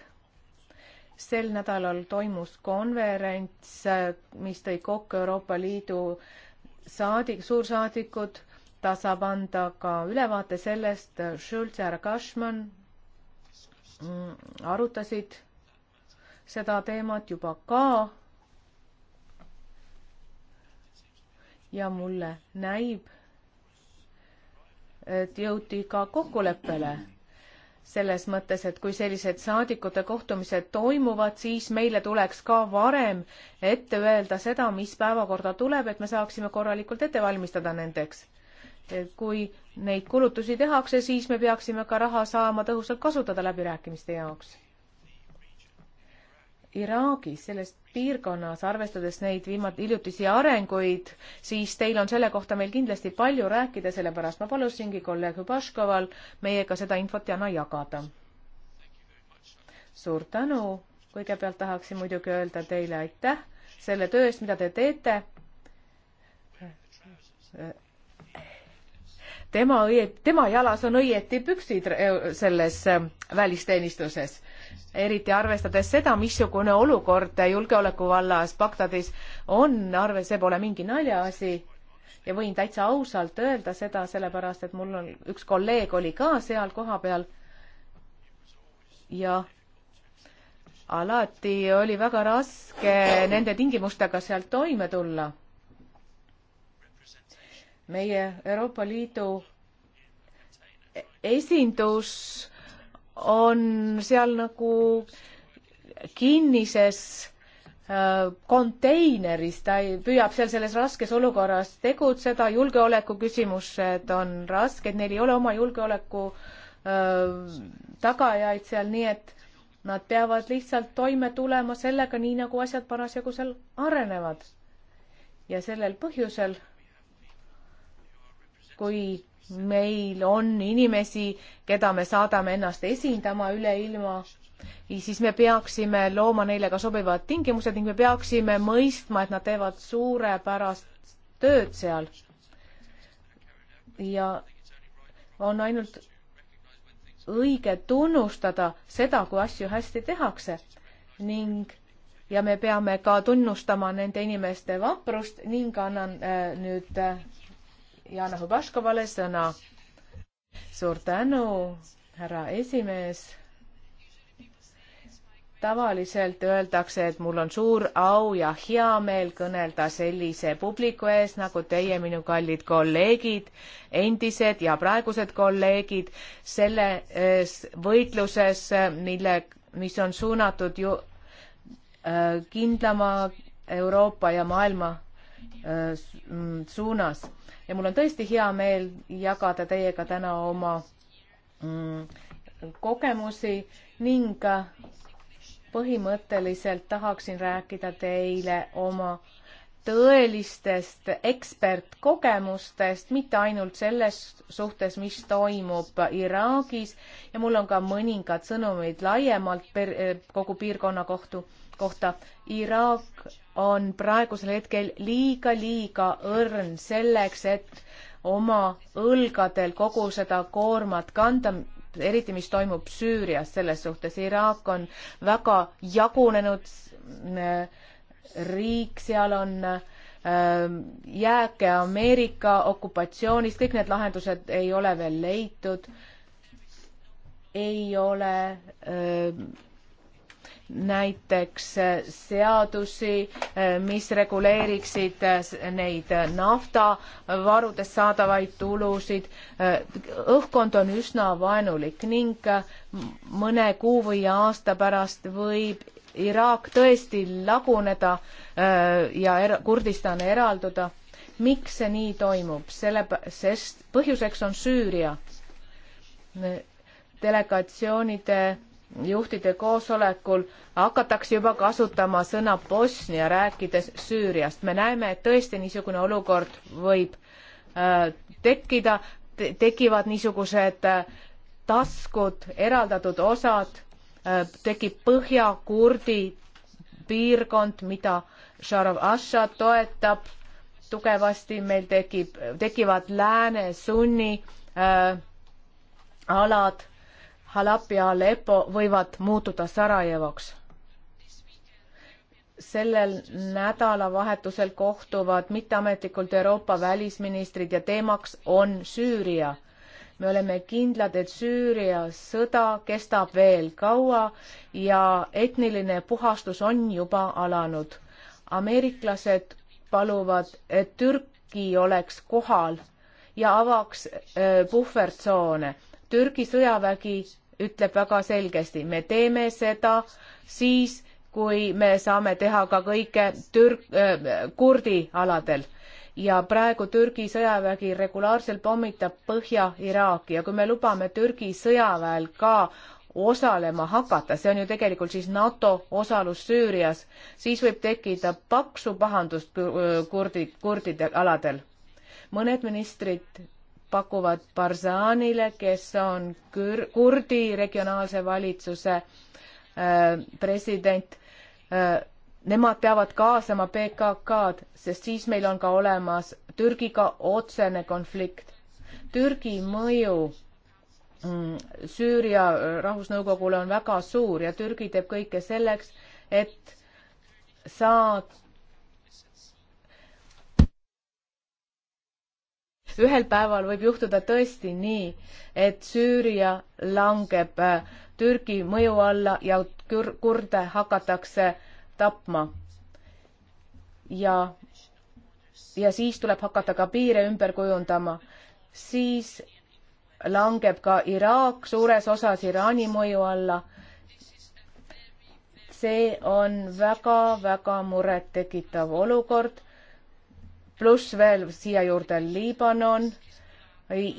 sel nädalal toimus konverents, eh, mis tõi kokku Euroopa Liidu saadik, suursaadikud. ta saab anda ka ülevaate sellest, eh, Schulz ja Kašman mm, arutasid seda teemat juba ka ja mulle näib, et jõuti ka kokkuleppele selles mõttes, et kui sellised saadikute kohtumised toimuvad, siis meile tuleks ka varem ette öelda seda, mis päevakorda tuleb, et me saaksime korralikult ette valmistada nendeks. kui neid kulutusi tehakse, siis me peaksime ka raha saama tõhusalt kasutada läbirääkimiste jaoks. Iraagis, selles piirkonnas, arvestades neid viimati hiljutisi arenguid, siis teil on selle kohta meil kindlasti palju rääkida, sellepärast ma palusingi kolleeg Hõbaškoval meiega seda infot täna jagada. suur tänu, kõigepealt tahaksin muidugi öelda teile aitäh selle töö eest, mida te teete. tema õieti, tema jalas on õieti püksid äh, selles äh, välisteenistuses eriti arvestades seda, missugune olukord julgeoleku vallas Bagdadis on, arve, see pole mingi naljaasi ja võin täitsa ausalt öelda seda, sellepärast et mul on, üks kolleeg oli ka seal kohapeal ja alati oli väga raske nende tingimustega sealt toime tulla. meie Euroopa Liidu esindus on seal nagu kinnises äh, konteineris, ta ei, püüab seal selles raskes olukorras tegutseda, julgeolekuküsimused on rasked, neil ei ole oma julgeoleku äh, tagajaid seal, nii et nad peavad lihtsalt toime tulema sellega, nii nagu asjad parasjagu seal arenevad. ja sellel põhjusel, kui meil on inimesi, keda me saadame ennast esindama üle ilma, siis me peaksime looma neile ka sobivad tingimused ning me peaksime mõistma, et nad teevad suurepärast tööd seal. ja on ainult õige tunnustada seda, kui asju hästi tehakse ning ja me peame ka tunnustama nende inimeste vaprust ning annan äh, nüüd äh, Jana Hubaškovale sõna. suur tänu, härra esimees tavaliselt öeldakse, et mul on suur au ja hea meel kõnelda sellise publiku ees, nagu teie, minu kallid kolleegid, endised ja praegused kolleegid, selles võitluses, mille, mis on suunatud ju äh, kindlama Euroopa ja maailma Äh, mm, suunas. ja mul on tõesti hea meel jagada teiega täna oma mm, kogemusi ning äh, põhimõtteliselt tahaksin rääkida teile oma tõelistest ekspertkogemustest, mitte ainult selles suhtes, mis toimub Iraagis ja mul on ka mõningad sõnumid laiemalt per, kogu piirkonna kohtu, kohta. Iraak on praegusel hetkel liiga-liiga õrn selleks, et oma õlgadel kogu seda koormat kanda, eriti mis toimub Süürias selles suhtes. Iraak on väga jagunenud riik, seal on ähm, jääke Ameerika okupatsioonist, kõik need lahendused ei ole veel leitud. ei ole öö, ähm, näiteks äh, seadusi, äh, mis reguleeriksid äh, neid naftavarudest saadavaid tulusid. õhkkond on üsna vaenulik ning mõne kuu või aasta pärast võib Iraak tõesti laguneda ja er Kurdistan eralduda. miks see nii toimub? selle, sest põhjuseks on Süüria delegatsioonide juhtide koosolekul hakatakse juba kasutama sõna Bosnia, rääkides Süüriast. me näeme, et tõesti niisugune olukord võib äh, tekkida te, tekivad niisugused äh, taskud, eraldatud osad äh,, tekib Põhja-Kurdi piirkond, mida Sharaf Assad toetab tugevasti, meil tekib, tekivad lääne sunni äh, alad Halab ja Aleppo võivad muutuda Sarajevoks sellel nädalavahetusel kohtuvad mitteametlikult Euroopa välisministrid ja teemaks on Süüria. me oleme kindlad, et Süüria sõda kestab veel kaua ja etniline puhastus on juba alanud. ameeriklased paluvad, et Türgi oleks kohal ja avaks eh, puhvertsoone. Türgi sõjavägi ütleb väga selgesti, me teeme seda siis, kui me saame teha ka kõike türk- äh,, kurdi aladel. ja praegu Türgi sõjavägi regulaarselt pommitab Põhja-Iraaki ja kui me lubame Türgi sõjaväel ka osalema hakata, see on ju tegelikult siis NATO osalus Süürias, siis võib tekkida paksu pahandust äh, kurdi, kurdide aladel. mõned ministrid pakuvad Barzaanile, kes on kür-, kurdi regionaalse valitsuse äh, president äh,. Nemad peavad kaasama PKK-d, sest siis meil on ka olemas Türgiga otsene konflikt. Türgi mõju mm, Süüria rahvusnõukogule on väga suur ja Türgi teeb kõike selleks, et saad ühel päeval võib juhtuda tõesti nii, et Süüria langeb äh, Türgi mõju alla ja kurde hakatakse tapma. ja, ja siis tuleb hakata ka piire ümber kujundama. siis langeb ka Iraak suures osas Iraani mõju alla. see on väga-väga murettekitav olukord pluss veel siia juurde Liibanon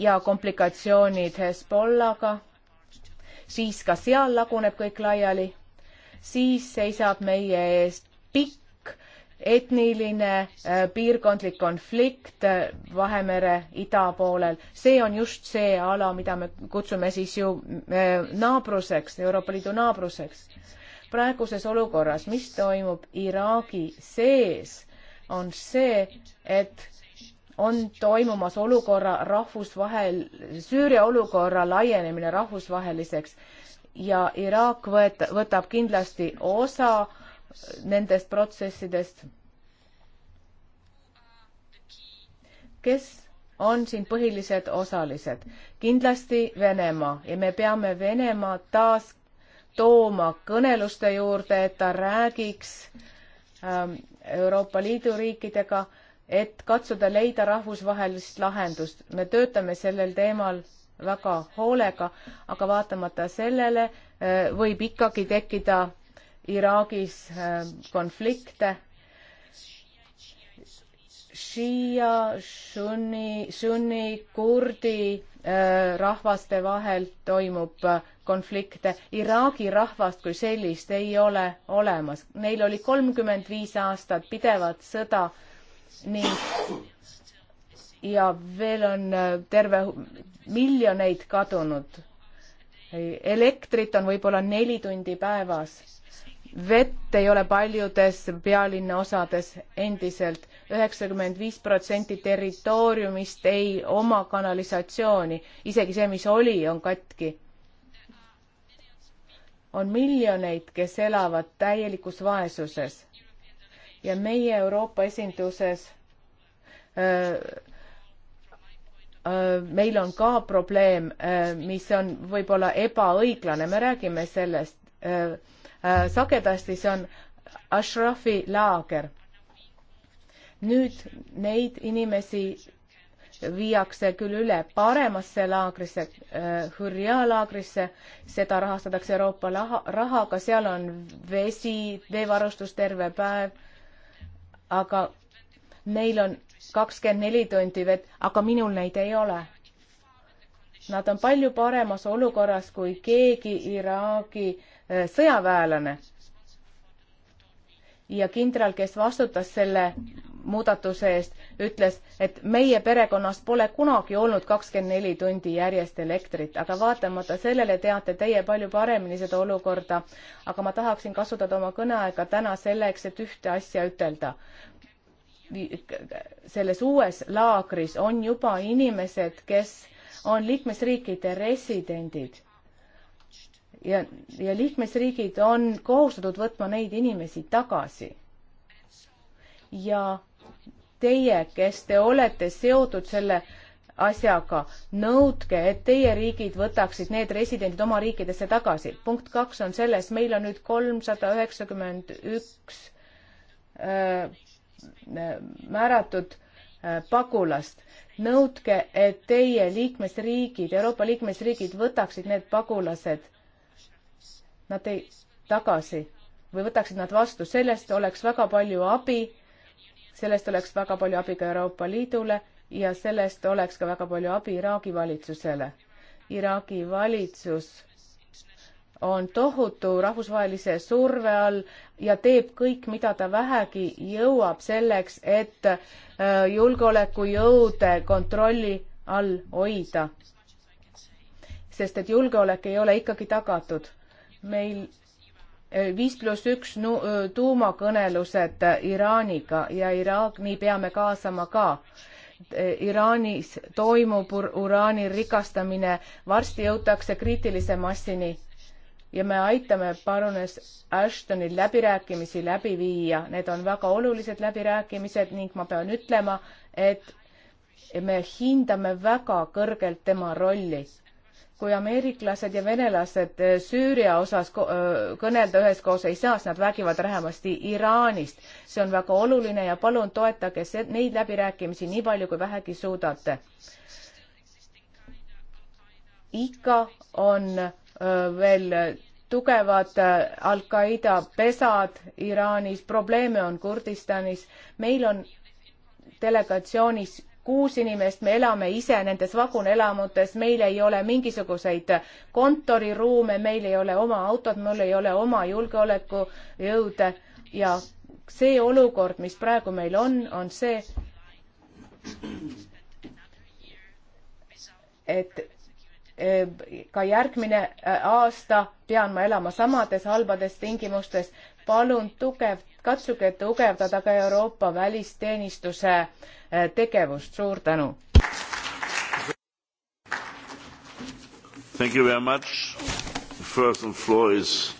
ja komplikatsioonid Hezbollaga, siis ka seal laguneb kõik laiali, siis seisab meie ees pikk etniline äh, piirkondlik konflikt äh, Vahemere ida poolel. see on just see ala, mida me kutsume siis ju äh, naabruseks, Euroopa Liidu naabruseks. praeguses olukorras, mis toimub Iraagi sees on see, et on toimumas olukorra rahvusvahel, Süüria olukorra laienemine rahvusvaheliseks ja Iraak võet-, võtab kindlasti osa nendest protsessidest. kes on siin põhilised osalised? kindlasti Venemaa ja me peame Venemaa taas tooma kõneluste juurde, et ta räägiks ähm, Euroopa Liidu riikidega, et katsuda leida rahvusvahelist lahendust. me töötame sellel teemal väga hoolega, aga vaatamata sellele äh, võib ikkagi tekkida Iraagis äh, konflikte. Shia, sunni, sunni, kurdi Äh, rahvaste vahel toimub äh, konflikte. Iraagi rahvast kui sellist ei ole olemas. Neil oli kolmkümmend viis aastat pidevat sõda ning ja veel on äh, terve miljoneid kadunud. elektrit on võib-olla neli tundi päevas. vett ei ole paljudes pealinna osades endiselt üheksakümmend viis protsenti territooriumist ei oma kanalisatsiooni, isegi see, mis oli, on katki. on miljoneid, kes elavad täielikus vaesuses ja meie Euroopa esinduses öö, öö, meil on ka probleem, mis on võib-olla ebaõiglane, me räägime sellest sagedasti see on Ashrafi laager nüüd neid inimesi viiakse küll üle paremasse laagrisse, äh, Hõrja laagrisse, seda rahastatakse Euroopa raha, rahaga, seal on vesi, veevarustus terve päev, aga neil on kakskümmend neli tundi vett, aga minul neid ei ole. Nad on palju paremas olukorras kui keegi Iraagi äh, sõjaväelane. ja kindral, kes vastutas selle muudatuse eest, ütles, et meie perekonnas pole kunagi olnud kakskümmend neli tundi järjest elektrit, aga vaatamata sellele teate teie palju paremini seda olukorda. aga ma tahaksin kasutada oma kõneaega täna selleks, et ühte asja ütelda selles uues laagris on juba inimesed, kes on liikmesriikide residendid ja, ja liikmesriigid on kohustatud võtma neid inimesi tagasi. ja teie, kes te olete seotud selle asjaga, nõudke, et teie riigid võtaksid need residendid oma riikidesse tagasi. punkt kaks on selles, meil on nüüd kolmsada üheksakümmend üks äh, määratud äh, pagulast. nõudke, et teie liikmesriigid, Euroopa liikmesriigid võtaksid need pagulased, nad ei, tagasi või võtaksid nad vastu, sellest oleks väga palju abi sellest oleks väga palju abi ka Euroopa Liidule ja sellest oleks ka väga palju abi Iraagi valitsusele. Iraagi valitsus on tohutu rahvusvahelise surve all ja teeb kõik, mida ta vähegi jõuab selleks, et äh, julgeolekujõude kontrolli all hoida. sest et julgeolek ei ole ikkagi tagatud. meil viis pluss üks tuumakõnelused Iraaniga ja Iraani peame kaasama ka. E, Iraanis toimub uraani rikastamine, varsti jõutakse kriitilise massini ja me aitame parunes Ashtonil läbirääkimisi läbi viia. Need on väga olulised läbirääkimised ning ma pean ütlema, et me hindame väga kõrgelt tema rolli kui ameeriklased ja venelased eh, Süüria osas eh, kõnelda üheskoos ei saa, siis nad räägivad vähemasti Iraanist. see on väga oluline ja palun toetage neid läbirääkimisi nii palju, kui vähegi suudate. ikka on eh, veel tugevad Al-Qaeda pesad Iraanis, probleeme on Kurdistanis. meil on delegatsioonis kuus inimest, me elame ise nendes vagunelamutes, meil ei ole mingisuguseid kontoriruume, meil ei ole oma autot, mul ei ole oma julgeolekujõude ja see olukord, mis praegu meil on, on see, et eh, ka järgmine eh, aasta pean ma elama samades halbades tingimustes. palun tugev, katsuge tugevdada ka Euroopa välisteenistuse Eh, tegevust, suur tänu! Thank you very much. The first on floor is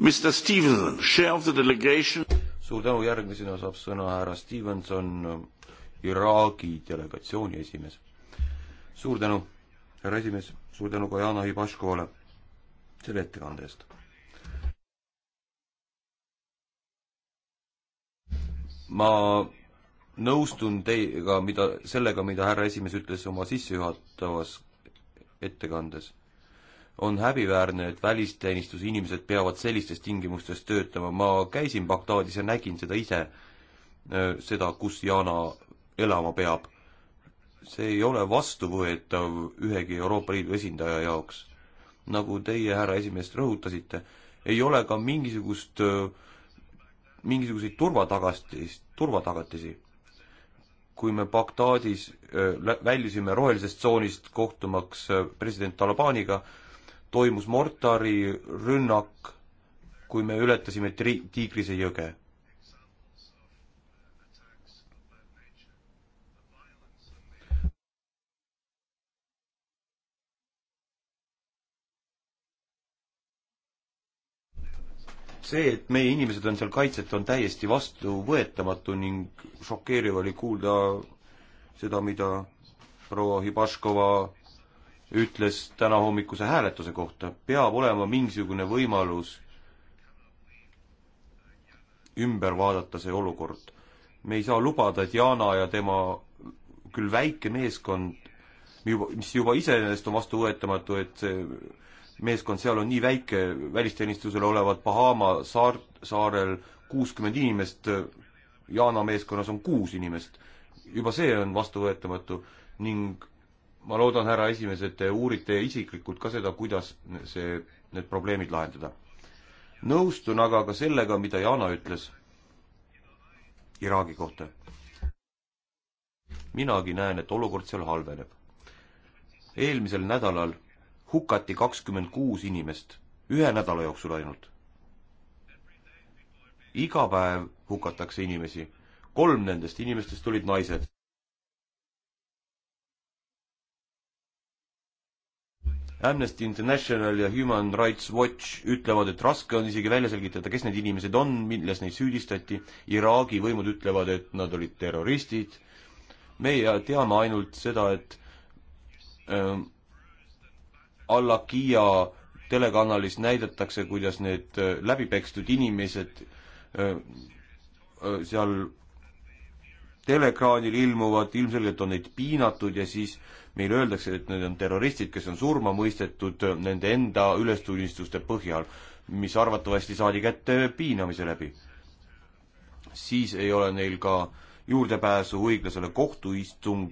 Mr Stevenson, chair of the delegation. suur tänu, järgmisena saab sõna härra Stevenson, Iraagi delegatsiooni esimees. suur tänu, härra esimees, suur tänu ka Jana Hibaškovale selle ettekande eest. ma nõustun teiega, mida, sellega, mida härra esimees ütles oma sissejuhatavas ettekandes. on häbiväärne, et välisteenistuse inimesed peavad sellistes tingimustes töötama, ma käisin Bagdaadis ja nägin seda ise, seda, kus Yana elama peab. see ei ole vastuvõetav ühegi Euroopa Liidu esindaja jaoks. nagu teie, härra esimees, rõhutasite, ei ole ka mingisugust, mingisuguseid turvatagastist, turvatagatisi kui me Bagdadis väljusime rohelisest tsoonist kohtumaks president Talibaniga, toimus mortarirünnak, kui me ületasime tri-, Tiigrise jõge see, et meie inimesed on seal kaitset, on täiesti vastuvõetamatu ning šokeeriv oli kuulda seda, mida proua Hibaškova ütles tänahommikuse hääletuse kohta. peab olema mingisugune võimalus ümber vaadata see olukord. me ei saa lubada, et Yana ja tema küll väike meeskond, mis juba iseenesest on vastuvõetamatu, et see meeskond seal on nii väike, välisteenistusel olevat Bahama saar, saarel kuuskümmend inimest, Yana meeskonnas on kuus inimest. juba see on vastuvõetamatu ning ma loodan, härra esimees, et te uurite isiklikult ka seda, kuidas see, need probleemid lahendada. nõustun aga ka sellega, mida Yana ütles Iraagi kohta. minagi näen, et olukord seal halveneb. eelmisel nädalal hukati kakskümmend kuus inimest, ühe nädala jooksul ainult. iga päev hukatakse inimesi, kolm nendest inimestest olid naised. Amnesty International ja Human Rights Watch ütlevad, et raske on isegi välja selgitada, kes need inimesed on, milles neid süüdistati. Iraagi võimud ütlevad, et nad olid terroristid. meie teame ainult seda, et ähm, alla Kiia telekanalis näidatakse, kuidas need äh, läbipekstud inimesed äh, äh, seal telekraanil ilmuvad, ilmselgelt on neid piinatud ja siis meile öeldakse, et need on terroristid, kes on surma mõistetud nende enda ülestunnistuste põhjal, mis arvatavasti saadi kätte piinamise läbi. siis ei ole neil ka juurdepääsu õiglasele kohtuistung,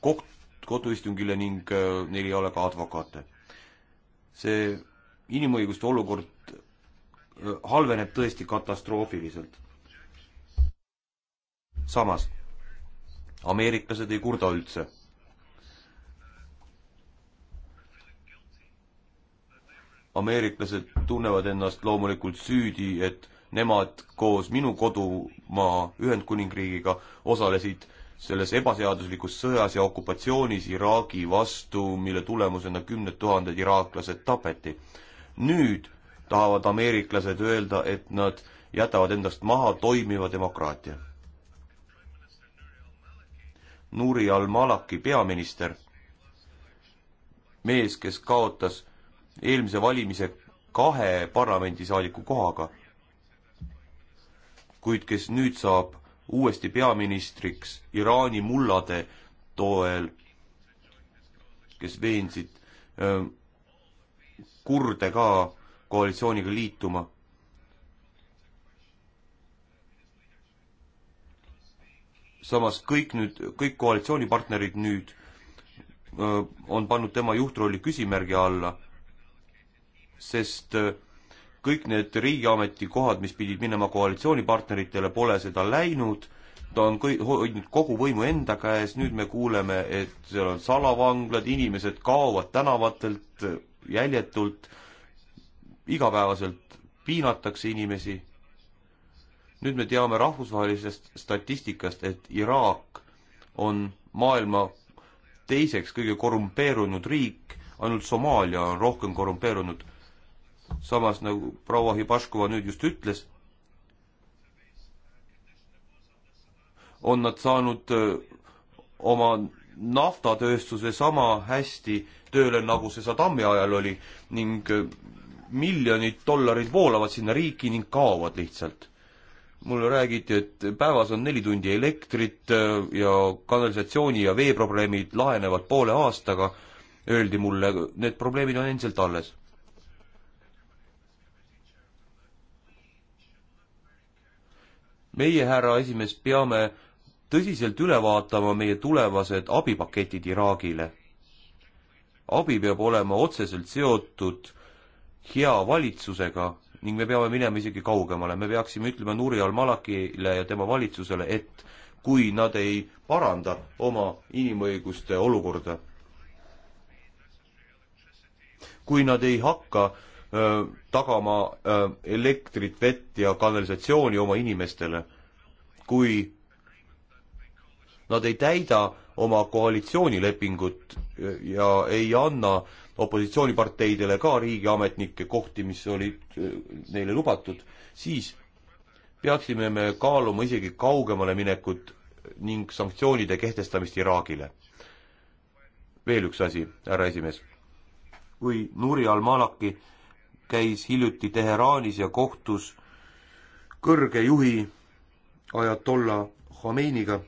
koht, koduistungile ning neil ei ole ka advokaate see inimõiguste olukord halveneb tõesti katastroofiliselt. samas, ameeriklased ei kurda üldse. ameeriklased tunnevad ennast loomulikult süüdi, et nemad koos minu kodumaa Ühendkuningriigiga osalesid selles ebaseaduslikus sõjas ja okupatsioonis Iraagi vastu, mille tulemusena kümned tuhanded iraaklased tapeti. nüüd tahavad ameeriklased öelda, et nad jätavad endast maha toimiva demokraatia. Nuri al-Malaki peaminister, mees, kes kaotas eelmise valimise kahe parlamendisaadiku kohaga, kuid kes nüüd saab uuesti peaministriks Iraani mullade toel, kes veensid kurde ka koalitsiooniga liituma. samas kõik nüüd, kõik koalitsioonipartnerid nüüd öö, on pannud tema juhtrolli küsimärgi alla, sest öö, kõik need riigiametikohad, mis pidid minema koalitsioonipartneritele, pole seda läinud, ta on kõik, hoidnud kogu võimu enda käes, nüüd me kuuleme, et seal on salavanglad, inimesed kaovad tänavatelt jäljetult, igapäevaselt piinatakse inimesi. nüüd me teame rahvusvahelisest statistikast, et Iraak on maailma teiseks kõige korrumpeerunud riik, ainult Somaalia on rohkem korrumpeerunud samas nagu proua Hibaškova nüüd just ütles, on nad saanud äh, oma naftatööstuse sama hästi tööle, nagu see Saddami ajal oli ning äh, miljonid dollarid voolavad sinna riiki ning kaovad lihtsalt. mulle räägiti, et päevas on neli tundi elektrit äh, ja kanalisatsiooni ja veeprobleemid lahenevad poole aastaga, öeldi mulle, need probleemid on endiselt alles meie, härra esimees, peame tõsiselt üle vaatama meie tulevased abipaketid Iraagile. abi peab olema otseselt seotud hea valitsusega ning me peame minema isegi kaugemale, me peaksime ütlema Nuri al-Malakile ja tema valitsusele, et kui nad ei paranda oma inimõiguste olukorda, kui nad ei hakka Äh, tagama äh, elektrit, vett ja kanalisatsiooni oma inimestele, kui nad ei täida oma koalitsioonilepingut äh, ja ei anna opositsiooniparteidele ka riigiametnike kohti, mis olid neile lubatud, siis peaksime me kaaluma isegi kaugemale minekut ning sanktsioonide kehtestamist Iraagile. veel üks asi, härra esimees. kui Nuri al-Malaki äh, käis hiljuti Teheraanis ja kohtus kõrge juhi ajatolla Khomeiniga,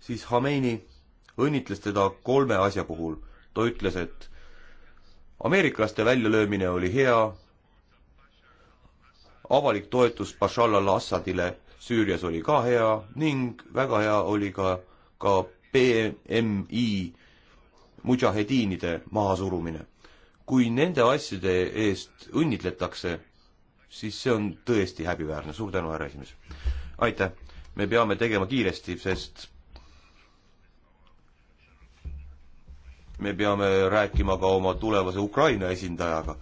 siis Khomeini õnnitles teda kolme asja puhul. ta ütles, et ameeriklaste väljalöömine oli hea, avalik toetus Bashar al-Assadile Süürias oli ka hea ning väga hea oli ka, ka PMI mudžahediinide mahasurumine kui nende asjade eest õnnitletakse, siis see on tõesti häbiväärne. suur tänu, härra esimees. aitäh. me peame tegema kiiresti, sest me peame rääkima ka oma tulevase Ukraina esindajaga.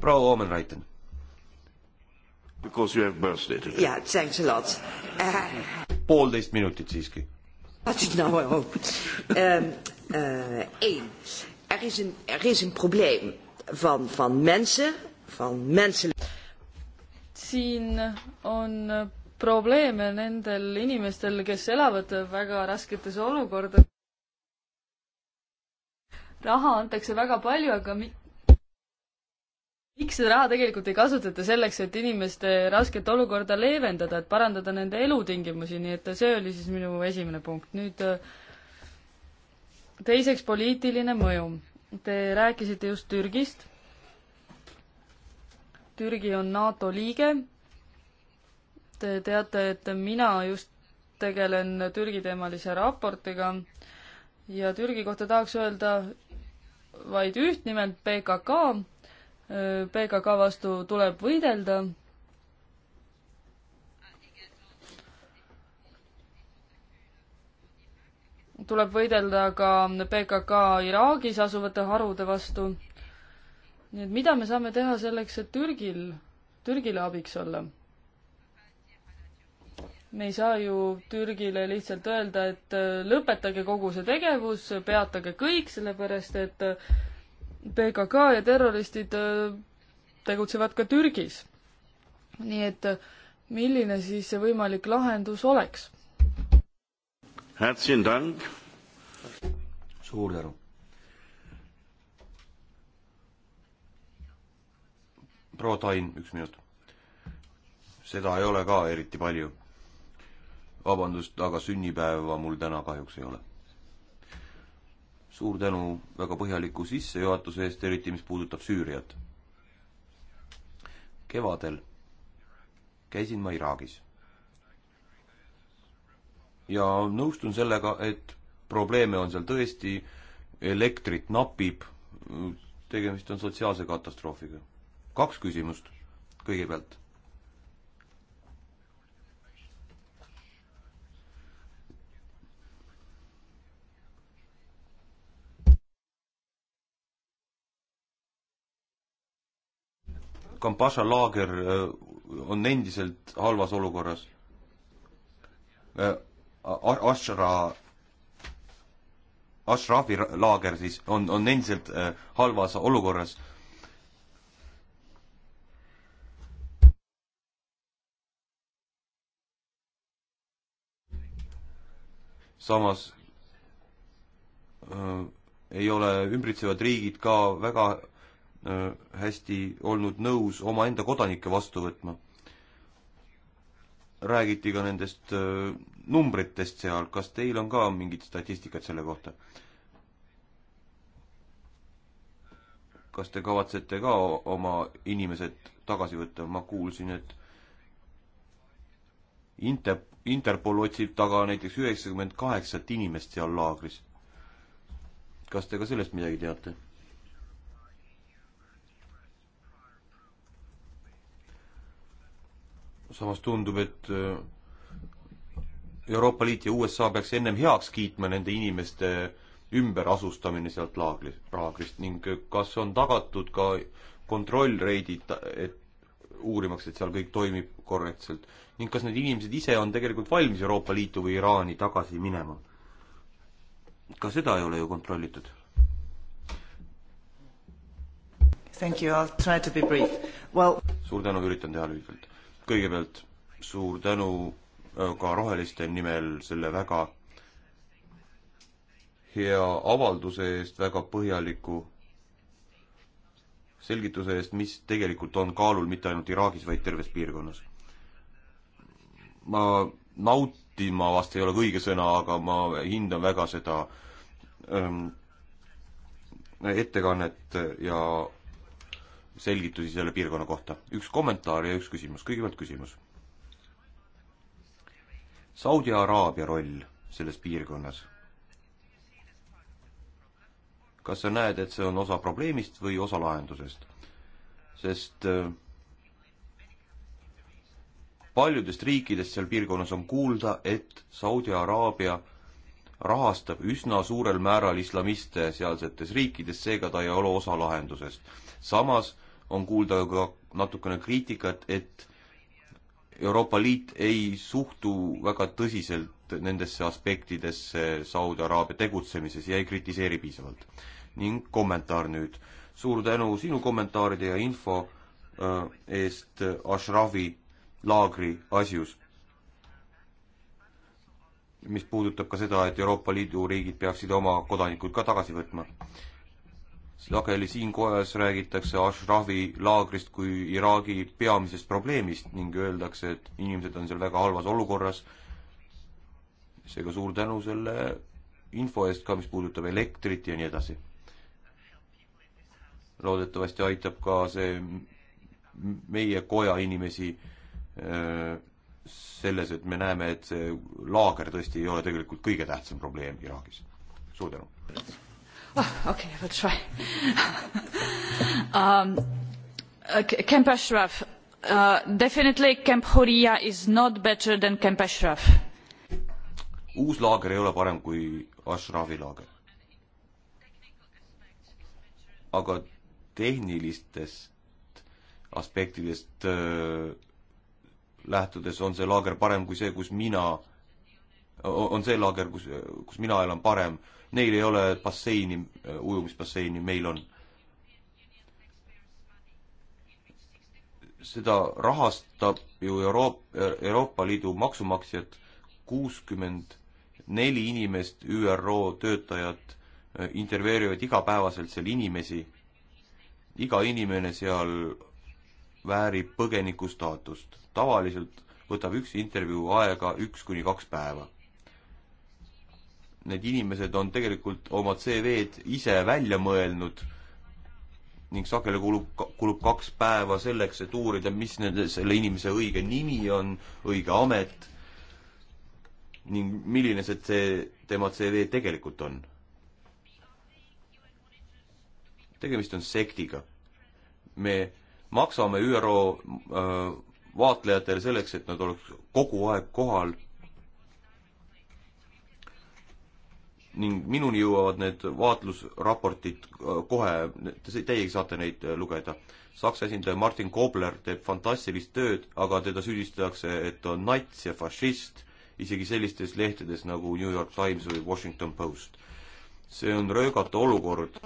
proua Omen-Raiten. Because you have birthday today. Yeah, thanks a lot uh.... poolteist minutit siiski Wat is nou waarop? Eén, ehm, eh, uh, uh, er, is een, er is een probleem van, van mensen, van mensen. siin on eh, probleeme nendel inimestel, kes elavad väga rasketes olukordades. raha antakse väga palju, aga mi-, miks seda raha tegelikult ei kasutata selleks, et inimeste rasket olukorda leevendada, et parandada nende elutingimusi, nii et see oli siis minu esimene punkt. nüüd teiseks, poliitiline mõju. Te rääkisite just Türgist. Türgi on NATO liige. Te teate, et mina just tegelen Türgi-teemalise raportiga ja Türgi kohta tahaks öelda vaid üht, nimelt PKK PKK vastu tuleb võidelda. tuleb võidelda ka PKK Iraagis asuvate harude vastu. nii et mida me saame teha selleks, et Türgil, Türgile abiks olla? me ei saa ju Türgile lihtsalt öelda, et lõpetage kogu see tegevus, peatage kõik, sellepärast et PKK ja terroristid äh, tegutsevad ka Türgis. nii et äh, milline siis see võimalik lahendus oleks? suur tänu. proua Tain, üks minut. seda ei ole ka eriti palju. vabandust, aga sünnipäeva mul täna kahjuks ei ole suur tänu väga põhjaliku sissejuhatuse eest, eriti mis puudutab Süüriat. kevadel käisin ma Iraagis. ja nõustun sellega, et probleeme on seal tõesti, elektrit napib, tegemist on sotsiaalse katastroofiga. kaks küsimust kõigepealt Kampasa laager äh, on endiselt halvas olukorras. Äh, Ashra, Ashrafi laager siis on, on endiselt äh, halvas olukorras. samas äh, ei ole ümbritsevad riigid ka väga Äh, hästi olnud nõus omaenda kodanikke vastu võtma. räägiti ka nendest äh, numbritest seal, kas teil on ka mingit statistikat selle kohta? kas te kavatsete ka oma inimesed tagasi võtta, ma kuulsin, et Inter-, Interpol otsib taga näiteks üheksakümmend kaheksat inimest seal laagris. kas te ka sellest midagi teate? samas tundub, et äh, Euroopa Liit ja USA peaks ennem heaks kiitma nende inimeste ümberasustamine sealt laagris, laagrist ning kas on tagatud ka kontrollreidid, et uurimaks, et seal kõik toimib korrektselt ning kas need inimesed ise on tegelikult valmis Euroopa Liitu või Iraani tagasi minema? ka seda ei ole ju kontrollitud. Thank you, I will try to be brief. Well suur tänu, üritan teha lühidalt kõigepealt suur tänu äh, ka Roheliste nimel selle väga hea avalduse eest, väga põhjaliku selgituse eest, mis tegelikult on kaalul mitte ainult Iraagis, vaid terves piirkonnas. ma nautima vast ei ole õige sõna, aga ma hindan väga seda ähm, ettekannet ja selgitusi selle piirkonna kohta. üks kommentaar ja üks küsimus, kõigepealt küsimus. Saudi Araabia roll selles piirkonnas. kas sa näed, et see on osa probleemist või osa lahendusest? sest äh, paljudest riikidest seal piirkonnas on kuulda, et Saudi Araabia rahastab üsna suurel määral islamiste sealsetes riikides, seega ta ei ole osa lahendusest. samas on kuulda ka natukene kriitikat, et Euroopa Liit ei suhtu väga tõsiselt nendesse aspektidesse Saudi Araabia tegutsemises ja ei kritiseeri piisavalt. ning kommentaar nüüd. suur tänu sinu kommentaaride ja info äh, eest Ashrafi laagri asjus mis puudutab ka seda, et Euroopa Liidu riigid peaksid oma kodanikud ka tagasi võtma sageli siin kojas räägitakse Ashrafi laagrist kui Iraagi peamisest probleemist ning öeldakse, et inimesed on seal väga halvas olukorras. seega suur tänu selle info eest ka, mis puudutab elektrit ja nii edasi. loodetavasti aitab ka see meie koja inimesi äh, selles, et me näeme, et see laager tõesti ei ole tegelikult kõige tähtsam probleem Iraagis. suur tänu! Oh, okay, I will try. um, uh, Camp Ashraf. Uh, definitely Camp Horia is not better than Camp Ashraf. uus laager ei ole parem kui Ashrafi laager. aga tehnilistest aspektidest öö, äh, lähtudes on see laager parem kui see, kus mina, on see laager, kus, kus mina elan, parem Neil ei ole basseini, ujumisbasseini, meil on. seda rahastab ju Euroop-, Euroopa Liidu maksumaksjad kuuskümmend neli inimest, ÜRO töötajad äh, intervjueerivad igapäevaselt seal inimesi. iga inimene seal väärib põgeniku staatust. tavaliselt võtab üks intervjuu aega üks kuni kaks päeva need inimesed on tegelikult oma CV-d ise välja mõelnud ning sageli kulub, kulub kaks päeva selleks, et uurida, mis nende, selle inimese õige nimi on, õige amet ning milline see, see tema CV tegelikult on. tegemist on sektiga. me maksame ÜRO äh, vaatlejatele selleks, et nad oleks kogu aeg kohal ning minuni jõuavad need vaatlusraportid äh, kohe, teiegi saate neid äh, lugeda. Saksa esindaja Martin Kobler teeb fantastilist tööd, aga teda süüdistatakse, et on nats ja fašist, isegi sellistes lehtedes nagu New York Times või Washington Post. see on röögatu olukord,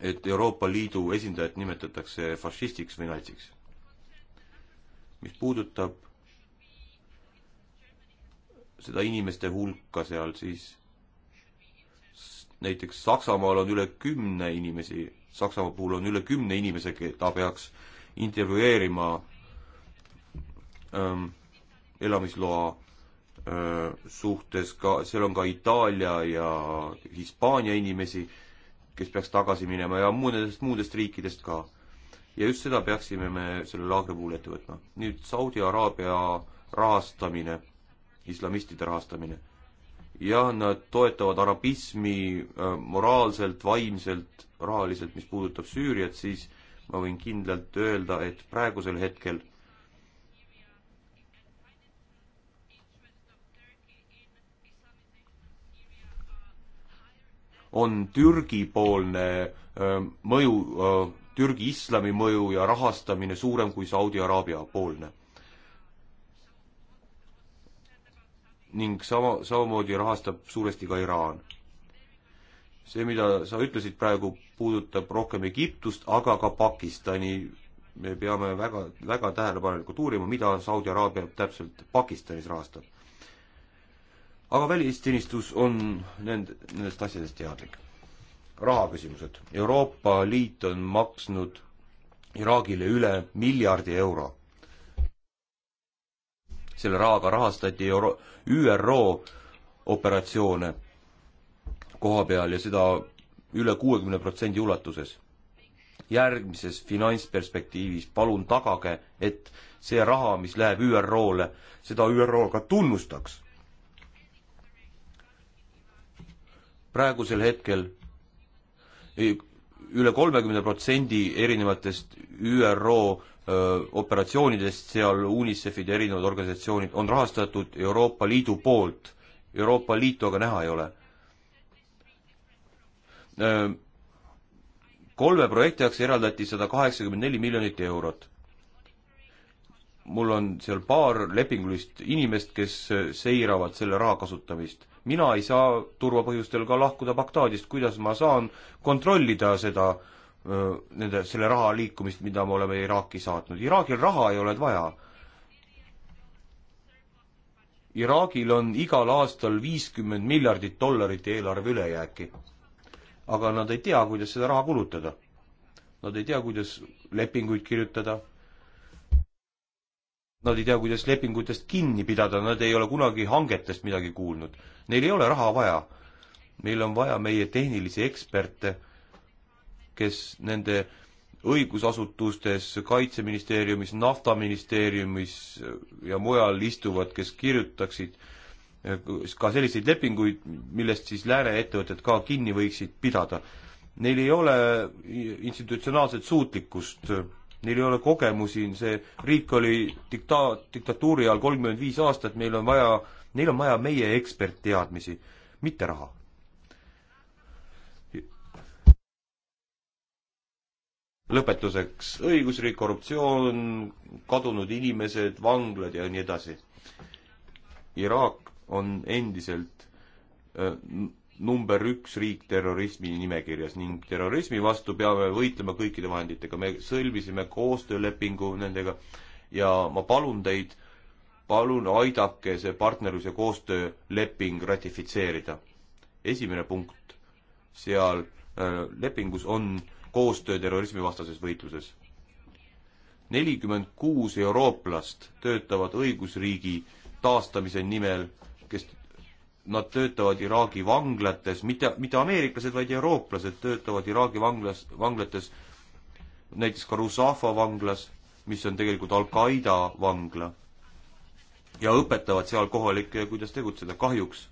et Euroopa Liidu esindajat nimetatakse fašistiks või natsiks. mis puudutab seda inimeste hulka seal, siis näiteks Saksamaal on üle kümne inimesi, Saksamaa puhul on üle kümne inimese, keda peaks intervjueerima ähm, elamisloa äh, suhtes, ka seal on ka Itaalia ja Hispaania inimesi, kes peaks tagasi minema ja muudest, muudest riikidest ka. ja just seda peaksime me selle laagri puhul ette võtma. nüüd Saudi Araabia rahastamine, islamistide rahastamine ja nad toetavad arabismi äh, moraalselt, vaimselt, rahaliselt, mis puudutab Süüriat, siis ma võin kindlalt öelda, et praegusel hetkel on Türgi-poolne äh, mõju, äh, Türgi islami mõju ja rahastamine suurem kui Saudi-Araabia poolne ning sama, samamoodi rahastab suuresti ka Iraan. see, mida sa ütlesid praegu, puudutab rohkem Egiptust, aga ka Pakistani. me peame väga, väga tähelepanelikult uurima, mida Saudi Araabia täpselt Pakistanis rahastab. aga välisteenistus on nend-, nendest asjadest teadlik. rahaküsimused. Euroopa Liit on maksnud Iraagile üle miljardi euro selle rahaga rahastati Euro-, ÜRO operatsioone koha peal ja seda üle kuuekümne protsendi ulatuses. järgmises finantsperspektiivis palun tagage, et see raha, mis läheb ÜRO-le, seda ÜRO ka tunnustaks. praegusel hetkel üle kolmekümne protsendi erinevatest ÜRO operatsioonidest, seal UNICEF-id ja erinevad organisatsioonid on rahastatud Euroopa Liidu poolt. Euroopa Liitu aga näha ei ole. kolme projekti jaoks eraldati sada kaheksakümmend neli miljonit eurot. mul on seal paar lepingulist inimest, kes seiravad selle raha kasutamist. mina ei saa turvapõhjustel ka lahkuda Bagdaadist, kuidas ma saan kontrollida seda äh, nende, selle raha liikumist, mida me oleme Iraaki saatnud. Iraagil raha ei ole vaja. Iraagil on igal aastal viiskümmend miljardit dollarit eelarve ülejääki. aga nad ei tea, kuidas seda raha kulutada. Nad ei tea, kuidas lepinguid kirjutada. Nad ei tea, kuidas lepingutest kinni pidada, nad ei ole kunagi hangetest midagi kuulnud. Neil ei ole raha vaja. Neil on vaja meie tehnilisi eksperte kes nende õigusasutustes, Kaitseministeeriumis, naftaministeeriumis ja mujal istuvad, kes kirjutaksid eh, ka selliseid lepinguid, millest siis lääne ettevõtted ka kinni võiksid pidada. Neil ei ole institutsionaalset suutlikkust, neil ei ole kogemusi, see riik oli dikta-, diktatuuri ajal kolmkümmend viis aastat, meil on vaja, neil on vaja meie ekspertteadmisi, mitte raha lõpetuseks õigusriik, korruptsioon, kadunud inimesed, vanglad ja nii edasi. Iraak on endiselt number üks riik terrorismi nimekirjas ning terrorismi vastu peame võitlema kõikide vahenditega. me sõlmisime koostöölepingu nendega ja ma palun teid, palun aidake see partnerlus- ja koostööleping ratifitseerida. esimene punkt seal äh, lepingus on äh, koostöö terrorismivastases võitluses. nelikümmend kuus eurooplast töötavad õigusriigi taastamise nimel, kes, nad töötavad Iraagi vanglates, mitte, mitte ameeriklased, vaid eurooplased töötavad Iraagi vanglas, vanglates, näiteks ka Rusafa vanglas, mis on tegelikult Al-Qaeda vangla ja õpetavad seal kohalikke, kuidas tegutseda. kahjuks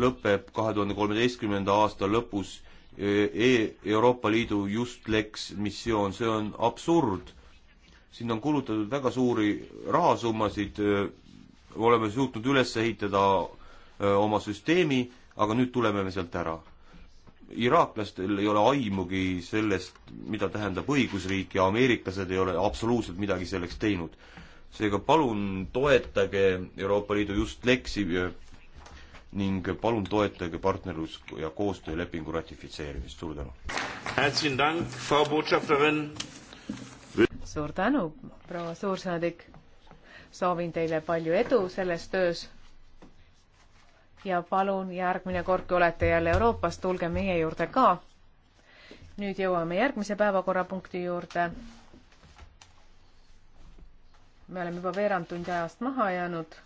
lõpeb kahe tuhande kolmeteistkümnenda aasta lõpus e Euroopa Liidu Just Lex missioon, see on absurd. siin on kulutatud väga suuri rahasummasid, e, oleme suutnud üles ehitada e, oma süsteemi, aga nüüd tuleme me sealt ära. iraaklastel ei ole aimugi sellest, mida tähendab õigusriik ja ameeriklased ei ole absoluutselt midagi selleks teinud. seega palun toetage Euroopa Liidu Just Lexi e, ning palun toetage partnerlus- ja koostöölepingu ratifitseerimist, suur tänu! suur tänu, proua suursaadik! soovin teile palju edu selles töös ja palun järgmine kord, kui olete jälle Euroopas, tulge meie juurde ka. nüüd jõuame järgmise päevakorrapunkti juurde. me oleme juba veerand tundi ajast maha jäänud